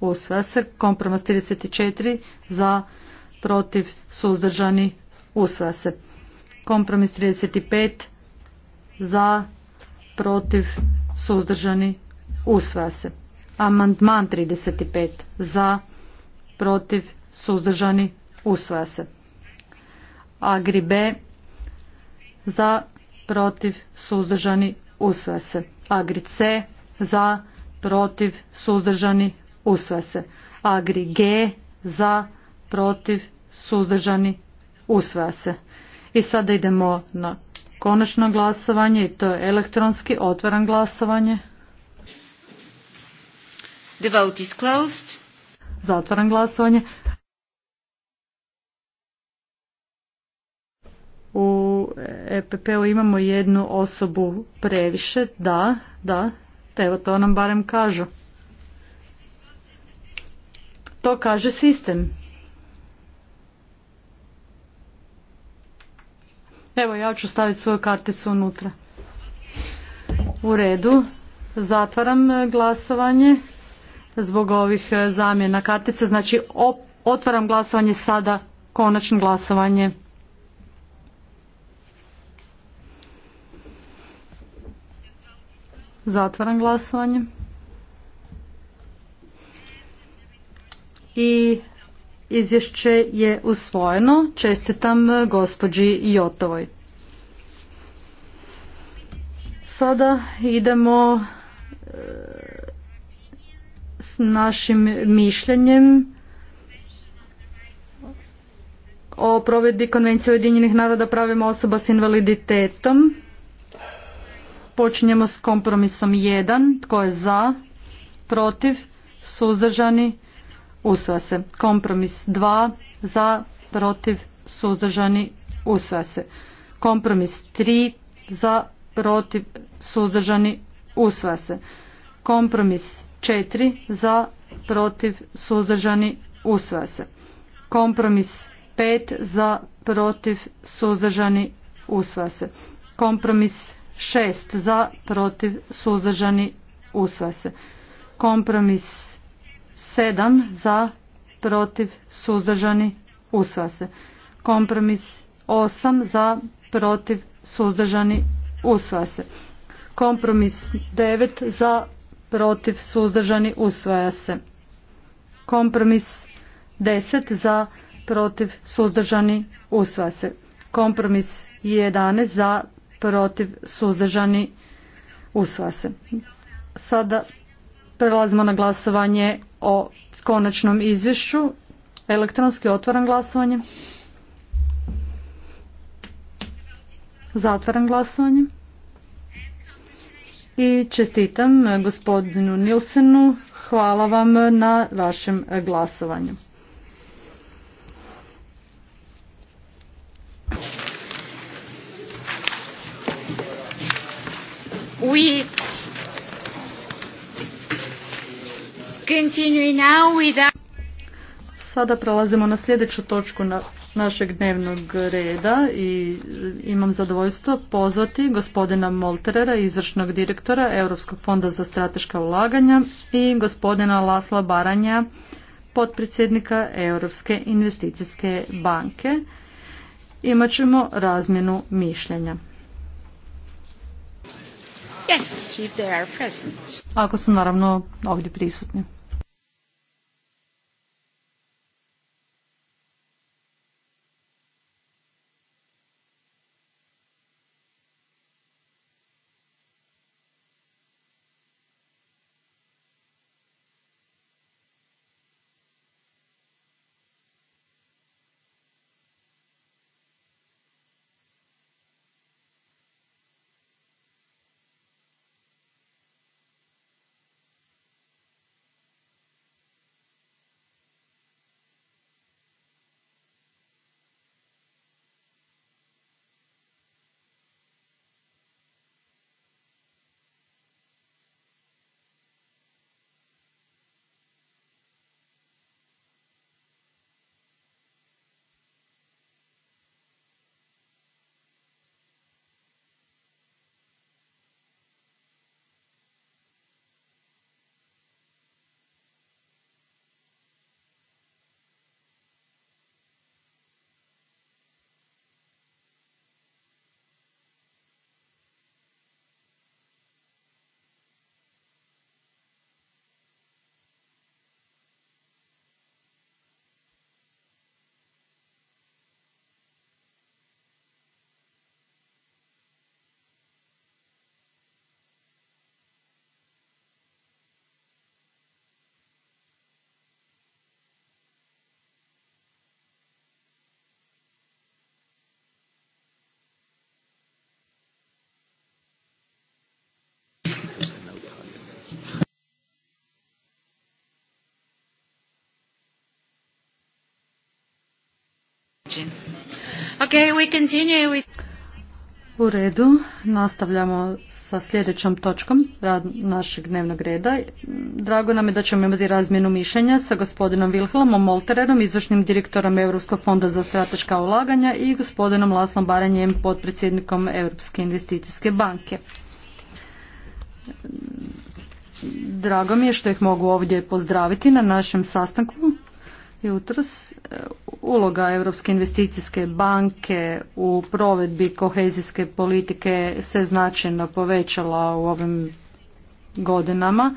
usvaja se. Kompromis 34 za, protiv, suzdržani, usvaja se. Kompromis 35 za, protiv, suzdržani, usvaja se. Amandman 35 za, protiv, suzdržani, usvaja se. Agri B za, protiv, suzdržani, usvaja se. Agri C za, protiv, suzdržani, usvaja se. Agri G za, protiv, suzdržani, usvaja se. I sada idemo na konačno glasovanje i to je elektronski otvaram glasovanje. The vote is closed. Zatvaram glasovanje. U EPP-u imamo jednu osobu previše, da, da, evo to nam barem kažu. To kaže sistem. Evo ja ću staviti svoju karticu unutra. U redu. Zatvaram glasovanje zbog ovih e, zamjena kartice. Znači otvaram glasovanje sada, konačno glasovanje. Zatvaram glasovanje. I izvješće je usvojeno. Čestitam e, gospođi Jotovoj. Sada idemo e, našim mišljenjem o provedbi Konvencije Ujedinjenih naroda pravima osoba s invaliditetom. Počinjemo s kompromisom 1. Tko je za? Protiv? Suzdržani? Usvaja se. Kompromis 2. Za? Protiv? Suzdržani? Usvaja se. Kompromis 3. Za? Protiv? Suzdržani? Usvaja se. Kompromis 4 za, protiv, suzdržani, usvaja se. Kompromis 5 za, protiv, suzdržani, usvaja se. Kompromis šest za, protiv, suzdržani, usvaja se. Kompromis 7 za, protiv, suzdržani, usvaja se. Kompromis 8 za, protiv, suzdržani, usvaja se. Kompromis 9 za, protiv, suzdržani, usvaja se. Kompromis 10 za, protiv, suzdržani, usvaja se. Kompromis 11 za, protiv, suzdržani, usvaja se. Sada prelazimo na glasovanje o konačnom izvješću. Elektronski otvaram glasovanje. Zatvaram glasovanje i čestitam gospodinu Nilsenu. Hvala vam na vašem glasovanju. We continue now with... Sada prelazimo na sljedeću točku na našeg dnevnog reda i imam zadovoljstvo pozvati gospodina Molterera, izvršnog direktora Europskog fonda za strateška ulaganja i gospodina Lasla Baranja, potpredsjednika Europske investicijske banke. Imat ćemo razmjenu mišljenja. Yes, if they are Ako su naravno ovdje prisutni. način. we continue with... U redu, nastavljamo sa sljedećom točkom našeg dnevnog reda. Drago nam je da ćemo imati razmjenu mišljenja sa gospodinom Wilhelmom Moltererom, izvršnim direktorom Europskog fonda za strateška ulaganja i gospodinom Laslom Baranjem, potpredsjednikom Europske investicijske banke. Drago mi je što ih mogu ovdje pozdraviti na našem sastanku jutros. Eh, uloga Europske investicijske banke u provedbi kohezijske politike se značajno povećala u ovim godinama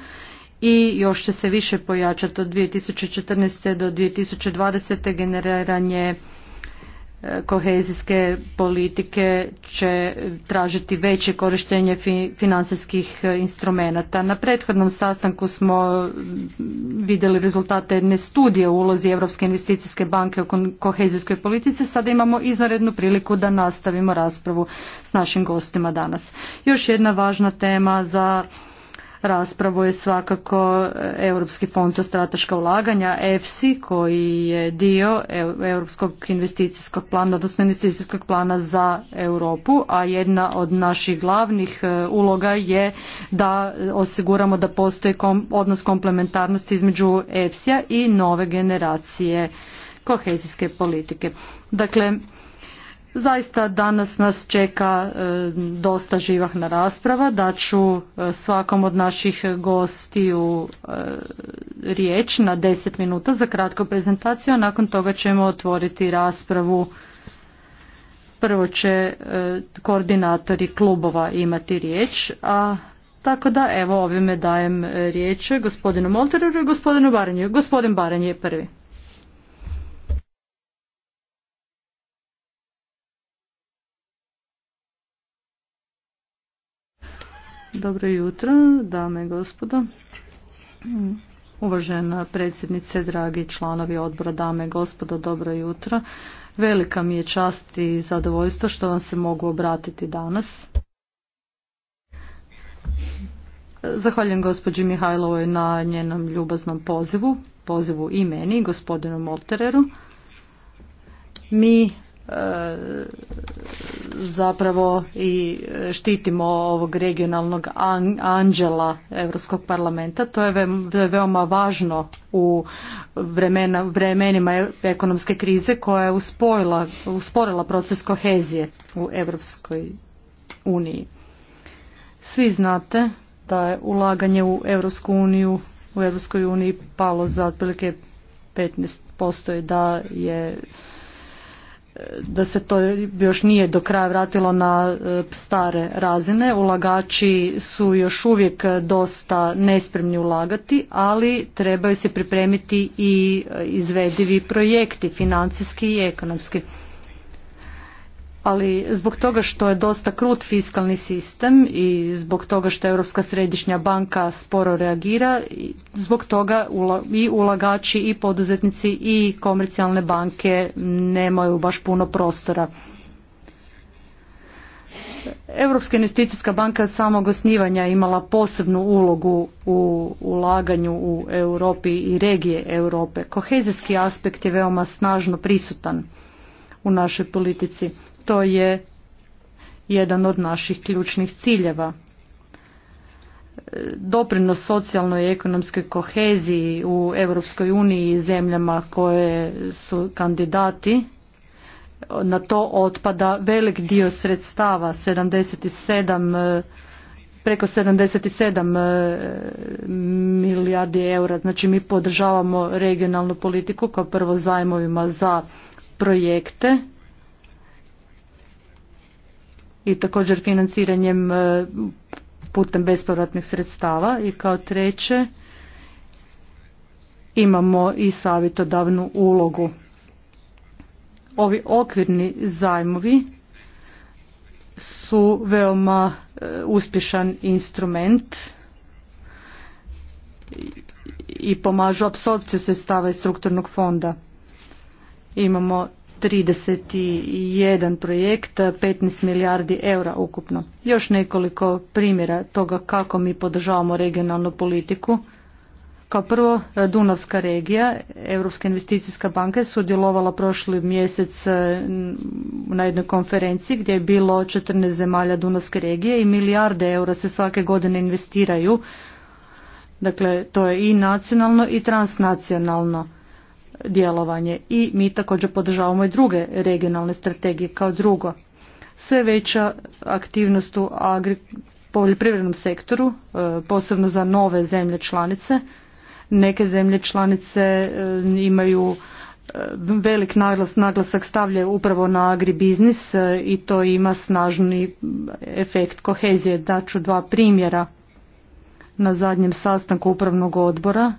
i još će se više pojačati od 2014. do 2020. generiranje E, kohezijske politike će tražiti veće korištenje financijskih e, instrumenata. Na prethodnom sastanku smo vidjeli rezultate jedne studije u ulozi Europske investicijske banke u kohezijskoj politici. Sada imamo izvanrednu priliku da nastavimo raspravu s našim gostima danas. Još jedna važna tema za raspravu je svakako e, Europski fond za strateška ulaganja, EFSI, koji je dio Europskog investicijskog plana, odnosno investicijskog plana za Europu, a jedna od naših glavnih e, uloga je da osiguramo da postoji odnos komplementarnosti između EFSI-a i nove generacije kohezijske politike. Dakle, Zaista danas nas čeka e, dosta živahna rasprava, da ću e, svakom od naših gostiju e, riječ na 10 minuta za kratku prezentaciju, a nakon toga ćemo otvoriti raspravu. Prvo će koordinatori klubova imati riječ, a tako da evo ovime dajem riječ gospodinu Molteru i gospodinu Baranju. Gospodin Baranje je prvi. Dobro jutro, dame i gospodo. Uvažena predsjednice, dragi članovi odbora, dame i gospodo, dobro jutro. Velika mi je čast i zadovoljstvo što vam se mogu obratiti danas. Zahvaljujem gospođi Mihajlovoj na njenom ljubaznom pozivu, pozivu i meni, gospodinu Moltereru. Mi zapravo i štitimo ovog regionalnog anđela Europskog parlamenta. To je veoma važno u vremena, vremenima ekonomske krize koja je usporila proces kohezije u Europskoj uniji. Svi znate da je ulaganje u Europsku uniju u Europskoj uniji palo za otprilike 15% i da je da se to još nije do kraja vratilo na e, stare razine. Ulagači su još uvijek dosta nespremni ulagati, ali trebaju se pripremiti i e, izvedivi projekti, financijski i ekonomski. Ali zbog toga što je dosta krut fiskalni sistem i zbog toga što Europska središnja banka sporo reagira, zbog toga i ulagači i poduzetnici i komercijalne banke nemaju baš puno prostora. Europska investicijska banka samog osnivanja imala posebnu ulogu u ulaganju u Europi i regije Europe. Kohezijski aspekt je veoma snažno prisutan u našoj politici to je jedan od naših ključnih ciljeva. Doprinos socijalnoj i ekonomskoj koheziji u Europskoj uniji i zemljama koje su kandidati na to otpada velik dio sredstava 77 preko 77 e, milijardi eura. Znači mi podržavamo regionalnu politiku kao prvo zajmovima za projekte i također financiranjem e, putem bespovratnih sredstava i kao treće imamo i savjetodavnu ulogu. Ovi okvirni zajmovi su veoma e, uspješan instrument i pomažu apsorpciju sredstava iz strukturnog fonda. Imamo 31 projekt, 15 milijardi eura ukupno. Još nekoliko primjera toga kako mi podržavamo regionalnu politiku. Kao prvo, Dunavska regija, Europska investicijska banka je sudjelovala prošli mjesec e, na jednoj konferenciji gdje je bilo 14 zemalja Dunavske regije i milijarde eura se svake godine investiraju. Dakle, to je i nacionalno i transnacionalno djelovanje i mi također podržavamo i druge regionalne strategije kao drugo. Sve veća aktivnost u agri poljoprivrednom sektoru, e, posebno za nove zemlje članice. Neke zemlje članice e, imaju e, velik naglasak stavlja upravo na agribiznis i to ima snažni efekt kohezije. Daću dva primjera na zadnjem sastanku upravnog odbora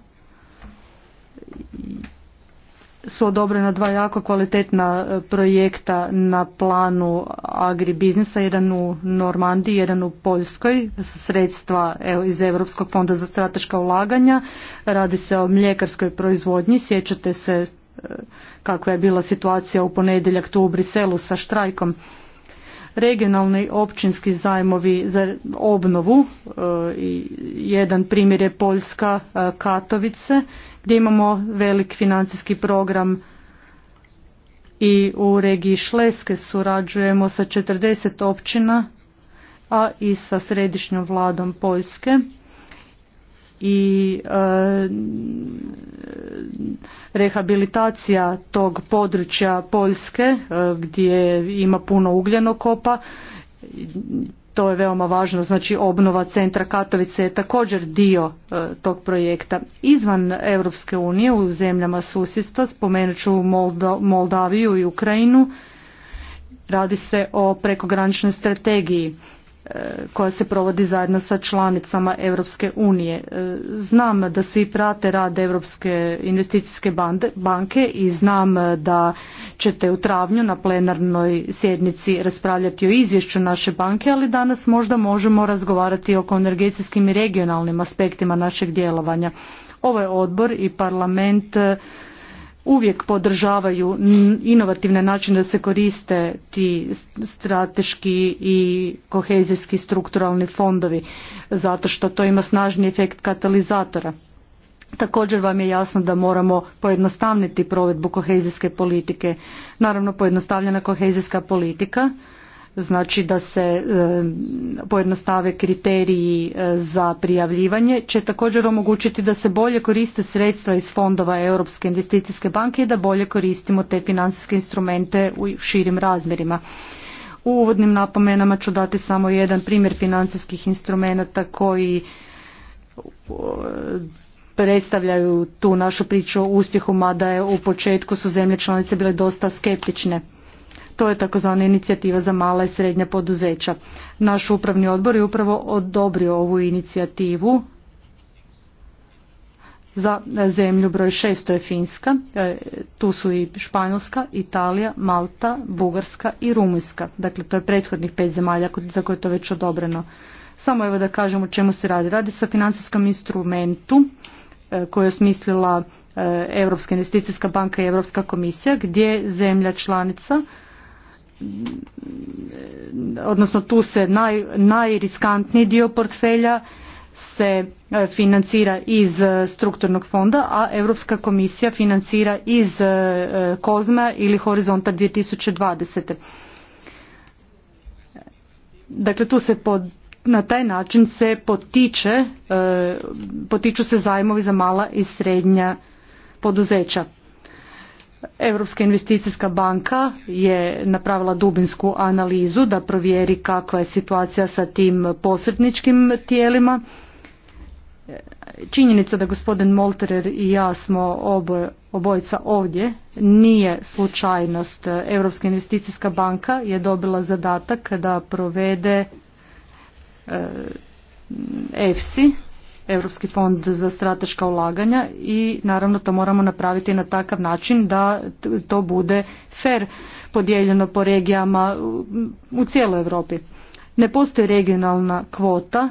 su odobrena dva jako kvalitetna e, projekta na planu agribiznisa, jedan u Normandiji, jedan u Poljskoj, sredstva iz Europskog fonda za strateška ulaganja. Radi se o mljekarskoj proizvodnji, sjećate se e, kakva je bila situacija u ponedjeljak tu u Briselu sa štrajkom. Regionalni općinski zajmovi za obnovu, e, jedan primjer je Poljska Katovice gdje imamo velik financijski program i u regiji Šleske surađujemo sa 40 općina, a i sa središnjom vladom Poljske i e, rehabilitacija tog područja Poljske e, gdje ima puno ugljenokopa to je veoma važno, znači obnova centra Katovice je također dio e, tog projekta. Izvan Europske unije u zemljama susjedstva, spomenut ću Moldaviju i Ukrajinu, radi se o prekograničnoj strategiji koja se provodi zajedno sa članicama Europske unije. E, znam da svi prate rad Europske investicijske banke i znam e, da ćete u travnju na plenarnoj sjednici raspravljati o izvješću naše banke, ali danas možda možemo razgovarati o konvergencijskim i regionalnim aspektima našeg djelovanja. Ovaj odbor i parlament e, uvijek podržavaju inovativne načine da se koriste ti strateški i kohezijski strukturalni fondovi zato što to ima snažni efekt katalizatora. Također vam je jasno da moramo pojednostavniti provedbu kohezijske politike. Naravno pojednostavljena kohezijska politika znači da se e, pojednostave kriteriji e, za prijavljivanje će također omogućiti da se bolje koriste sredstva iz fondova Europske investicijske banke i da bolje koristimo te financijske instrumente u širim razmjerima. U uvodnim napomenama ću dati samo jedan primjer financijskih instrumenata koji e, predstavljaju tu našu priču o uspjehu, mada je u početku su zemlje članice bile dosta skeptične. To je takozvana inicijativa za mala i srednja poduzeća. Naš upravni odbor je upravo odobrio ovu inicijativu za zemlju broj 6 to je Finska, e, tu su i Španjolska, Italija, Malta, Bugarska i Rumunjska. Dakle, to je prethodnih pet zemalja za koje je to već odobreno. Samo evo da kažem o čemu se radi. Radi se o financijskom instrumentu e, koje je osmislila Europska investicijska banka i Europska komisija gdje zemlja članica odnosno tu se naj, najriskantniji dio portfelja se e, financira iz e, strukturnog fonda, a Europska komisija financira iz e, Kozma ili Horizonta 2020. Dakle, tu se na taj način se potiče, potiču se zajmovi za mala i srednja poduzeća. Europska investicijska banka je napravila dubinsku analizu da provjeri kakva je situacija sa tim posredničkim tijelima. Činjenica da gospodin Molterer i ja smo obojica ovdje nije slučajnost. Europska investicijska banka je dobila zadatak da provede EFSI, Europski fond za strateška ulaganja i naravno to moramo napraviti na takav način da to bude fer podijeljeno po regijama u cijeloj Europi. Ne postoji regionalna kvota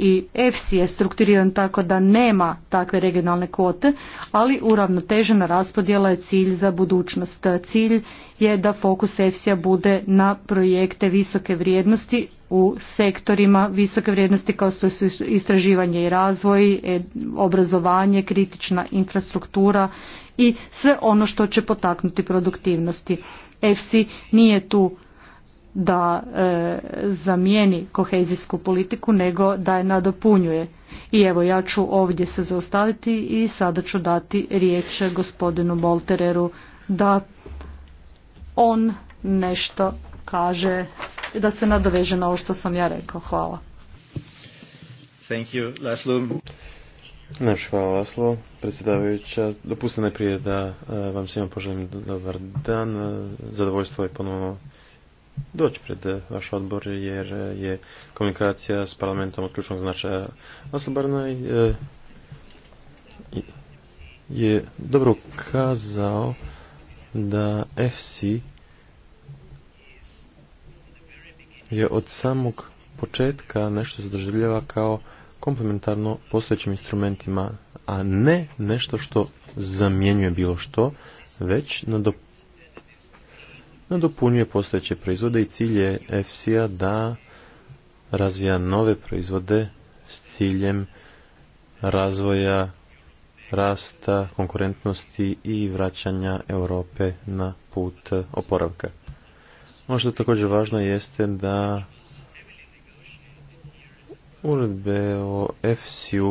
i EFSI je strukturiran tako da nema takve regionalne kvote, ali uravnotežena raspodjela je cilj za budućnost. Cilj je da fokus EFSI-a bude na projekte visoke vrijednosti u sektorima visoke vrijednosti kao što su istraživanje i razvoj, e, obrazovanje, kritična infrastruktura i sve ono što će potaknuti produktivnosti. EFSI nije tu da e, zamijeni kohezijsku politiku nego da je nadopunjuje. I evo ja ću ovdje se zaostaviti i sada ću dati riječ gospodinu Boltereru da on nešto kaže i da se nadoveže na ovo što sam ja rekao. Hvala. Thank you, Laszlo. Naš hvala Laszlo. predsjedavajuća. Dopustite najprije da e, vam svima poželim dobar dan. E, zadovoljstvo je ponovno doći pred e, vaš odbor jer je komunikacija s parlamentom od ključnog značaja. Laslo je, dobro kazao da FC je od samog početka nešto se kao komplementarno postojećim instrumentima, a ne nešto što zamjenjuje bilo što, već nadopunjuje postojeće proizvode i cilj je efsi da razvija nove proizvode s ciljem razvoja, rasta, konkurentnosti i vraćanja Europe na put oporavka je također važno jeste da uredbe o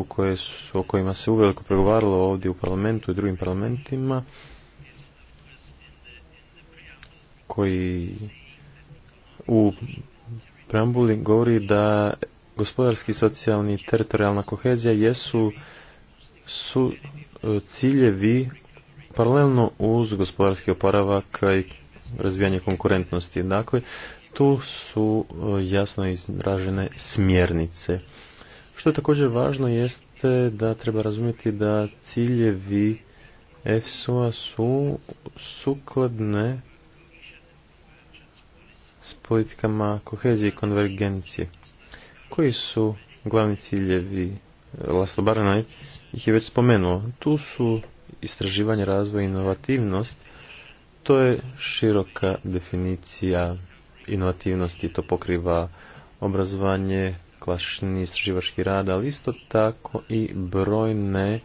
koje o kojima se uveliko pregovaralo ovdje u parlamentu i drugim parlamentima koji u preambuli govori da gospodarski, socijalni i teritorijalna kohezija jesu su e, ciljevi paralelno uz gospodarski oporavak i razvijanje konkurentnosti. Dakle, tu su e, jasno izražene smjernice. Što je također važno jeste da treba razumjeti da ciljevi efso a su sukladne s politikama kohezije i konvergencije. Koji su glavni ciljevi? E, Laslo Baranaj ih je već spomenuo. Tu su istraživanje, razvoj i inovativnost to je široka definicija inovativnosti, to pokriva obrazovanje, klasični istraživački rad, ali isto tako i brojne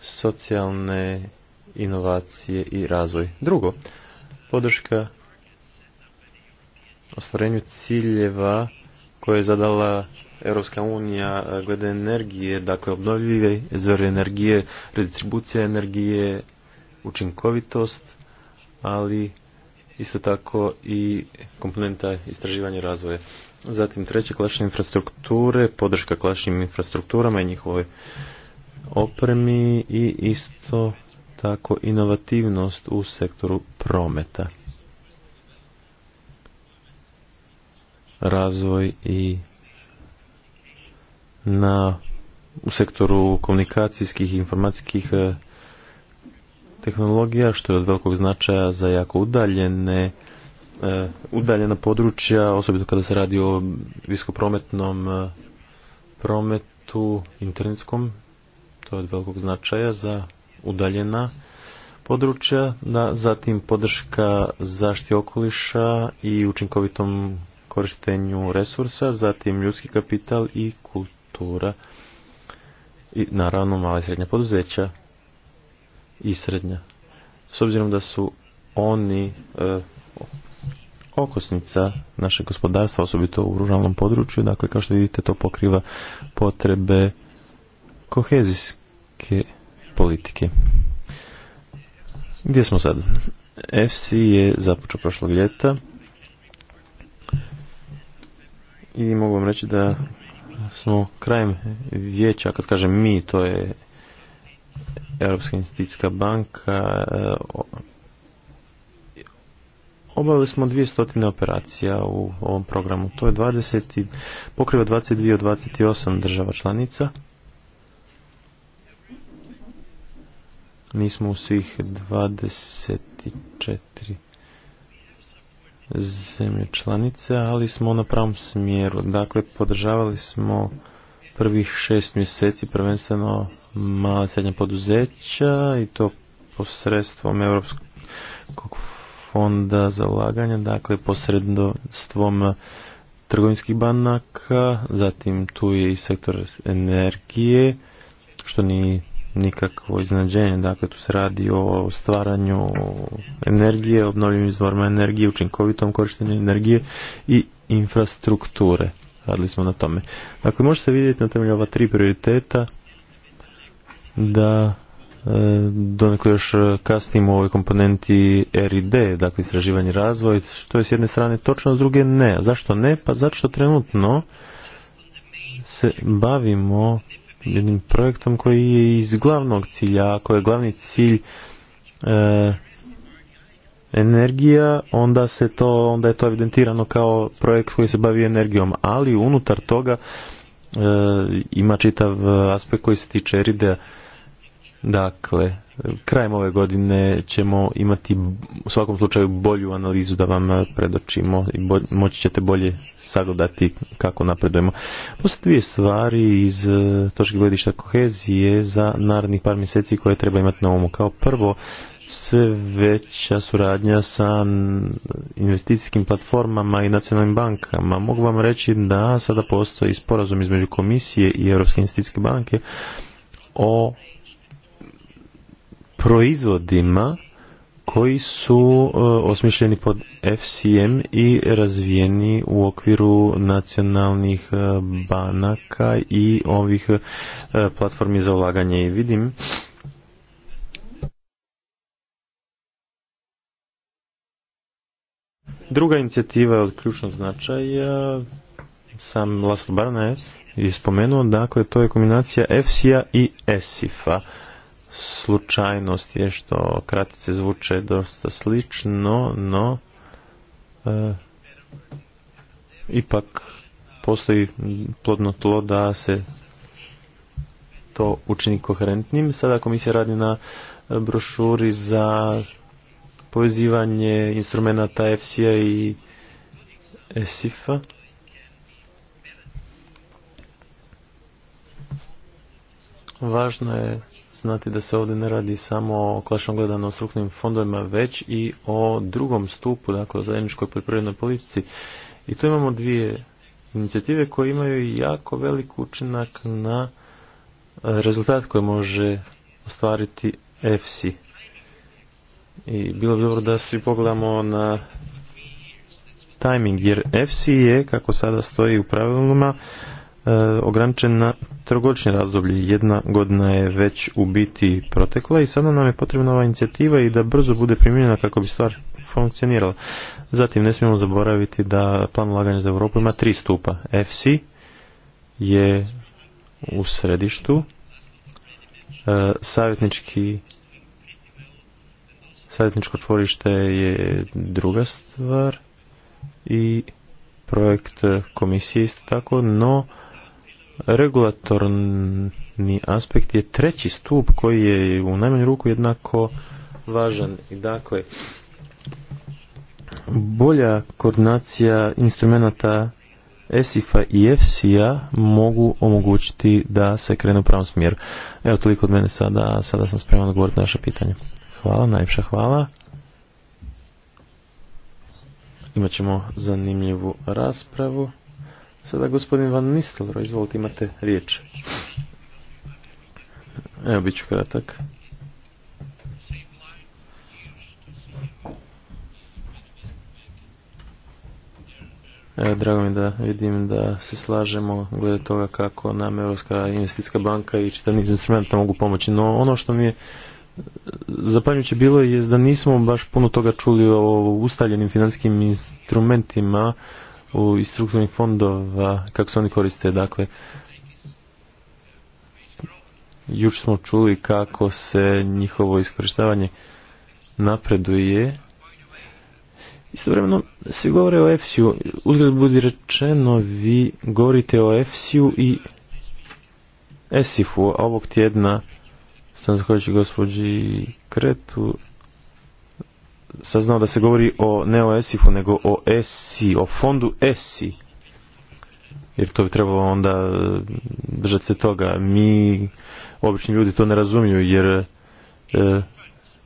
socijalne inovacije i razvoj. Drugo, podrška ostvarenju ciljeva koje je zadala Europska unija glede energije, dakle obnovljive izvore energije, redistribucija energije, učinkovitost ali isto tako i komponenta istraživanja razvoja. Zatim treće, klasične infrastrukture, podrška klasičnim infrastrukturama i njihovoj opremi i isto tako inovativnost u sektoru prometa. Razvoj i na u sektoru komunikacijskih i informacijskih eh, tehnologija, što je od velikog značaja za jako udaljene e, udaljena područja, osobito kada se radi o viskoprometnom e, prometu internetskom, to je od velikog značaja za udaljena područja, zatim podrška zaštiti okoliša i učinkovitom korištenju resursa, zatim ljudski kapital i kultura i naravno mala i srednja poduzeća i srednja. S obzirom da su oni e, okosnica našeg gospodarstva, osobito u ruralnom području, dakle kao što vidite to pokriva potrebe kohezijske politike. Gdje smo sad? FC je započeo prošlog ljeta i mogu vam reći da smo krajem vijeća, kad kažem mi, to je Europska investicijska banka e, obavili smo 200 operacija u ovom programu. To je 20, pokriva 22 od 28 država članica. Nismo u svih 24 zemlje članice, ali smo na pravom smjeru. Dakle, podržavali smo prvih šest mjeseci prvenstveno mala srednja poduzeća i to posredstvom Europskog fonda za ulaganje, dakle posredstvom trgovinskih banaka, zatim tu je i sektor energije, što nije nikakvo iznadženje, dakle tu se radi o stvaranju energije, obnovljivim izvorima energije, učinkovitom korištenju energije i infrastrukture radili smo na tome. Dakle, može se vidjeti na temelju ova tri prioriteta da e, donekle još kasnimo ovoj komponenti D, dakle istraživanje i razvoj, što je s jedne strane točno, s druge ne. Zašto ne? Pa zato što trenutno se bavimo jednim projektom koji je iz glavnog cilja, koji je glavni cilj e, energija, onda se to, onda je to evidentirano kao projekt koji se bavi energijom, ali unutar toga e, ima čitav e, aspekt koji se tiče ride Dakle, krajem ove godine ćemo imati u svakom slučaju bolju analizu da vam predočimo i moći ćete bolje sagledati kako napredujemo. Postoje dvije stvari iz e, točke gledišta kohezije za narednih par mjeseci koje treba imati na umu. Kao prvo, sve veća suradnja sa investicijskim platformama i nacionalnim bankama. Mogu vam reći da sada postoji sporazum između komisije i Europske investicijske banke o proizvodima koji su e, osmišljeni pod FCM i razvijeni u okviru nacionalnih e, banaka i ovih e, platformi za ulaganje. I vidim Druga inicijativa od ključnog značaja, sam Laslo Barnes je spomenuo, dakle to je kombinacija FCA i esifa slučajnost je što kratice zvuče dosta slično, no e, ipak postoji plodno tlo da se to učini koherentnim. Sada komisija radi na brošuri za povezivanje instrumenta FCA i esif Važno je znati da se ovdje ne radi samo o klasično gledano o strukturnim fondovima, već i o drugom stupu, dakle o zajedničkoj poljoprivrednoj politici. I tu imamo dvije inicijative koje imaju jako velik učinak na e, rezultat koji može ostvariti EFSI. I bilo bi dobro da svi pogledamo na timing, jer EFSI je, kako sada stoji u pravilima, E, ograničen na trogodišnje razdoblje. Jedna godina je već u biti protekla i sada nam je potrebna ova inicijativa i da brzo bude primijenjena kako bi stvar funkcionirala. Zatim ne smijemo zaboraviti da plan ulaganja za Europu ima tri stupa. FC je u središtu, e, savjetnički savjetničko čvorište je druga stvar i projekt komisije isto tako, no regulatorni aspekt je treći stup koji je u najmanju ruku jednako važan. I dakle, bolja koordinacija instrumenta esif i EFSI-a mogu omogućiti da se krene u pravom smjeru. Evo toliko od mene sada, sada sam spreman odgovoriti na naše pitanje. Hvala, najljepša hvala. Imaćemo zanimljivu raspravu. Sada gospodin Van Nistelro, izvolite, imate riječ. Evo, bit ću kratak. drago mi da vidim da se slažemo glede toga kako nam Europska investicijska banka i čitav niz instrumenta mogu pomoći. No ono što mi je zapanjuće bilo je da nismo baš puno toga čuli o ustaljenim financijskim instrumentima u strukturnih fondova, kako se oni koriste, dakle, juč smo čuli kako se njihovo iskorištavanje napreduje. Istovremeno, svi govore o EFSI-u. Uzgled budi rečeno, vi govorite o EFSI-u i ESIF-u. Ovog tjedna sam zahvaljujući gospođi Kretu saznao da se govori o ne o ESIF-u, nego o ESI, o fondu ESI. Jer to bi trebalo onda e, držati se toga. Mi, obični ljudi, to ne razumiju, jer e,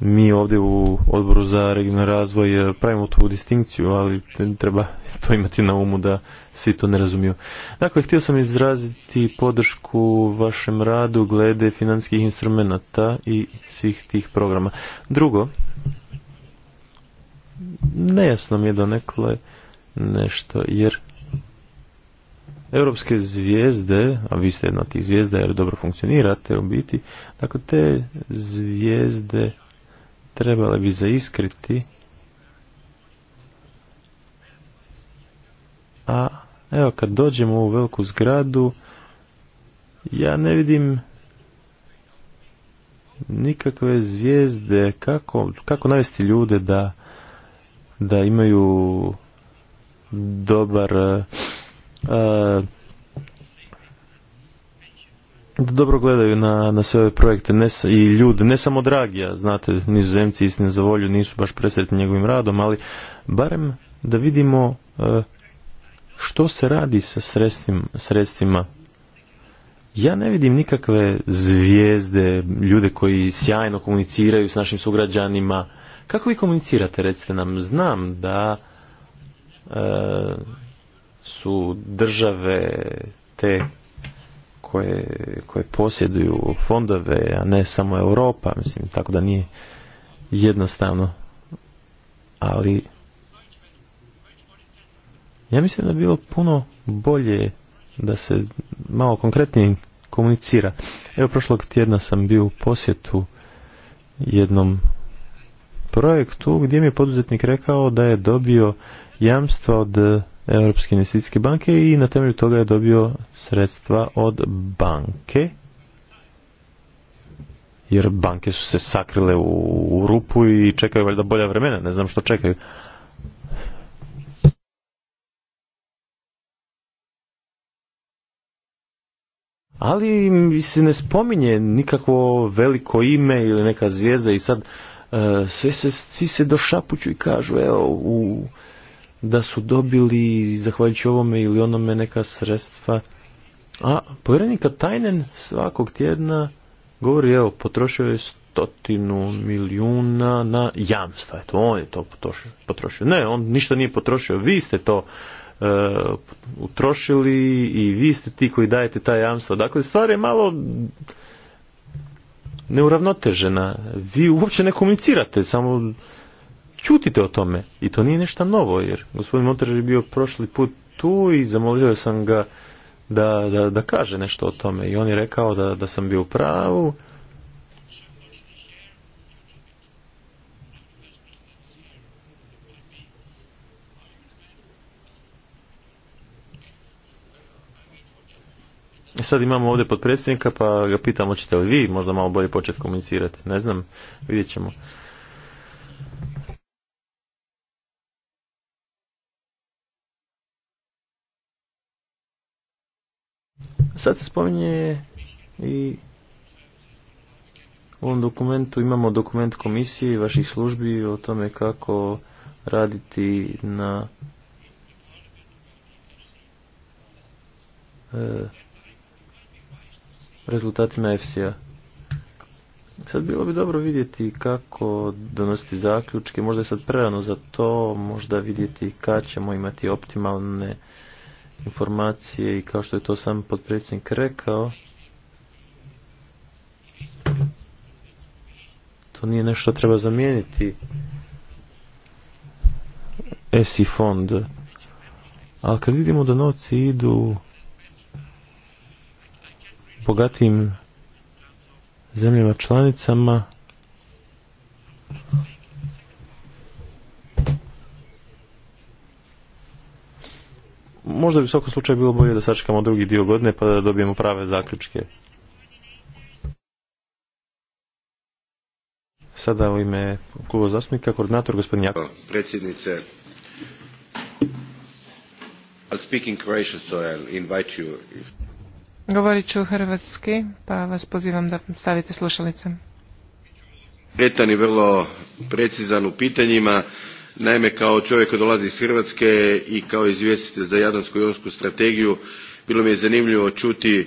mi ovdje u odboru za regionalni razvoj e, pravimo tu distinkciju, ali treba to imati na umu da svi to ne razumiju. Dakle, htio sam izraziti podršku vašem radu glede financijskih instrumenata i svih tih programa. Drugo, nejasno mi je donekle nešto, jer europske zvijezde, a vi ste jedna od tih zvijezda jer dobro funkcionirate u biti, dakle te zvijezde trebale bi zaiskriti, a evo kad dođemo u veliku zgradu, ja ne vidim nikakve zvijezde, kako navesti ljude da da imaju dobar e, e, da dobro gledaju na, na sve ove projekte i ljude, ne samo Dragija, znate, nizozemci istine za volju nisu baš presretni njegovim radom, ali barem da vidimo e, što se radi sa sredstvim, sredstvima. Ja ne vidim nikakve zvijezde, ljude koji sjajno komuniciraju s našim sugrađanima, kako vi komunicirate, recite nam, znam da e, su države te koje, koje posjeduju fondove, a ne samo Europa, mislim, tako da nije jednostavno. Ali ja mislim da bi bilo puno bolje da se malo konkretnije komunicira. Evo prošlog tjedna sam bio u posjetu jednom projektu gdje mi je poduzetnik rekao da je dobio jamstva od e, Europske investicijske banke i na temelju toga je dobio sredstva od banke jer banke su se sakrile u, rupu i čekaju valjda bolja vremena, ne znam što čekaju. Ali se ne spominje nikakvo veliko ime ili neka zvijezda i sad E, sve se, svi se došapuću i kažu evo, u, da su dobili zahvaljujući ovome ili onome neka sredstva. A povjerenika Tajnen svakog tjedna govori evo, potrošio je stotinu milijuna na jamstva. Eto, on je to potrošio. potrošio. Ne, on ništa nije potrošio. Vi ste to utrošili e, i vi ste ti koji dajete ta jamstva. Dakle, stvar je malo neuravnotežena. Vi uopće ne komunicirate, samo čutite o tome. I to nije ništa novo, jer gospodin Montrež je bio prošli put tu i zamolio sam ga da, da, da, kaže nešto o tome. I on je rekao da, da sam bio u pravu Sad imamo ovdje potpredsjednika pa ga pitamo hoćete li vi možda malo bolje početi komunicirati. Ne znam, vidjet ćemo. Sad se spominje i u ovom dokumentu imamo dokument komisije i vaših službi o tome kako raditi na e, rezultatima fc a Sad bilo bi dobro vidjeti kako donositi zaključke, možda je sad prerano za to, možda vidjeti kad ćemo imati optimalne informacije i kao što je to sam potpredsjednik rekao, to nije nešto treba zamijeniti S.I. fond. Ali kad vidimo da novci idu bogatijim zemljama članicama možda bi u svakom slučaju bilo bolje da sačekamo drugi dio godine pa da dobijemo prave zaključke. Sada u ime kluba zastupnika koordinator gospodin Jakov. Predsjednice, I'm speaking Croatian, so I'll invite you if Govorit ću hrvatski, pa vas pozivam da stavite slušalice. Petan i vrlo precizan u pitanjima. Naime, kao čovjek koji dolazi iz Hrvatske i kao izvjestitelj za Jadransku i Jonsku strategiju, bilo mi je zanimljivo čuti e,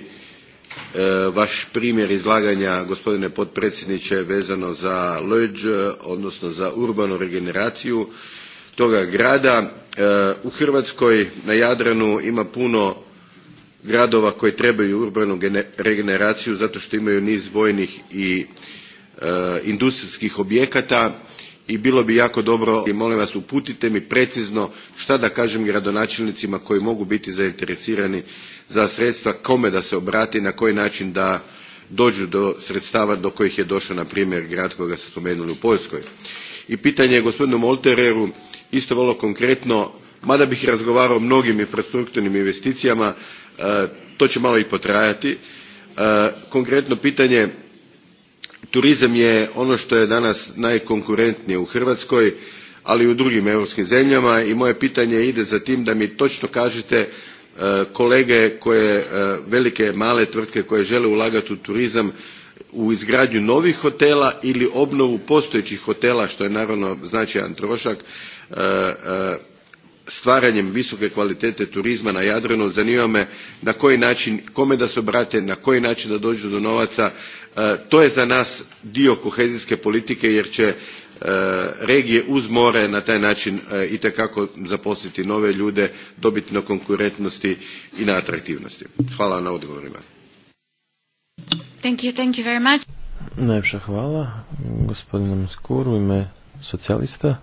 vaš primjer izlaganja, gospodine potpredsjedniče, vezano za Leđ, odnosno za urbanu regeneraciju toga grada. E, u Hrvatskoj na Jadranu ima puno gradova koji trebaju urbanu regeneraciju zato što imaju niz vojnih i e, industrijskih objekata i bilo bi jako dobro i molim vas uputite mi precizno šta da kažem gradonačelnicima koji mogu biti zainteresirani za sredstva kome da se obrati, i na koji način da dođu do sredstava do kojih je došao na primjer grad kojega ste spomenuli u poljskoj. i pitanje gospodinu moltereru isto vrlo konkretno mada bih razgovarao o mnogim infrastrukturnim investicijama e, to će malo i potrajati. E, konkretno pitanje turizam je ono što je danas najkonkurentnije u hrvatskoj ali i u drugim europskim zemljama i moje pitanje ide za tim da mi točno kažete e, kolege koje velike male tvrtke koje žele ulagati u turizam u izgradnju novih hotela ili obnovu postojećih hotela što je naravno značajan trošak stvaranjem visoke kvalitete turizma na jadranu zanima me na koji način kome da se obrate na koji način da dođu do novaca e, to je za nas dio kohezijske politike jer će e, regije uz more na taj način e, i te kako zaposliti nove ljude dobiti na konkurentnosti i na atraktivnosti. hvala na odgovorima. hvala gospodinu Skuru socijalista.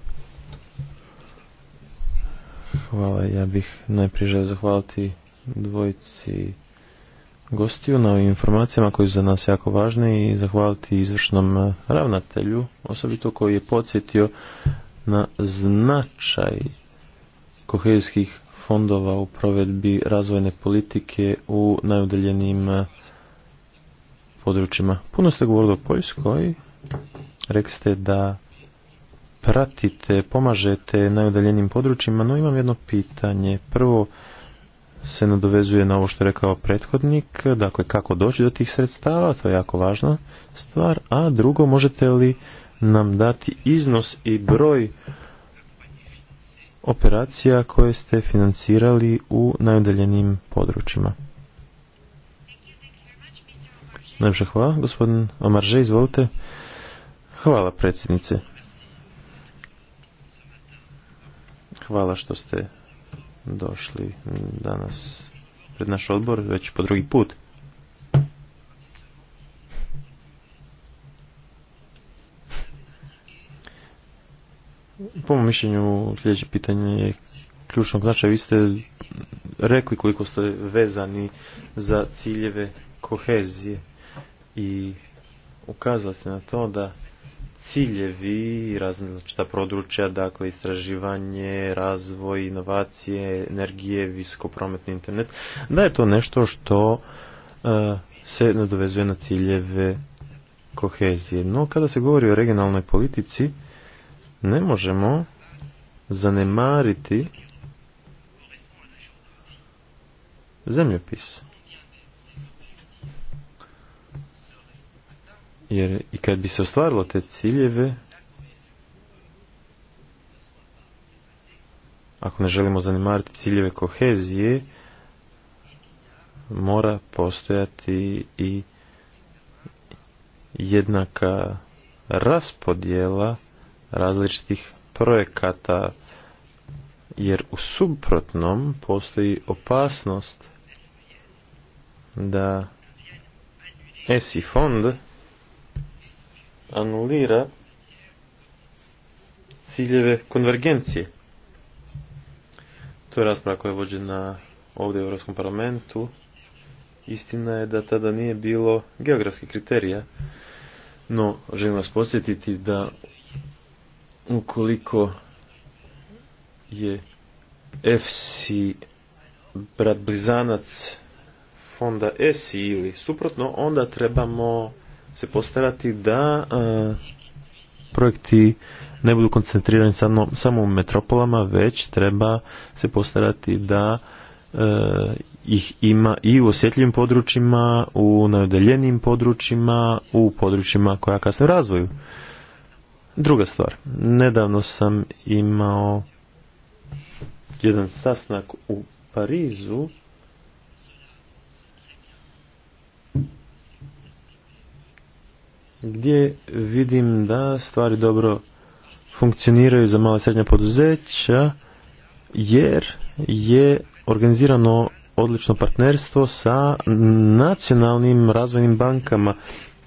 Hvala, ja bih najprije želio zahvaliti dvojici gostiju na ovim informacijama koji su za nas jako važne i zahvaliti izvršnom ravnatelju, osobito koji je podsjetio na značaj kohezijskih fondova u provedbi razvojne politike u najudeljenijim eh, područjima. Puno ste govorili o Poljskoj, rekli ste da pratite, pomažete najudaljenim područjima, no imam jedno pitanje. Prvo se nadovezuje na ovo što je rekao prethodnik, dakle kako doći do tih sredstava, to je jako važna stvar, a drugo možete li nam dati iznos i broj operacija koje ste financirali u najudaljenim područjima. Najpše hvala, gospodin Omarže, izvolite. Hvala predsjednice. Hvala što ste došli danas pred naš odbor, već po drugi put. Po mom mišljenju sljedeće pitanje je ključnog značaja. Vi ste rekli koliko ste vezani za ciljeve kohezije i ukazali ste na to da ciljevi različita područja, dakle istraživanje, razvoj, inovacije, energije, visokoprometni internet, da je to nešto što e, se nadovezuje na ciljeve kohezije. No, kada se govori o regionalnoj politici, ne možemo zanemariti zemljopis. Jer i kad bi se ostvarilo te ciljeve, ako ne želimo zanimariti ciljeve kohezije, mora postojati i jednaka raspodjela različitih projekata, jer u suprotnom postoji opasnost da ESI fond anulira ciljeve konvergencije. To je rasprava koja je vođena ovdje u Europskom parlamentu. Istina je da tada nije bilo geografskih kriterija, no želim vas podsjetiti da ukoliko je FC brat blizanac fonda ESI ili suprotno, onda trebamo se postarati da projekti ne budu koncentrirani samo, samo u metropolama, već treba se postarati da e, ih ima i u osjetljivim područjima, u najodeljenijim područjima, u područjima koja kasne razvoju. Druga stvar, nedavno sam imao jedan sastanak u Parizu gdje vidim da stvari dobro funkcioniraju za mala srednja poduzeća jer je organizirano odlično partnerstvo sa nacionalnim razvojnim bankama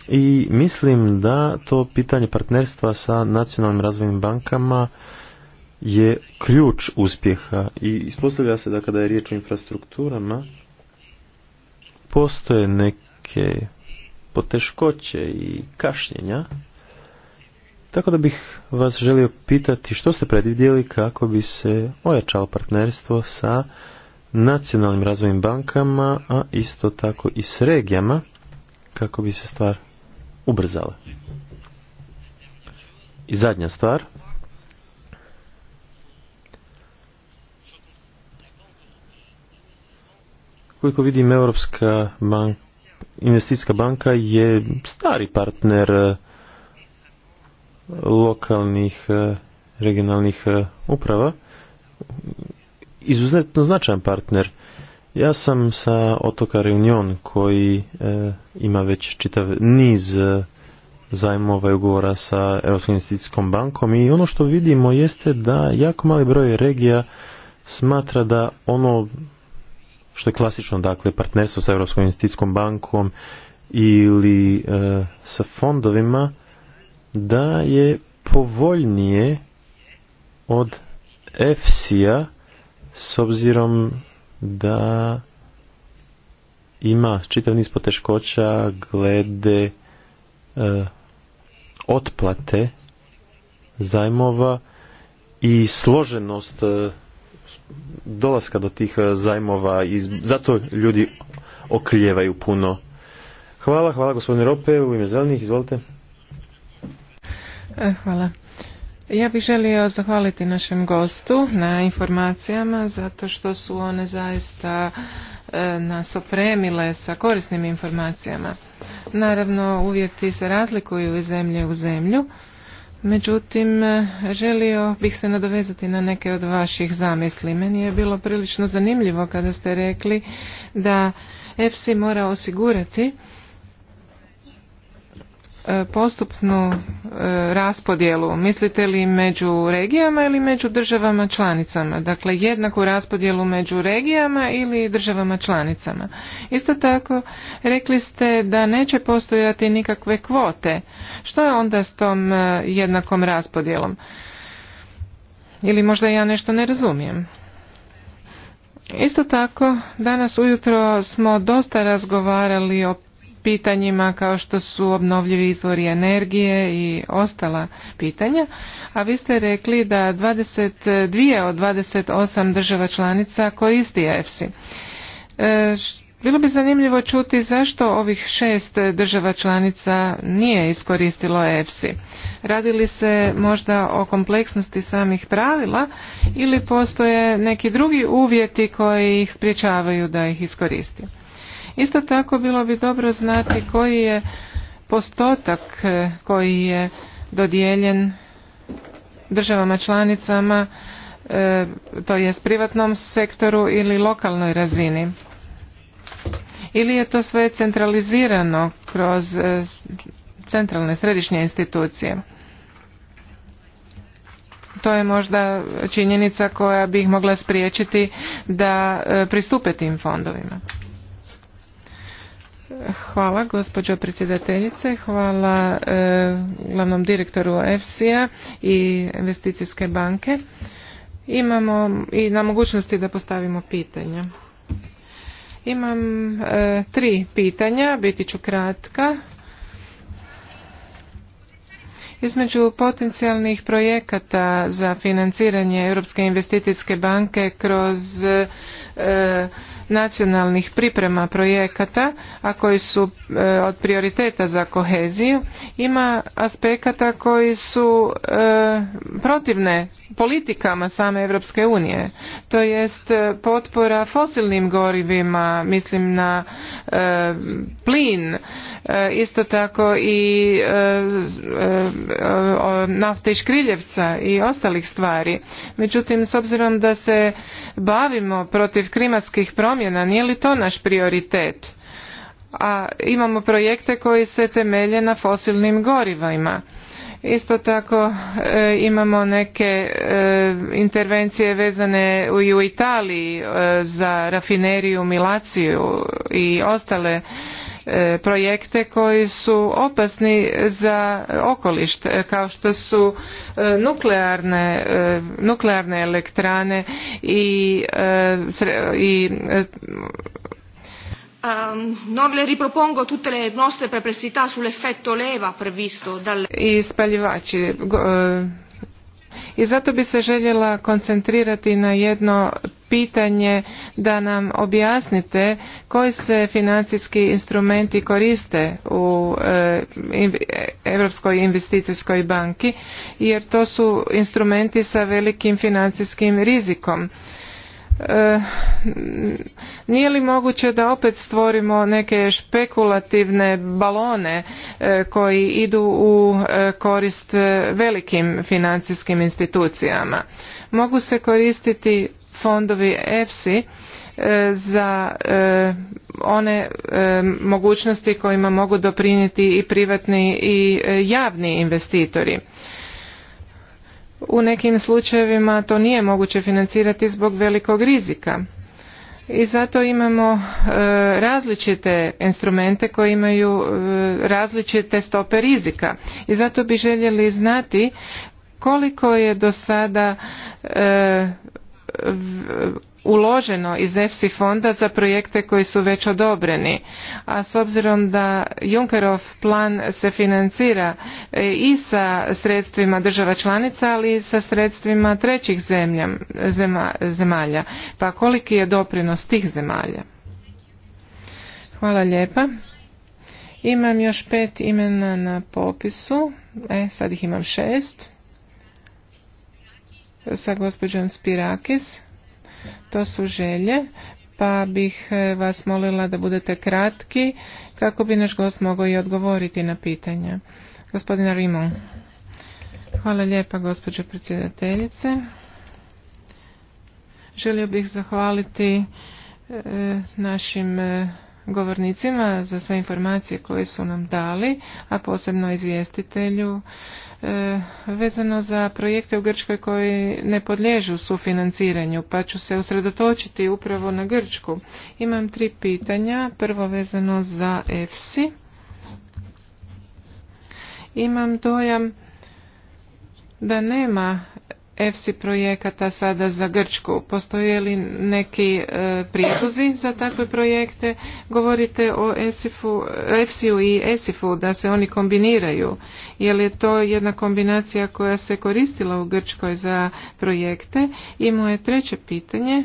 i mislim da to pitanje partnerstva sa nacionalnim razvojnim bankama je ključ uspjeha i ispostavlja se da kada je riječ o infrastrukturama postoje neke poteškoće i kašnjenja. Tako da bih vas želio pitati što ste predvidjeli kako bi se ojačalo partnerstvo sa nacionalnim razvojnim bankama, a isto tako i s regijama, kako bi se stvar ubrzala. I zadnja stvar. Koliko vidim, Europska banka investicijska banka je stari partner e, lokalnih e, regionalnih e, uprava izuzetno značajan partner ja sam sa otoka Reunion koji ima već čitav niz zajmova i ugovora sa Europskom investicijskom bankom i ono što vidimo jeste da jako mali broj regija smatra da ono što je klasično, dakle, partnerstvo sa Europskom investicijskom bankom ili e, sa fondovima, da je povoljnije od EFSI-a s obzirom da ima čitav niz poteškoća glede e, otplate zajmova i složenost e, dolaska do tih e, zajmova i zato ljudi okljevaju puno. Hvala, hvala gospodine Rope, u ime zelenih, izvolite. E, hvala. Ja bih želio zahvaliti našem gostu na informacijama zato što su one zaista e, nas opremile sa korisnim informacijama. Naravno, uvjeti se razlikuju iz zemlje u zemlju. Međutim, želio bih se nadovezati na neke od vaših zamisli. Meni je bilo prilično zanimljivo kada ste rekli da EFSI mora osigurati E, postupnu e, raspodjelu mislite li među regijama ili među državama članicama dakle jednaku raspodjelu među regijama ili državama članicama isto tako rekli ste da neće postojati nikakve kvote što je onda s tom e, jednakom raspodjelom ili možda ja nešto ne razumijem Isto tako, danas ujutro smo dosta razgovarali o pitanjima kao što su obnovljivi izvori energije i ostala pitanja, a vi ste rekli da 22 od 28 država članica koristi EFSI. E, bilo bi zanimljivo čuti zašto ovih šest država članica nije iskoristilo EFSI. Radi li se možda o kompleksnosti samih pravila ili postoje neki drugi uvjeti koji ih spriječavaju da ih iskoristi? Isto tako bilo bi dobro znati koji je postotak e, koji je dodijeljen državama članicama, e, to je privatnom sektoru ili lokalnoj razini. Ili je to sve centralizirano kroz e, centralne središnje institucije. To je možda činjenica koja bi ih mogla spriječiti da pristupe tim fondovima. Hvala gospođo predsjedateljice, hvala e, glavnom direktoru EFSI-a i investicijske banke. Imamo i na mogućnosti da postavimo pitanja. Imam e, tri pitanja, biti ću kratka. Između potencijalnih projekata za financiranje Europske investicijske banke kroz e, nacionalnih priprema projekata, a koji su e, od prioriteta za koheziju, ima aspekata koji su e, protivne politikama same Europske unije. To jest e, potpora fosilnim gorivima, mislim na plin, isto tako i nafte i škriljevca i ostalih stvari. Međutim, s obzirom da se bavimo protiv klimatskih promjena, promjena, nije li to naš prioritet? A imamo projekte koji se temelje na fosilnim gorivima. Isto tako e, imamo neke e, intervencije vezane u, i u Italiji e, za rafineriju, milaciju i ostale E, projekte koji su opasni za okoliš e, kao što su e, nuklearne, nuklearne elektrane i, i Um, ehm, non le ripropongo tutte le nostre perplessità sull'effetto leva previsto dal... I spaljivači. I zato bi se željela koncentrirati na jedno pitanje da nam objasnite koji se financijski instrumenti koriste u e, Europskoj investicijskoj banki jer to su instrumenti sa velikim financijskim rizikom. E, nije li moguće da opet stvorimo neke špekulativne balone e, koji idu u korist velikim financijskim institucijama mogu se koristiti fondovi EFSI e, za e, one e, mogućnosti kojima mogu doprinijeti i privatni i javni investitori. U nekim slučajevima to nije moguće financirati zbog velikog rizika. I zato imamo različite instrumente koji imaju različite stope rizika. I zato bi željeli znati koliko je do sada uloženo iz EFSI fonda za projekte koji su već odobreni. A s obzirom da Junkerov plan se financira e, i sa sredstvima država članica, ali i sa sredstvima trećih zemlja, zemalja. Pa koliki je doprinos tih zemalja? Hvala lijepa. Imam još pet imena na popisu. E, sad ih imam šest sa gospođom Spirakis. To su želje, pa bih e, vas molila da budete kratki kako bi naš gost mogao i odgovoriti na pitanja. Gospodina Rimon. Hvala lijepa gospođo predsjedateljice. Želio bih zahvaliti e, našim e, govornicima za sve informacije koje su nam dali, a posebno izvjestitelju E, vezano za projekte u Grčkoj koji ne podliježu sufinanciranju, pa ću se usredotočiti upravo na Grčku. Imam tri pitanja, prvo vezano za EFSI. Imam dojam da nema EFSI projekata sada za Grčku. Postoje li neki e, prijedlozi za takve projekte? Govorite o EFSI-u i ESIF-u, da se oni kombiniraju. Je li to jedna kombinacija koja se koristila u Grčkoj za projekte? I moje treće pitanje,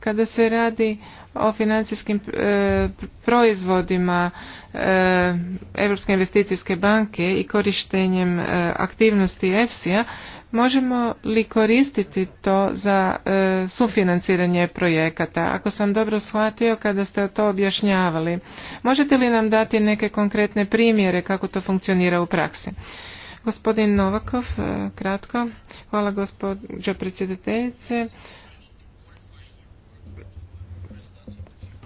kada se radi o financijskim e, proizvodima e, Europske investicijske banke i korištenjem e, aktivnosti EFSI-a možemo li koristiti to za sufinanciranje projekata? Ako sam dobro shvatio kada ste to objašnjavali, možete li nam dati neke konkretne primjere kako to funkcionira u praksi? Gospodin Novakov, kratko. Hvala gospođo predsjedateljice.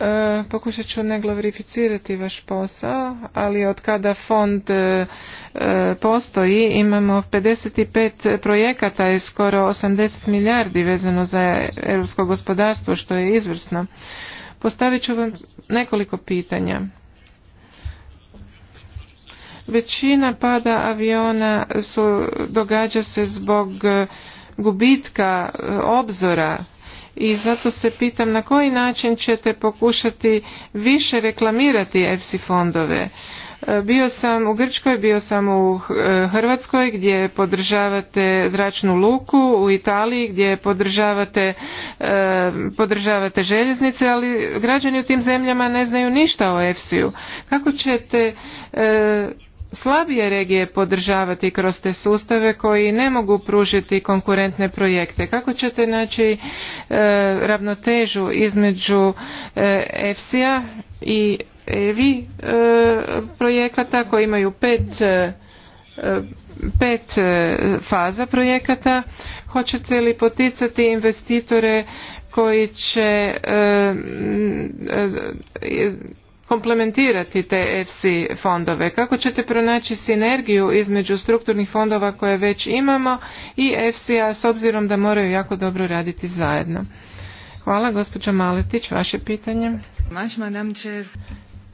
E, pokušat ću ne glorificirati vaš posao, ali od kada fond e, e, postoji imamo 55 projekata i skoro 80 milijardi vezano za europsko gospodarstvo što je izvrsno. Postavit ću vam nekoliko pitanja. Većina pada aviona su, događa se zbog gubitka obzora i zato se pitam na koji način ćete pokušati više reklamirati EFSI fondove. E, bio sam u Grčkoj, bio sam u e, Hrvatskoj gdje podržavate zračnu luku, u Italiji gdje podržavate, e, podržavate željeznice, ali građani u tim zemljama ne znaju ništa o EFSI-u. Kako ćete slabije regije podržavati kroz te sustave koji ne mogu pružiti konkurentne projekte. Kako ćete naći e, ravnotežu između e, efsi i EVI e, projekata koji imaju pet e, pet faza projekata. Hoćete li poticati investitore koji će komplementirati te EFSI fondove? Kako ćete pronaći sinergiju između strukturnih fondova koje već imamo i EFSI-a s obzirom da moraju jako dobro raditi zajedno? Hvala, gospođa Maletić, vaše pitanje.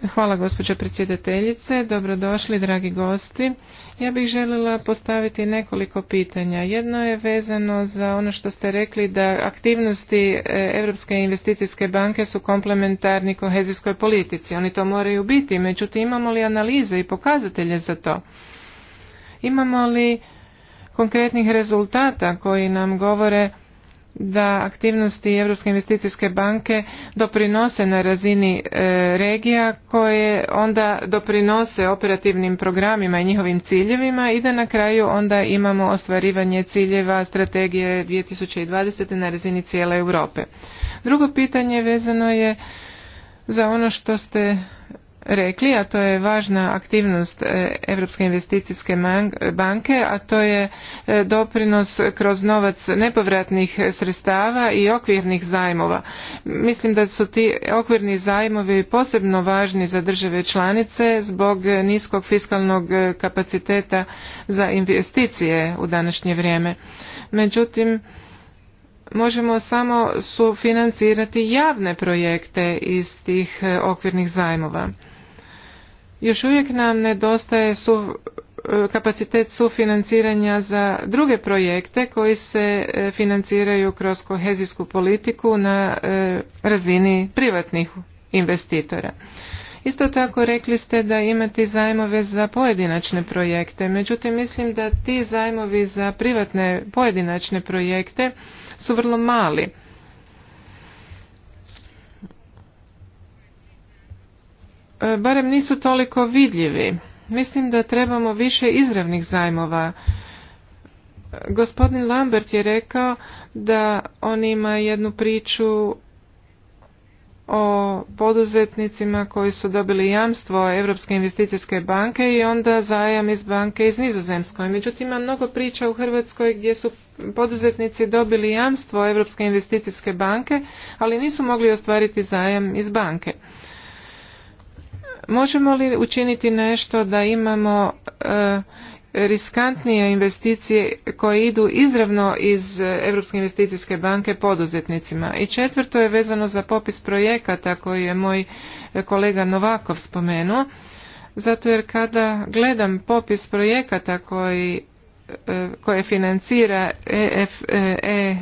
Hvala gospođo predsjedateljice, dobrodošli dragi gosti. Ja bih željela postaviti nekoliko pitanja. Jedno je vezano za ono što ste rekli da aktivnosti e, Europske investicijske banke su komplementarni kohezijskoj politici. Oni to moraju biti, međutim imamo li analize i pokazatelje za to? Imamo li konkretnih rezultata koji nam govore da aktivnosti Europske investicijske banke doprinose na razini e, regija koje onda doprinose operativnim programima i njihovim ciljevima i da na kraju onda imamo ostvarivanje ciljeva strategije 2020. na razini cijele Europe. Drugo pitanje vezano je za ono što ste rekli, a to je važna aktivnost Europske investicijske banke, a to je e, doprinos kroz novac nepovratnih sredstava i okvirnih zajmova. Mislim da su ti okvirni zajmovi posebno važni za države članice zbog niskog fiskalnog e, kapaciteta za investicije u današnje vrijeme. Međutim, možemo samo sufinancirati javne projekte iz tih e, okvirnih zajmova. Još uvijek nam nedostaje su, e, kapacitet sufinanciranja za druge projekte koji se e, financiraju kroz kohezijsku politiku na e, razini privatnih investitora. Isto tako rekli ste da imate zajmove za pojedinačne projekte, međutim mislim da ti zajmovi za privatne pojedinačne projekte su vrlo mali E, barem nisu toliko vidljivi. Mislim da trebamo više izravnih zajmova. E, gospodin Lambert je rekao da on ima jednu priču o poduzetnicima koji su dobili jamstvo Europske investicijske banke i onda zajam iz banke iz Nizozemskoj. Međutim, ima mnogo priča u Hrvatskoj gdje su poduzetnici dobili jamstvo Europske investicijske banke, ali nisu mogli ostvariti zajam iz banke. Možemo li učiniti nešto da imamo e, riskantnije investicije koje idu izravno iz Europske investicijske banke poduzetnicima. I četvrto je vezano za popis projekata koji je moj kolega Novakov spomenuo, zato jer kada gledam popis projekata koji e, koje financira EF, e,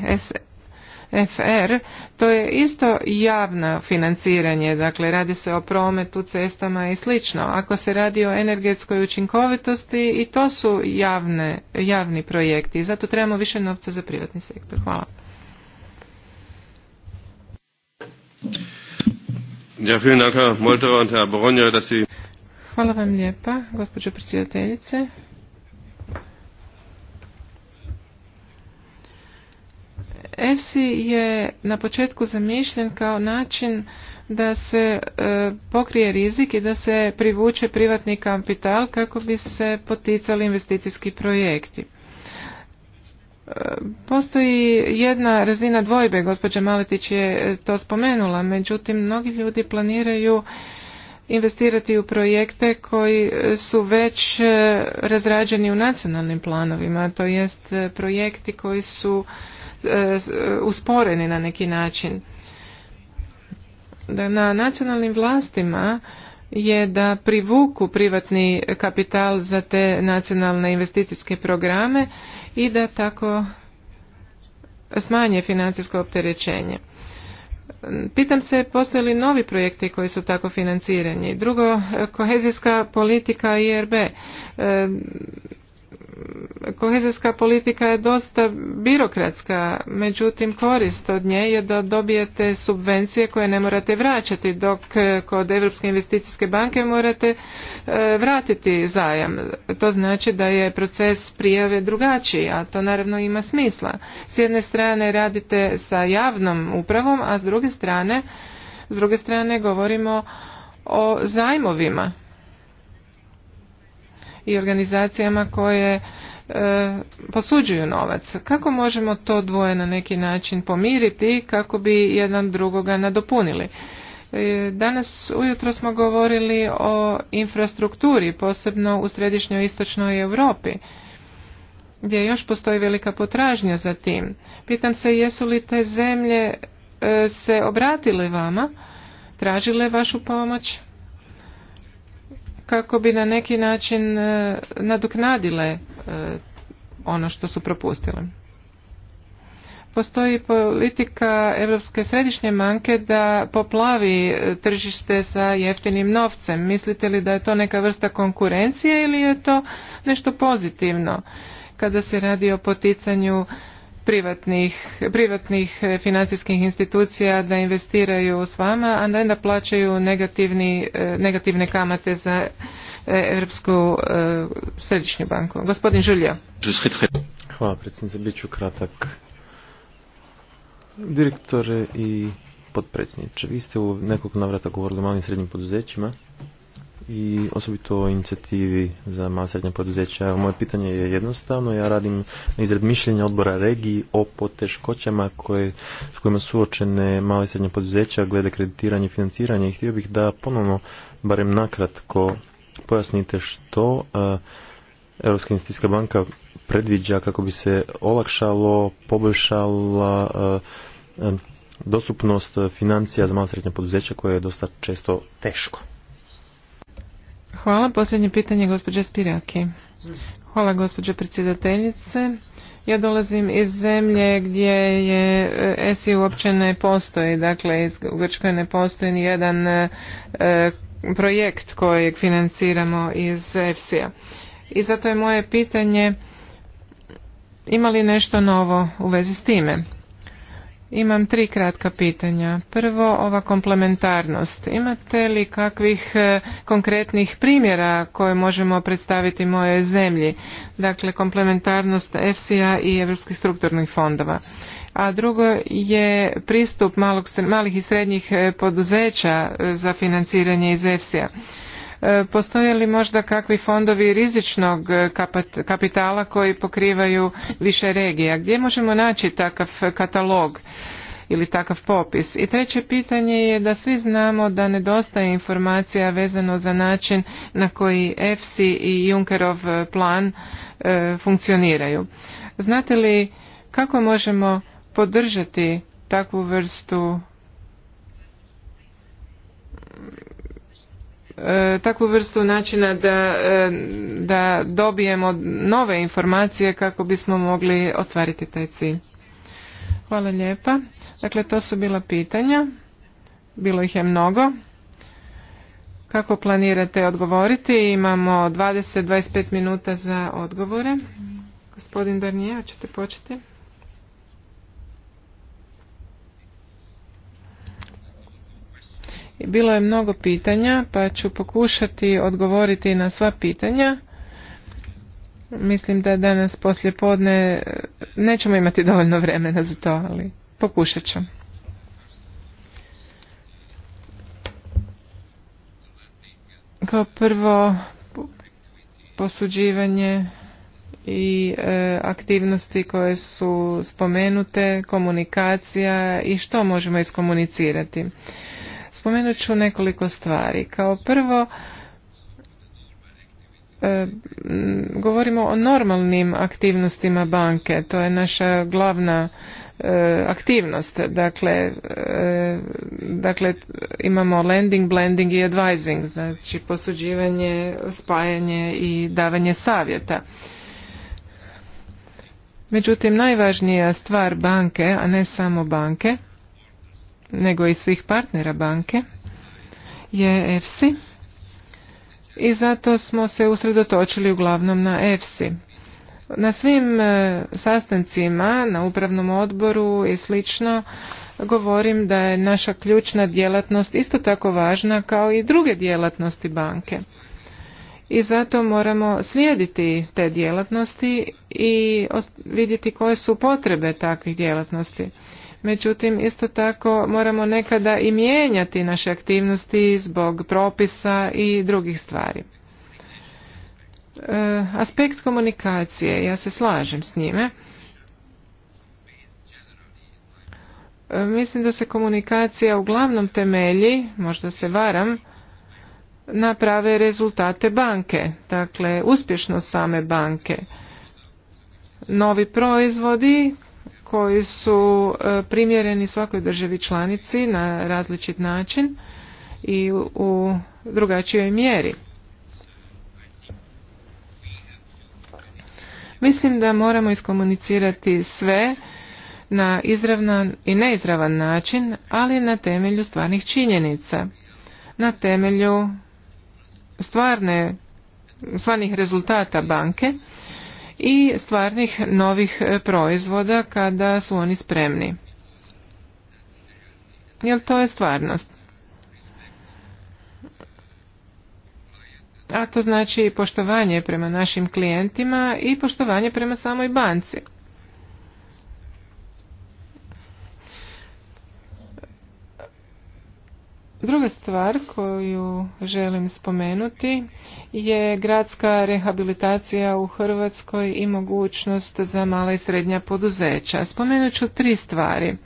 FR, to je isto javno financiranje, dakle radi se o prometu, cestama i slično. Ako se radi o energetskoj učinkovitosti i to su javne, javni projekti, zato trebamo više novca za privatni sektor. Hvala. Hvala vam lijepa, gospođo predsjedateljice. EFSI je na početku zamišljen kao način da se e, pokrije rizik i da se privuče privatni kapital kako bi se poticali investicijski projekti. E, postoji jedna razina dvojbe, gospođa Maletić je e, to spomenula, međutim mnogi ljudi planiraju investirati u projekte koji su već razrađeni u nacionalnim planovima, to jest projekti koji su E, e, usporeni na neki način. Da na nacionalnim vlastima je da privuku privatni kapital za te nacionalne investicijske programe i da tako smanje financijsko opterećenje. Pitam se postoje li novi projekti koji su tako financirani. Drugo, kohezijska politika IRB. E kohezijska politika je dosta birokratska, međutim korist od nje je da dobijete subvencije koje ne morate vraćati, dok eh, kod Europske investicijske banke morate eh, vratiti zajam. To znači da je proces prijave drugačiji, a to naravno ima smisla. S jedne strane radite sa javnom upravom, a s druge strane, s druge strane govorimo o zajmovima i organizacijama koje e, posuđuju novac. Kako možemo to dvoje na neki način pomiriti kako bi jedan drugoga nadopunili? E, danas ujutro smo govorili o infrastrukturi, posebno u središnjoj istočnoj Europi gdje još postoji velika potražnja za tim. Pitam se jesu li te zemlje e, se obratile vama, tražile vašu pomoć? kako bi na neki način e, nadoknadile e, ono što su propustile. Postoji politika Europske središnje banke da poplavi e, tržište sa jeftinim novcem. Mislite li da je to neka vrsta konkurencije ili je to nešto pozitivno kada se radi o poticanju privatnih, privatnih financijskih institucija da investiraju s vama, a ne da plaćaju negativni, e, negativne kamate za e, Europsku e, središnju banku. Gospodin Žulja. Hvala predsjednice, bit ću kratak. Direktore i potpredsjedniče, vi ste u nekog navrata govorili o malim srednjim poduzećima i osobito o inicijativi za masrednja poduzeća. Moje pitanje je jednostavno, ja radim na izred mišljenja odbora regiji o poteškoćama koje, s kojima su očene male i srednje poduzeća glede kreditiranja i financiranja i htio bih da ponovno, barem nakratko, pojasnite što e, Europska investicijska banka predviđa kako bi se olakšalo, poboljšala e, e, dostupnost financija za malo srednje poduzeća koje je dosta često teško. Hvala. Posljednje pitanje gospođe Spiraki. Hvala gospođo predsjedateljice. Ja dolazim iz zemlje gdje je ESI uopće ne postoji, dakle u Grčkoj ne postoji ni jedan e, projekt kojeg financiramo iz EFSI-a. I zato je moje pitanje ima li nešto novo u vezi s time? Imam tri kratka pitanja. Prvo, ova komplementarnost. Imate li kakvih e, konkretnih primjera koje možemo predstaviti moje zemlji? Dakle, komplementarnost efsi i Evropskih strukturnih fondova. A drugo je pristup malih i srednjih e, poduzeća e, za financiranje iz EFSI-a. E, postoje li možda kakvi fondovi rizičnog e, kapitala koji pokrivaju više regija? Gdje možemo naći takav katalog? ili takav popis. I treće pitanje je da svi znamo da nedostaje informacija vezano za način na koji EFSI i Junkerov plan e, funkcioniraju. Znate li kako možemo podržati takvu vrstu E, takvu vrstu načina da, e, da dobijemo nove informacije kako bismo mogli ostvariti taj cilj. Hvala lijepa. Dakle, to su bila pitanja. Bilo ih je mnogo. Kako planirate odgovoriti? Imamo 20-25 minuta za odgovore. Gospodin Darnije, ćete početi? Bilo je mnogo pitanja, pa ću pokušati odgovoriti na sva pitanja. Mislim da danas poslje podne e, nećemo imati dovoljno vremena za to, ali pokušat ću. Kao prvo posuđivanje i e, aktivnosti koje su spomenute, komunikacija i što možemo iskomunicirati. Spomenut ću nekoliko stvari. Kao prvo, e, govorimo o normalnim aktivnostima banke. To je naša glavna e, aktivnost. Dakle, e, dakle imamo lending, blending i advising, znači posuđivanje, spajanje i davanje savjeta. Međutim, najvažnija stvar banke, a ne samo banke, nego i svih partnera banke je EFSI i zato smo se usredotočili uglavnom na EFSI. Na svim e, sastancima, na upravnom odboru i slično, govorim da je naša ključna djelatnost isto tako važna kao i druge djelatnosti banke. I zato moramo slijediti te djelatnosti i vidjeti koje su potrebe takvih djelatnosti međutim isto tako moramo nekada i mijenjati naše aktivnosti zbog propisa i drugih stvari. E, aspekt komunikacije, ja se slažem s njime. E, mislim da se komunikacija uglavnom temelji, možda se varam, na prave rezultate banke, dakle uspješnost same banke. Novi proizvodi koji su e, primjereni svakoj državi članici na različit način i u drugačijoj mjeri. Mislim da moramo iskomunicirati sve na izravan i neizravan način, ali na temelju stvarnih činjenica, na temelju stvarne, stvarnih rezultata banke i stvarnih novih e, proizvoda kada su oni spremni. Jer to je stvarnost. A to znači poštovanje prema našim klijentima i poštovanje prema samoj banci. Druga stvar koju želim spomenuti je gradska rehabilitacija u Hrvatskoj i mogućnost za mala i srednja poduzeća. Spomenut ću tri stvari.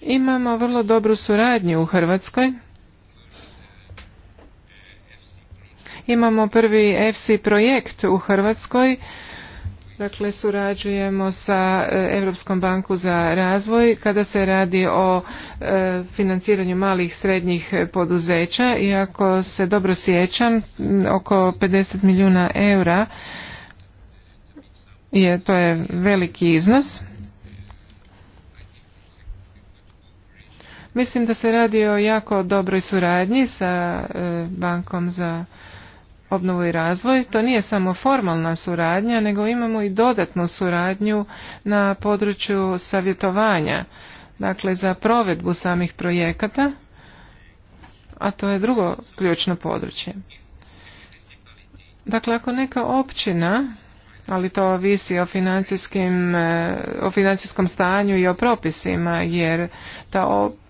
Imamo vrlo dobru suradnju u Hrvatskoj. Imamo prvi FC projekt u Hrvatskoj Dakle, surađujemo sa e, Europskom banku za razvoj kada se radi o e, financiranju malih srednjih poduzeća i ako se dobro sjećam, oko 50 milijuna eura je to je veliki iznos. Mislim da se radi o jako dobroj suradnji sa e, bankom za obnovu i razvoj. To nije samo formalna suradnja, nego imamo i dodatnu suradnju na području savjetovanja, dakle za provedbu samih projekata, a to je drugo ključno područje. Dakle, ako neka općina, ali to ovisi o, e, o financijskom stanju i o propisima, jer ta općina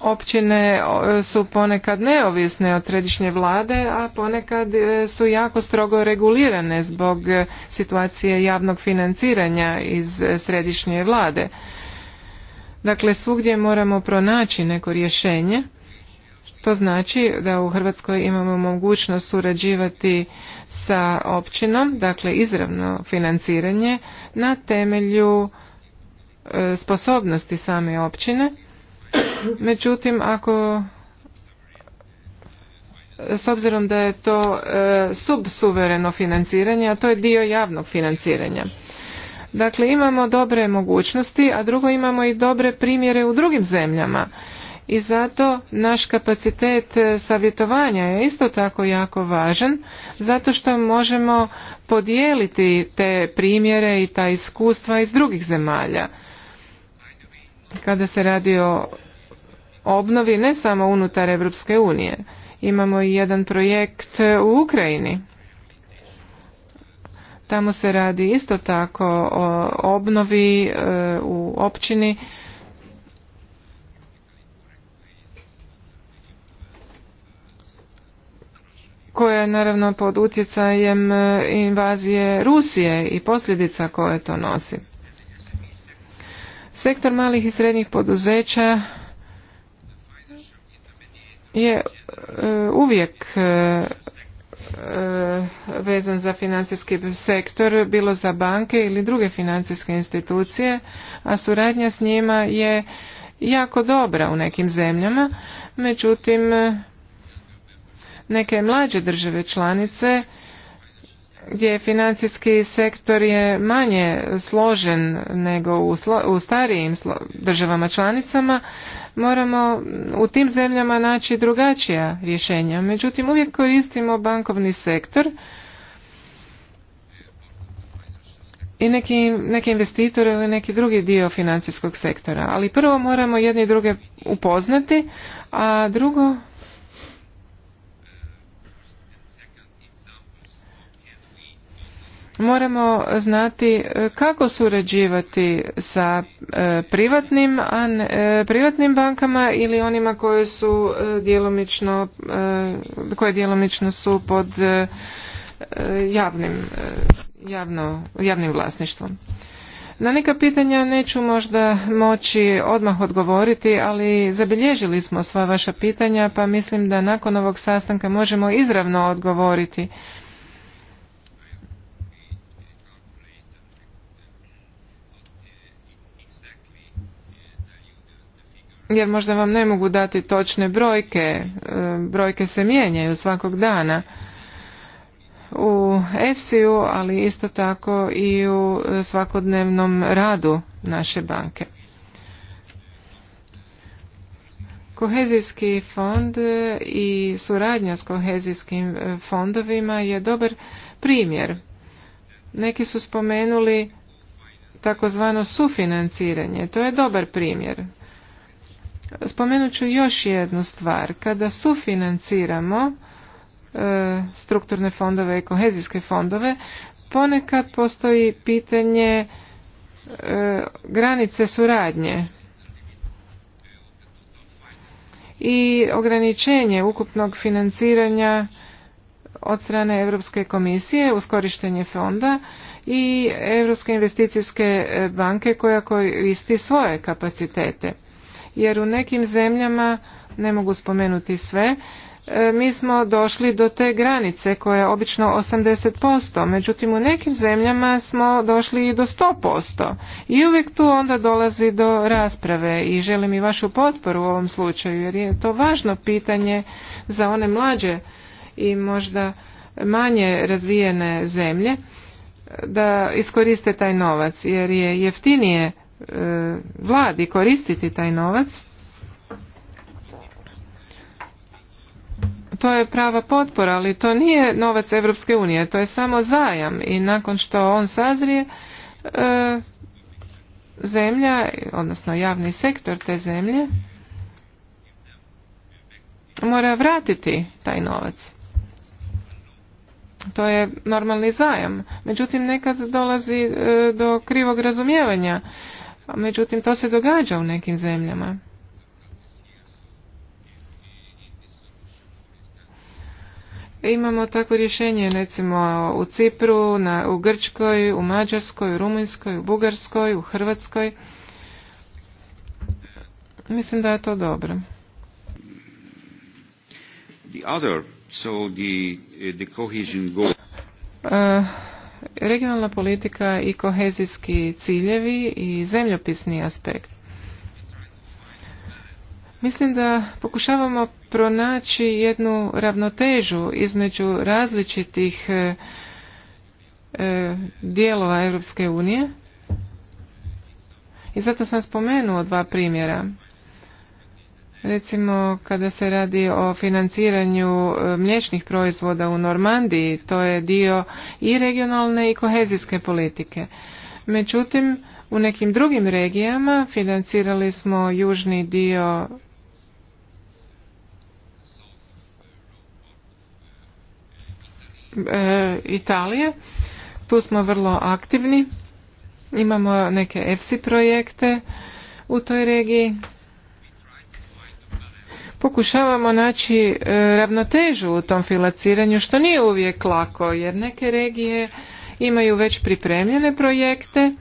općine su ponekad neovisne od središnje vlade, a ponekad e, su jako strogo regulirane zbog e, situacije javnog financiranja iz e, središnje vlade. Dakle, svugdje moramo pronaći neko rješenje. To znači da u Hrvatskoj imamo mogućnost surađivati sa općinom, dakle izravno financiranje, na temelju sposobnosti same općine Međutim, ako s obzirom da je to e, subsuvereno financiranje, a to je dio javnog financiranja. Dakle, imamo dobre mogućnosti, a drugo imamo i dobre primjere u drugim zemljama. I zato naš kapacitet e, savjetovanja je isto tako jako važan, zato što možemo podijeliti te primjere i ta iskustva iz drugih zemalja. Kada se radi o obnovi ne samo unutar Evropske unije. Imamo i jedan projekt u Ukrajini. Tamo se radi isto tako o obnovi e, u općini. koja je naravno pod utjecajem e, invazije Rusije i posljedica koje to nosi. Sektor malih i srednjih poduzeća je e, uvijek e, e, vezan za financijski sektor, bilo za banke ili druge financijske institucije, a suradnja s njima je jako dobra u nekim zemljama, međutim neke mlađe države članice gdje financijski sektor je manje složen nego u, starijim državama članicama, moramo u tim zemljama naći drugačija rješenja. Međutim, uvijek koristimo bankovni sektor i neki, neki investitor ili neki drugi dio financijskog sektora. Ali prvo moramo jedni druge upoznati, a drugo moramo znati e, kako surađivati sa e, privatnim, e, privatnim bankama ili onima koje su djelomično, koje djelomično su pod javnim, javno, javnim vlasništvom. Na neka pitanja neću možda moći odmah odgovoriti, ali zabilježili smo sva vaša pitanja, pa mislim da nakon ovog sastanka možemo izravno odgovoriti jer možda vam ne mogu dati točne brojke, e, brojke se mijenjaju svakog dana u EFSI-u, ali isto tako i u e, svakodnevnom radu naše banke. Kohezijski fond e, i suradnja s kohezijskim fondovima je dobar primjer. Neki su spomenuli takozvano sufinanciranje. To je dobar primjer. Spomenut ću još jednu stvar. Kada sufinanciramo e, strukturne fondove i kohezijske fondove, ponekad postoji pitanje e, granice suradnje i ograničenje ukupnog financiranja od strane Europske komisije uz korištenje fonda i Europske investicijske banke koja koristi svoje kapacitete jer u nekim zemljama, ne mogu spomenuti sve, e, mi smo došli do te granice koja je obično 80%, međutim u nekim zemljama smo došli i do 100% i uvijek tu onda dolazi do rasprave i želim i vašu potporu u ovom slučaju jer je to važno pitanje za one mlađe i možda manje razvijene zemlje da iskoriste taj novac jer je jeftinije vladi koristiti taj novac. To je prava potpora, ali to nije novac Europske unije, to je samo zajam i nakon što on sazrije e, zemlja, odnosno javni sektor te zemlje mora vratiti taj novac. To je normalni zajam. Međutim, nekad dolazi e, do krivog razumijevanja međutim to se događa u nekim zemljama. Imamo takvo rješenje recimo u Cipru, na, u Grčkoj, u Mađarskoj, u Rumunjskoj, u Bugarskoj, u Hrvatskoj. Mislim da je to dobro. The other, so the, the cohesion eh, regionalna politika i kohezijski ciljevi i zemljopisni aspekt. Mislim da pokušavamo pronaći jednu ravnotežu između različitih e, e, dijelova Europske unije i zato sam spomenuo dva primjera. Recimo kada se radi o financiranju e, mliječnih proizvoda u Normandiji, to je dio i regionalne i kohezijske politike. Međutim, u nekim drugim regijama financirali smo južni dio e, Italije. Tu smo vrlo aktivni. Imamo neke EFSI projekte u toj regiji pokušavamo naći e, ravnotežu u tom filaciranju, što nije uvijek lako jer neke regije imaju već pripremljene projekte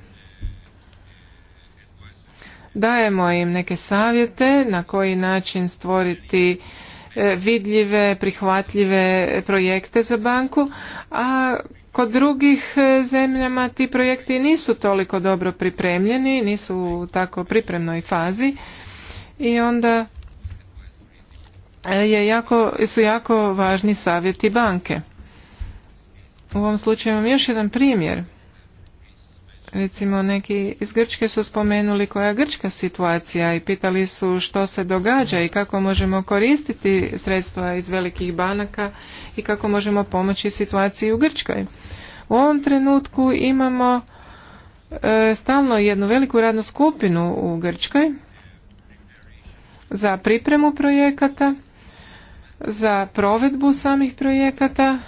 dajemo im neke savjete na koji način stvoriti e, vidljive, prihvatljive projekte za banku, a kod drugih e, zemljama ti projekti nisu toliko dobro pripremljeni, nisu u tako pripremnoj fazi i onda E, je jako, su jako važni savjeti banke. U ovom slučaju imam još jedan primjer. Recimo neki iz Grčke su spomenuli koja je grčka situacija i pitali su što se događa i kako možemo koristiti sredstva iz velikih banaka i kako možemo pomoći situaciji u Grčkoj. U ovom trenutku imamo e, stalno jednu veliku radnu skupinu u Grčkoj za pripremu projekata za provedbu samih projekata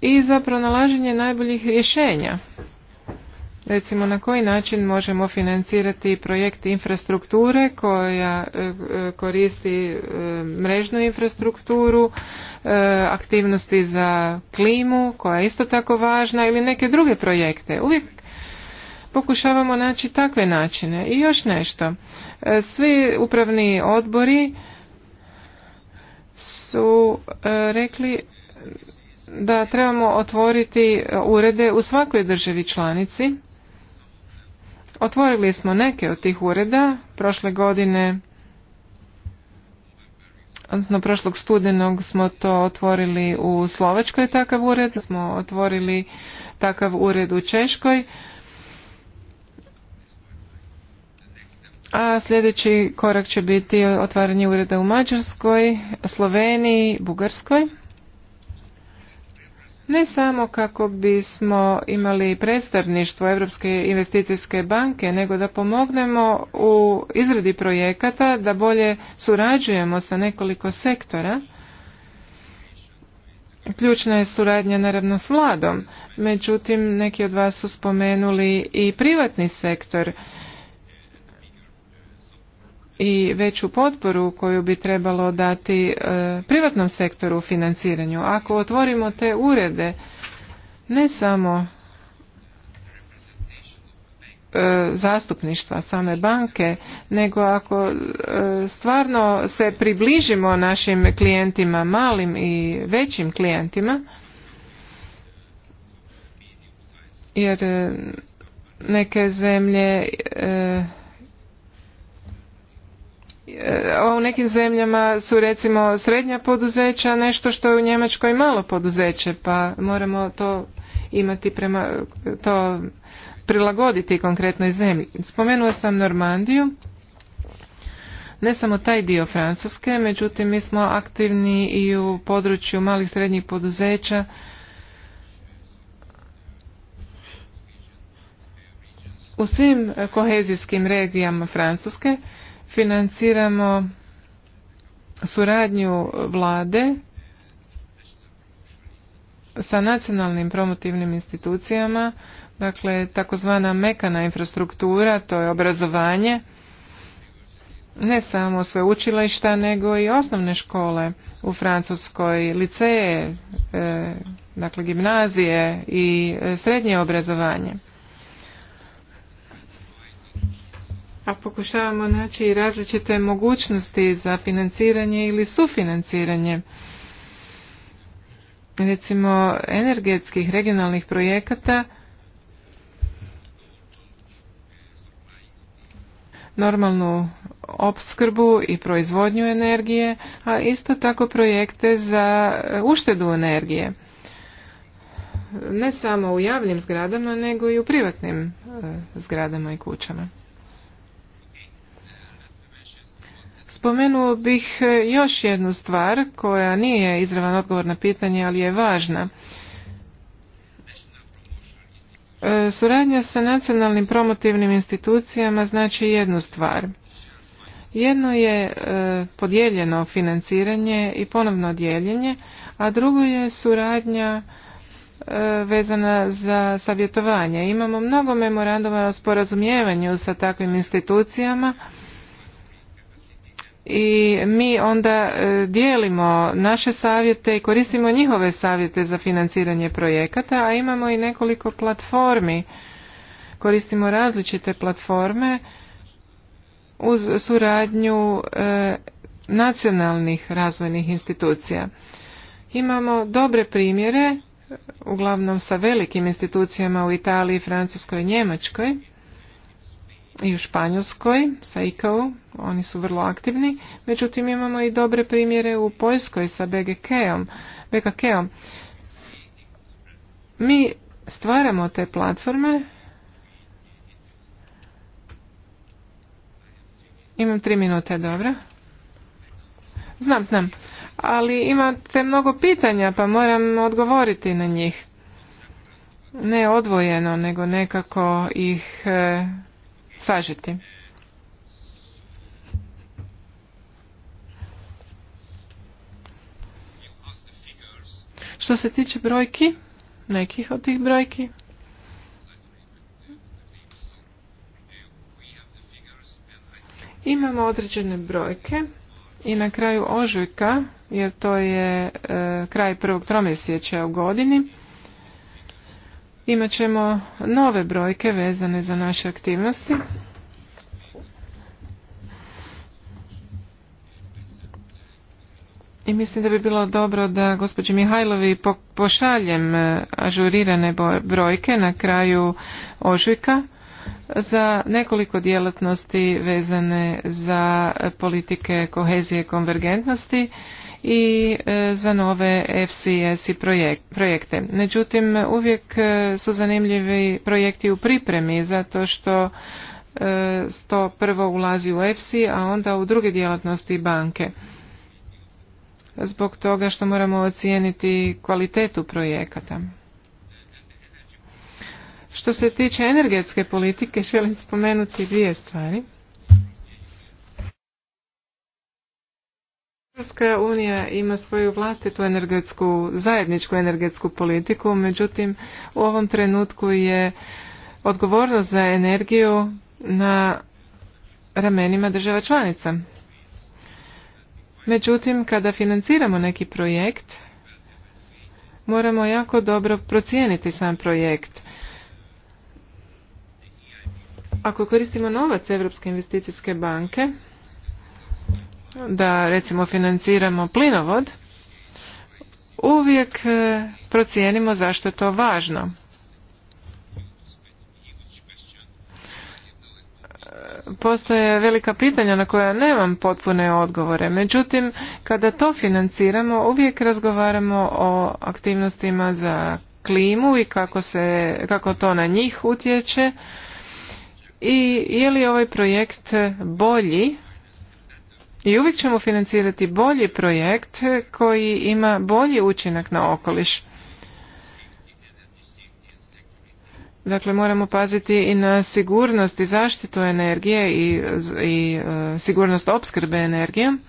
i za pronalaženje najboljih rješenja. Recimo na koji način možemo financirati projekti infrastrukture koja e, e, koristi e, mrežnu infrastrukturu, aktivnosti za klimu koja je isto tako važna ili neke druge projekte. Uvijek pokušavamo naći takve načine. I još nešto. Svi upravni odbori su e, rekli da trebamo otvoriti urede u svakoj državi članici. Otvorili smo neke od tih ureda prošle godine, odnosno prošlog studenog smo to otvorili u Slovačkoj takav ured, smo otvorili takav ured u Češkoj. a sljedeći korak će biti otvaranje ureda u Mađarskoj, Sloveniji, Bugarskoj. Ne samo kako bismo imali predstavništvo Europske investicijske banke, nego da pomognemo u izradi projekata, da bolje surađujemo sa nekoliko sektora. Ključna je suradnja naravno s vladom, međutim neki od vas su spomenuli i privatni sektor i veću potporu koju bi trebalo dati e, privatnom sektoru u financiranju. Ako otvorimo te urede, ne samo e, zastupništva same banke, nego ako e, stvarno se približimo našim klijentima, malim i većim klijentima, jer neke zemlje E, u nekim zemljama su recimo srednja poduzeća nešto što je u Njemačkoj malo poduzeće pa moramo to imati prema to prilagoditi konkretnoj zemlji. Spomenuo sam Normandiju ne samo taj dio Francuske, međutim mi smo aktivni i u području malih srednjih poduzeća u svim kohezijskim regijama Francuske financiramo suradnju vlade sa nacionalnim promotivnim institucijama, dakle takozvana mekana infrastruktura, to je obrazovanje, ne samo sveučilišta, nego i osnovne škole u Francuskoj, liceje, e, dakle gimnazije i e, srednje obrazovanje. a pokušavamo naći različite mogućnosti za financiranje ili sufinanciranje recimo energetskih regionalnih projekata normalnu opskrbu i proizvodnju energije, a isto tako projekte za e, uštedu energije. Ne samo u javnim zgradama, nego i u privatnim e, zgradama i kućama. Spomenuo bih e, još jednu stvar koja nije izravan odgovor na pitanje, ali je važna. E, suradnja sa nacionalnim promotivnim institucijama znači jednu stvar. Jedno je e, podijeljeno financiranje i ponovno dijeljenje, a drugo je suradnja vezana za savjetovanje. Imamo mnogo memoranduma o sporazumijevanju sa takvim institucijama i mi onda e, dijelimo naše savjete i koristimo njihove savjete za financiranje projekata, a imamo i nekoliko platformi. Koristimo različite platforme uz suradnju e, nacionalnih razvojnih institucija. Imamo dobre primjere, uglavnom sa velikim institucijama u Italiji, Francuskoj i Njemačkoj, i u Španjolskoj sa ICAO, oni su vrlo aktivni, međutim imamo i dobre primjere u Poljskoj sa BGK-om, Mi stvaramo te platforme, imam tri minute, dobro. Znam, znam, ali imate mnogo pitanja pa moram odgovoriti na njih ne odvojeno, nego nekako ih eh, sažeti. Što se tiče brojki, nekih od tih brojki, imamo određene brojke i na kraju ožujka, jer to je e, kraj prvog tromjesečja u godini, imat ćemo nove brojke vezane za naše aktivnosti. I mislim da bi bilo dobro da gospođi Mihajlovi pošaljem e, ažurirane brojke na kraju ožujka za nekoliko djelatnosti vezane za politike kohezije i konvergentnosti i e, za nove FCS i projekte. Međutim, uvijek e, su zanimljivi projekti u pripremi zato što e, to prvo ulazi u EFSI, a onda u druge djelatnosti banke. Zbog toga što moramo ocijeniti kvalitetu projekata. Što se tiče energetske politike, želim spomenuti dvije stvari. Europska unija ima svoju vlastitu energetsku, zajedničku energetsku politiku, međutim u ovom trenutku je odgovornost za energiju na ramenima država članica. Međutim, kada financiramo neki projekt, moramo jako dobro procijeniti sam projekt. Ako koristimo novac Europske investicijske banke, da recimo financiramo plinovod, uvijek e, procijenimo zašto je to važno. Postoje velika pitanja na koja nemam potpune odgovore. Međutim, kada to financiramo, uvijek razgovaramo o aktivnostima za klimu i kako, se, kako to na njih utječe i je li ovaj projekt bolji i uvijek ćemo financirati bolji projekt koji ima bolji učinak na okoliš. Dakle, moramo paziti i na sigurnost i zaštitu energije i, i e, sigurnost opskrbe energijom.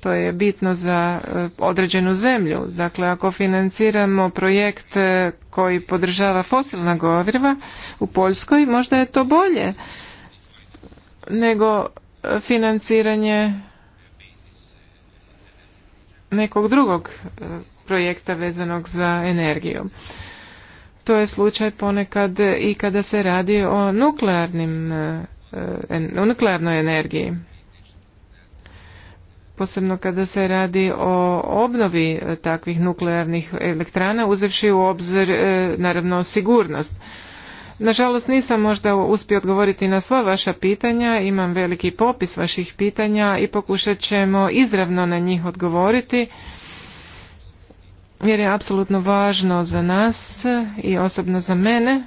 To je bitno za e, određenu zemlju. Dakle, ako financiramo projekt e, koji podržava fosilna goriva u Poljskoj, možda je to bolje nego financiranje nekog drugog e, projekta vezanog za energiju. To je slučaj ponekad i kada se radi o nuklearnim, e, o nuklearnoj energiji. Posebno kada se radi o obnovi e, takvih nuklearnih elektrana, uzevši u obzir naravno sigurnost. Nažalost nisam možda uspio odgovoriti na sva vaša pitanja, imam veliki popis vaših pitanja i pokušat ćemo izravno na njih odgovoriti jer je apsolutno važno za nas i osobno za mene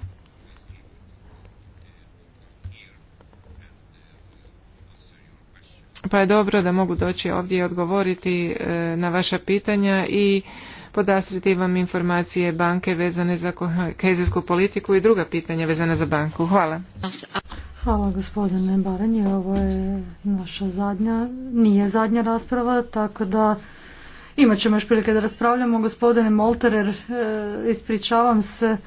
pa je dobro da mogu doći ovdje i odgovoriti e, na vaša pitanja i podastriti vam informacije banke vezane za kohezijsku politiku i druga pitanja vezana za banku. Hvala. Hvala gospodine Baranje, ovo je naša zadnja, nije zadnja rasprava, tako da imat ćemo još prilike da raspravljamo. Gospodine Molterer, e, ispričavam se,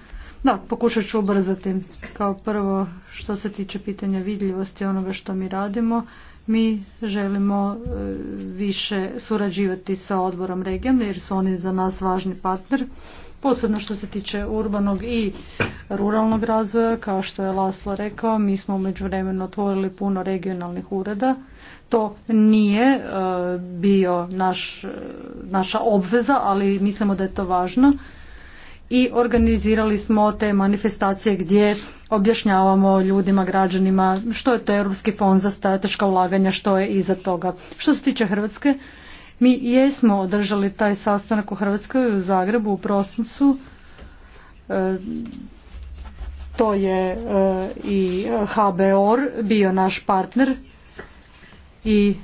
da, pokušat ću ubrzati. Kao prvo, što se tiče pitanja vidljivosti onoga što mi radimo, mi želimo e, više surađivati sa odborom regijom jer su oni za nas važni partner, posebno što se tiče urbanog i ruralnog razvoja. Kao što je Laslo rekao, mi smo međuvremeno otvorili puno regionalnih ureda. To nije e, bio naš, e, naša obveza, ali mislimo da je to važno i organizirali smo te manifestacije gdje objašnjavamo ljudima, građanima što je to Europski fond za strateška ulaganja, što je iza toga. Što se tiče Hrvatske, mi jesmo održali taj sastanak u Hrvatskoj u Zagrebu u prosincu. E, to je e, i HBOR bio naš partner i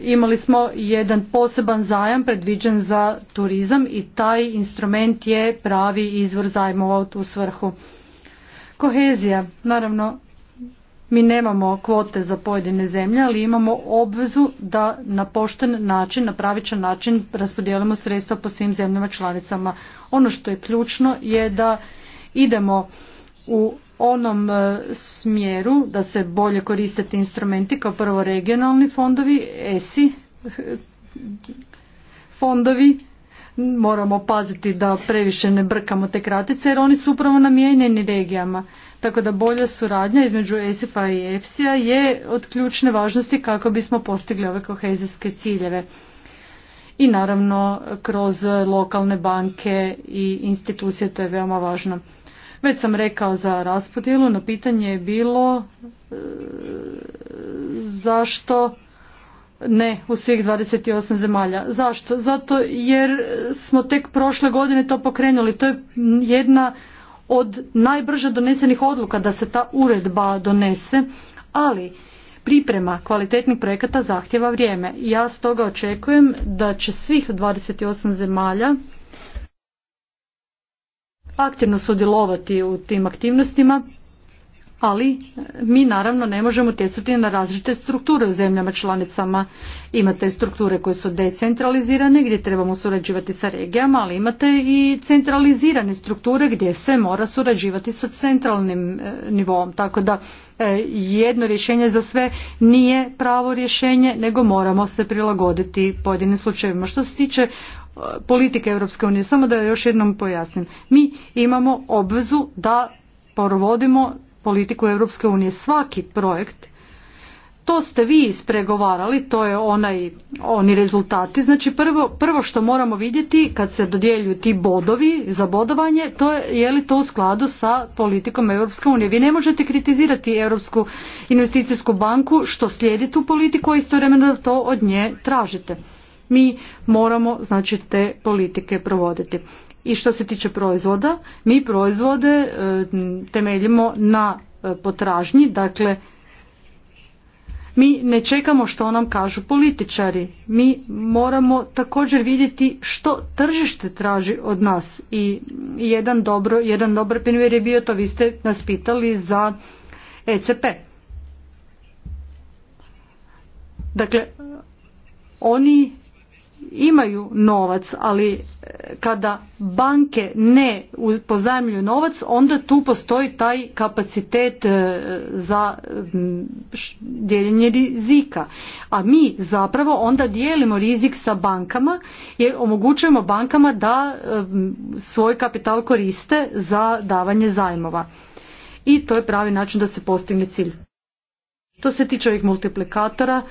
imali smo jedan poseban zajam predviđen za turizam i taj instrument je pravi izvor zajmova u tu svrhu. Kohezija, naravno mi nemamo kvote za pojedine zemlje, ali imamo obvezu da na pošten način, na pravičan način raspodijelimo sredstva po svim zemljama članicama. Ono što je ključno je da idemo u onom e, smjeru da se bolje koriste ti instrumenti kao prvo regionalni fondovi, ESI fondovi, moramo paziti da previše ne brkamo te kratice jer oni su upravo namijenjeni regijama. Tako da bolja suradnja između ESIF-a i EFSI-a je od ključne važnosti kako bismo postigli ove kohezijske ciljeve. I naravno kroz lokalne banke i institucije to je veoma važno. Već sam rekao za raspodjelu, na pitanje je bilo e, zašto ne u svih 28 zemalja. Zašto? Zato jer smo tek prošle godine to pokrenuli. To je jedna od najbrže donesenih odluka da se ta uredba donese, ali priprema kvalitetnih projekata zahtjeva vrijeme. Ja stoga očekujem da će svih 28 zemalja aktivno sudjelovati u tim aktivnostima, ali mi naravno ne možemo utjecati na različite strukture u zemljama članicama. Imate strukture koje su decentralizirane gdje trebamo surađivati sa regijama, ali imate i centralizirane strukture gdje se mora surađivati sa centralnim e, nivom. Tako da e, jedno rješenje za sve nije pravo rješenje, nego moramo se prilagoditi pojedinim slučajevima. Što se tiče politike Europske unije. Samo da još jednom pojasnim. Mi imamo obvezu da provodimo politiku Europske unije. Svaki projekt to ste vi ispregovarali, to je onaj, oni rezultati. Znači prvo, prvo što moramo vidjeti kad se dodjeljuju ti bodovi za bodovanje, to je, je li to u skladu sa politikom Europske unije. Vi ne možete kritizirati Europsku investicijsku banku što slijedi tu politiku, a istovremeno da to od nje tražite mi moramo znači te politike provoditi. I što se tiče proizvoda, mi proizvode e, temeljimo na e, potražnji, dakle mi ne čekamo što nam kažu političari. Mi moramo također vidjeti što tržište traži od nas. I jedan, dobro, jedan dobar primjer je bio to, vi ste nas pitali za ECP. Dakle, oni imaju novac, ali e, kada banke ne pozajmljuju novac, onda tu postoji taj kapacitet e, za dijeljenje rizika. A mi zapravo onda dijelimo rizik sa bankama jer omogućujemo bankama da e, svoj kapital koriste za davanje zajmova. I to je pravi način da se postigne cilj. To se tiče ovih multiplikatora,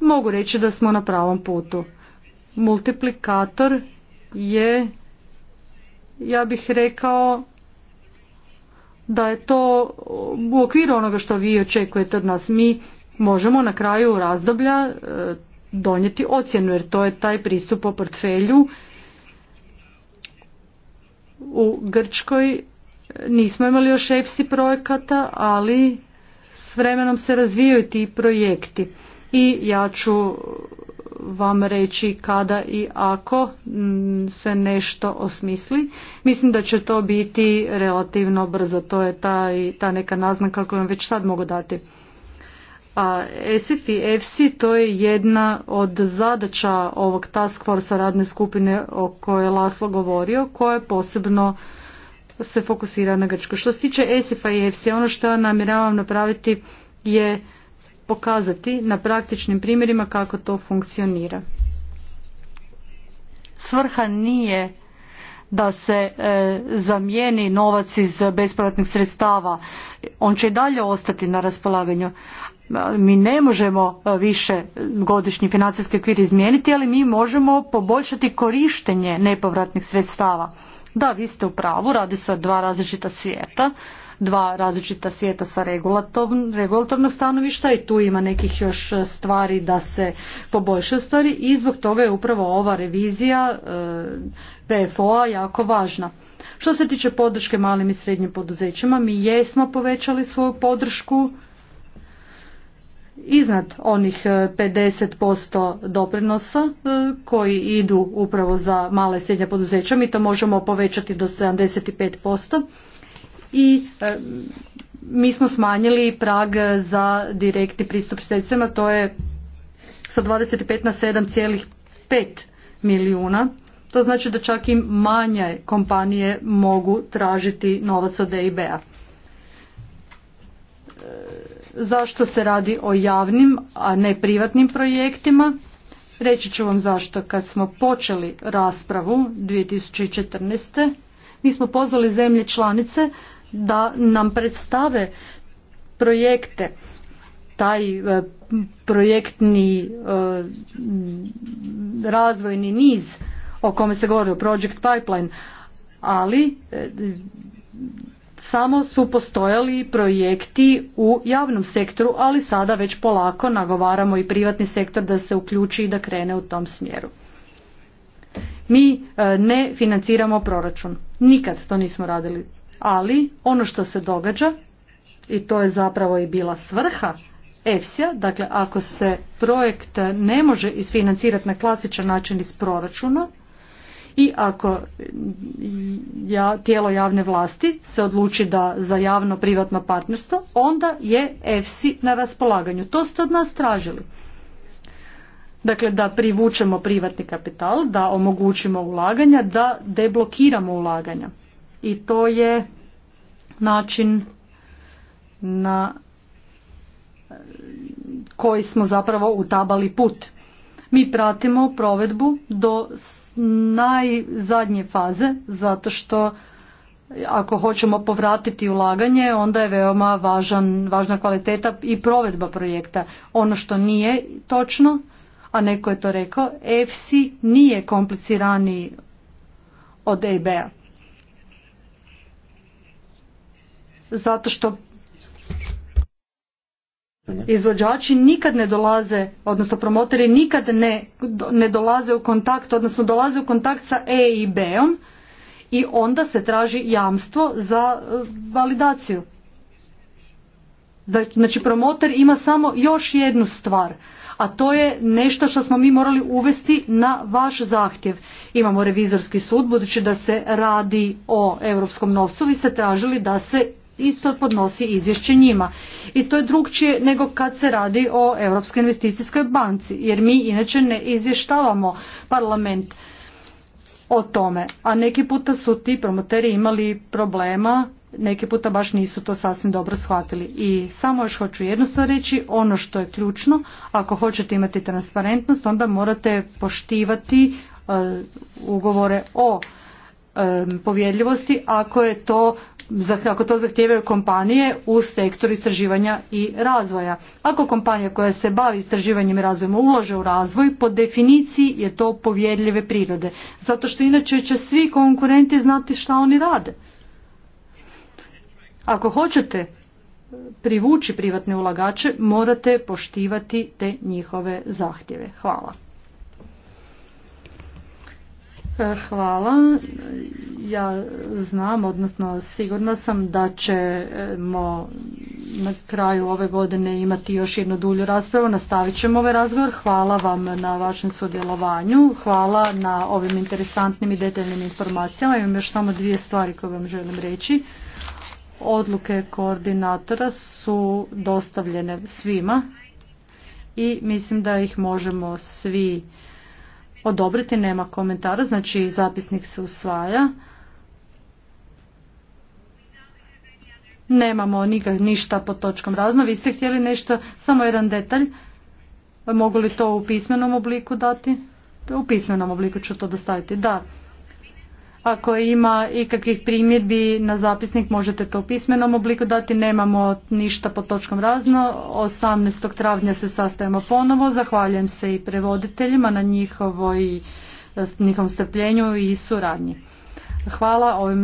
mogu reći da smo na pravom putu multiplikator je, ja bih rekao, da je to u okviru onoga što vi očekujete od nas. Mi možemo na kraju razdoblja e, donijeti ocjenu jer to je taj pristup o portfelju. U Grčkoj nismo imali još EFSI projekata, ali s vremenom se razvijaju ti projekti. I ja ću vam reći kada i ako mm, se nešto osmisli. Mislim da će to biti relativno brzo, to je ta, ta neka naznaka koju vam već sad mogu dati. A SF i FC to je jedna od zadaća ovog task force radne skupine o kojoj je Laslo govorio, koja posebno se fokusira na Grčku. Što se tiče sf i FC, ono što ja namjeravam napraviti je pokazati na praktičnim primjerima kako to funkcionira. Svrha nije da se e, zamijeni novac iz bespovratnih sredstava. On će i dalje ostati na raspolaganju. Mi ne možemo e, više godišnji financijski okvir izmijeniti, ali mi možemo poboljšati korištenje nepovratnih sredstava. Da, vi ste u pravu, radi se o dva različita svijeta dva različita svijeta sa regulatornog stanovišta i tu ima nekih još e, stvari da se poboljšaju stvari i zbog toga je upravo ova revizija e, PFO-a jako važna. Što se tiče podrške malim i srednjim poduzećima, mi jesmo povećali svoju podršku iznad onih 50% e, doprinosa koji idu upravo za male i srednje poduzeća. Mi to možemo povećati do 75% i e, mi smo smanjili prag za direktni pristup sredstvima, to je sa 25 na 7,5 milijuna. To znači da čak i manje kompanije mogu tražiti novac od EIB-a. E, zašto se radi o javnim, a ne privatnim projektima? Reći ću vam zašto. Kad smo počeli raspravu 2014. mi smo pozvali zemlje članice da nam predstave projekte taj e, projektni e, razvojni niz o kome se govori o project pipeline ali e, samo su postojali projekti u javnom sektoru ali sada već polako nagovaramo i privatni sektor da se uključi i da krene u tom smjeru mi ne financiramo proračun nikad to nismo radili ali ono što se događa i to je zapravo i bila svrha EFSI-a, dakle ako se projekt ne može isfinancirati na klasičan način iz proračuna i ako ja, tijelo javne vlasti se odluči da za javno privatno partnerstvo, onda je EFSI na raspolaganju. To ste od nas tražili. Dakle, da privučemo privatni kapital, da omogućimo ulaganja, da deblokiramo ulaganja i to je način na koji smo zapravo utabali put. Mi pratimo provedbu do najzadnje faze zato što ako hoćemo povratiti ulaganje onda je veoma važan, važna kvaliteta i provedba projekta. Ono što nije točno, a neko je to rekao, EFSI nije kompliciraniji od EBA. zato što izvođači nikad ne dolaze, odnosno promoteri nikad ne, ne dolaze u kontakt, odnosno dolaze u kontakt sa E i B-om i onda se traži jamstvo za e, validaciju. Znači promotor ima samo još jednu stvar, a to je nešto što smo mi morali uvesti na vaš zahtjev. Imamo revizorski sud, budući da se radi o europskom novcu, vi ste tražili da se isto podnosi izvješće njima. I to je drugčije nego kad se radi o Europskoj investicijskoj banci, jer mi inače ne izvještavamo parlament o tome. A neki puta su ti promoteri imali problema, neki puta baš nisu to sasvim dobro shvatili. I samo još hoću jedno reći, ono što je ključno, ako hoćete imati transparentnost, onda morate poštivati e, ugovore o povjedljivosti ako je to ako to zahtijevaju kompanije u sektoru istraživanja i razvoja. Ako kompanija koja se bavi istraživanjem i razvojem ulože u razvoj, po definiciji je to povjedljive prirode. Zato što inače će svi konkurenti znati šta oni rade. Ako hoćete privući privatne ulagače, morate poštivati te njihove zahtjeve. Hvala. Hvala. Ja znam, odnosno sigurna sam da ćemo na kraju ove godine imati još jednu dulju raspravu. Nastavit ćemo ovaj razgovor. Hvala vam na vašem sudjelovanju. Hvala na ovim interesantnim i detaljnim informacijama. Imam još samo dvije stvari koje vam želim reći. Odluke koordinatora su dostavljene svima i mislim da ih možemo svi odobriti, nema komentara, znači zapisnik se usvaja. Nemamo nikak, ništa pod točkom razno. Vi ste htjeli nešto, samo jedan detalj. Mogu li to u pismenom obliku dati? U pismenom obliku ću to dostaviti. Da, ako ima ikakvih primjedbi na zapisnik možete to u pismenom obliku dati. Nemamo ništa pod točkom razno. 18. travnja se sastajemo ponovo. Zahvaljujem se i prevoditeljima na njihovoj, njihovom strpljenju i suradnji. Hvala. Ovime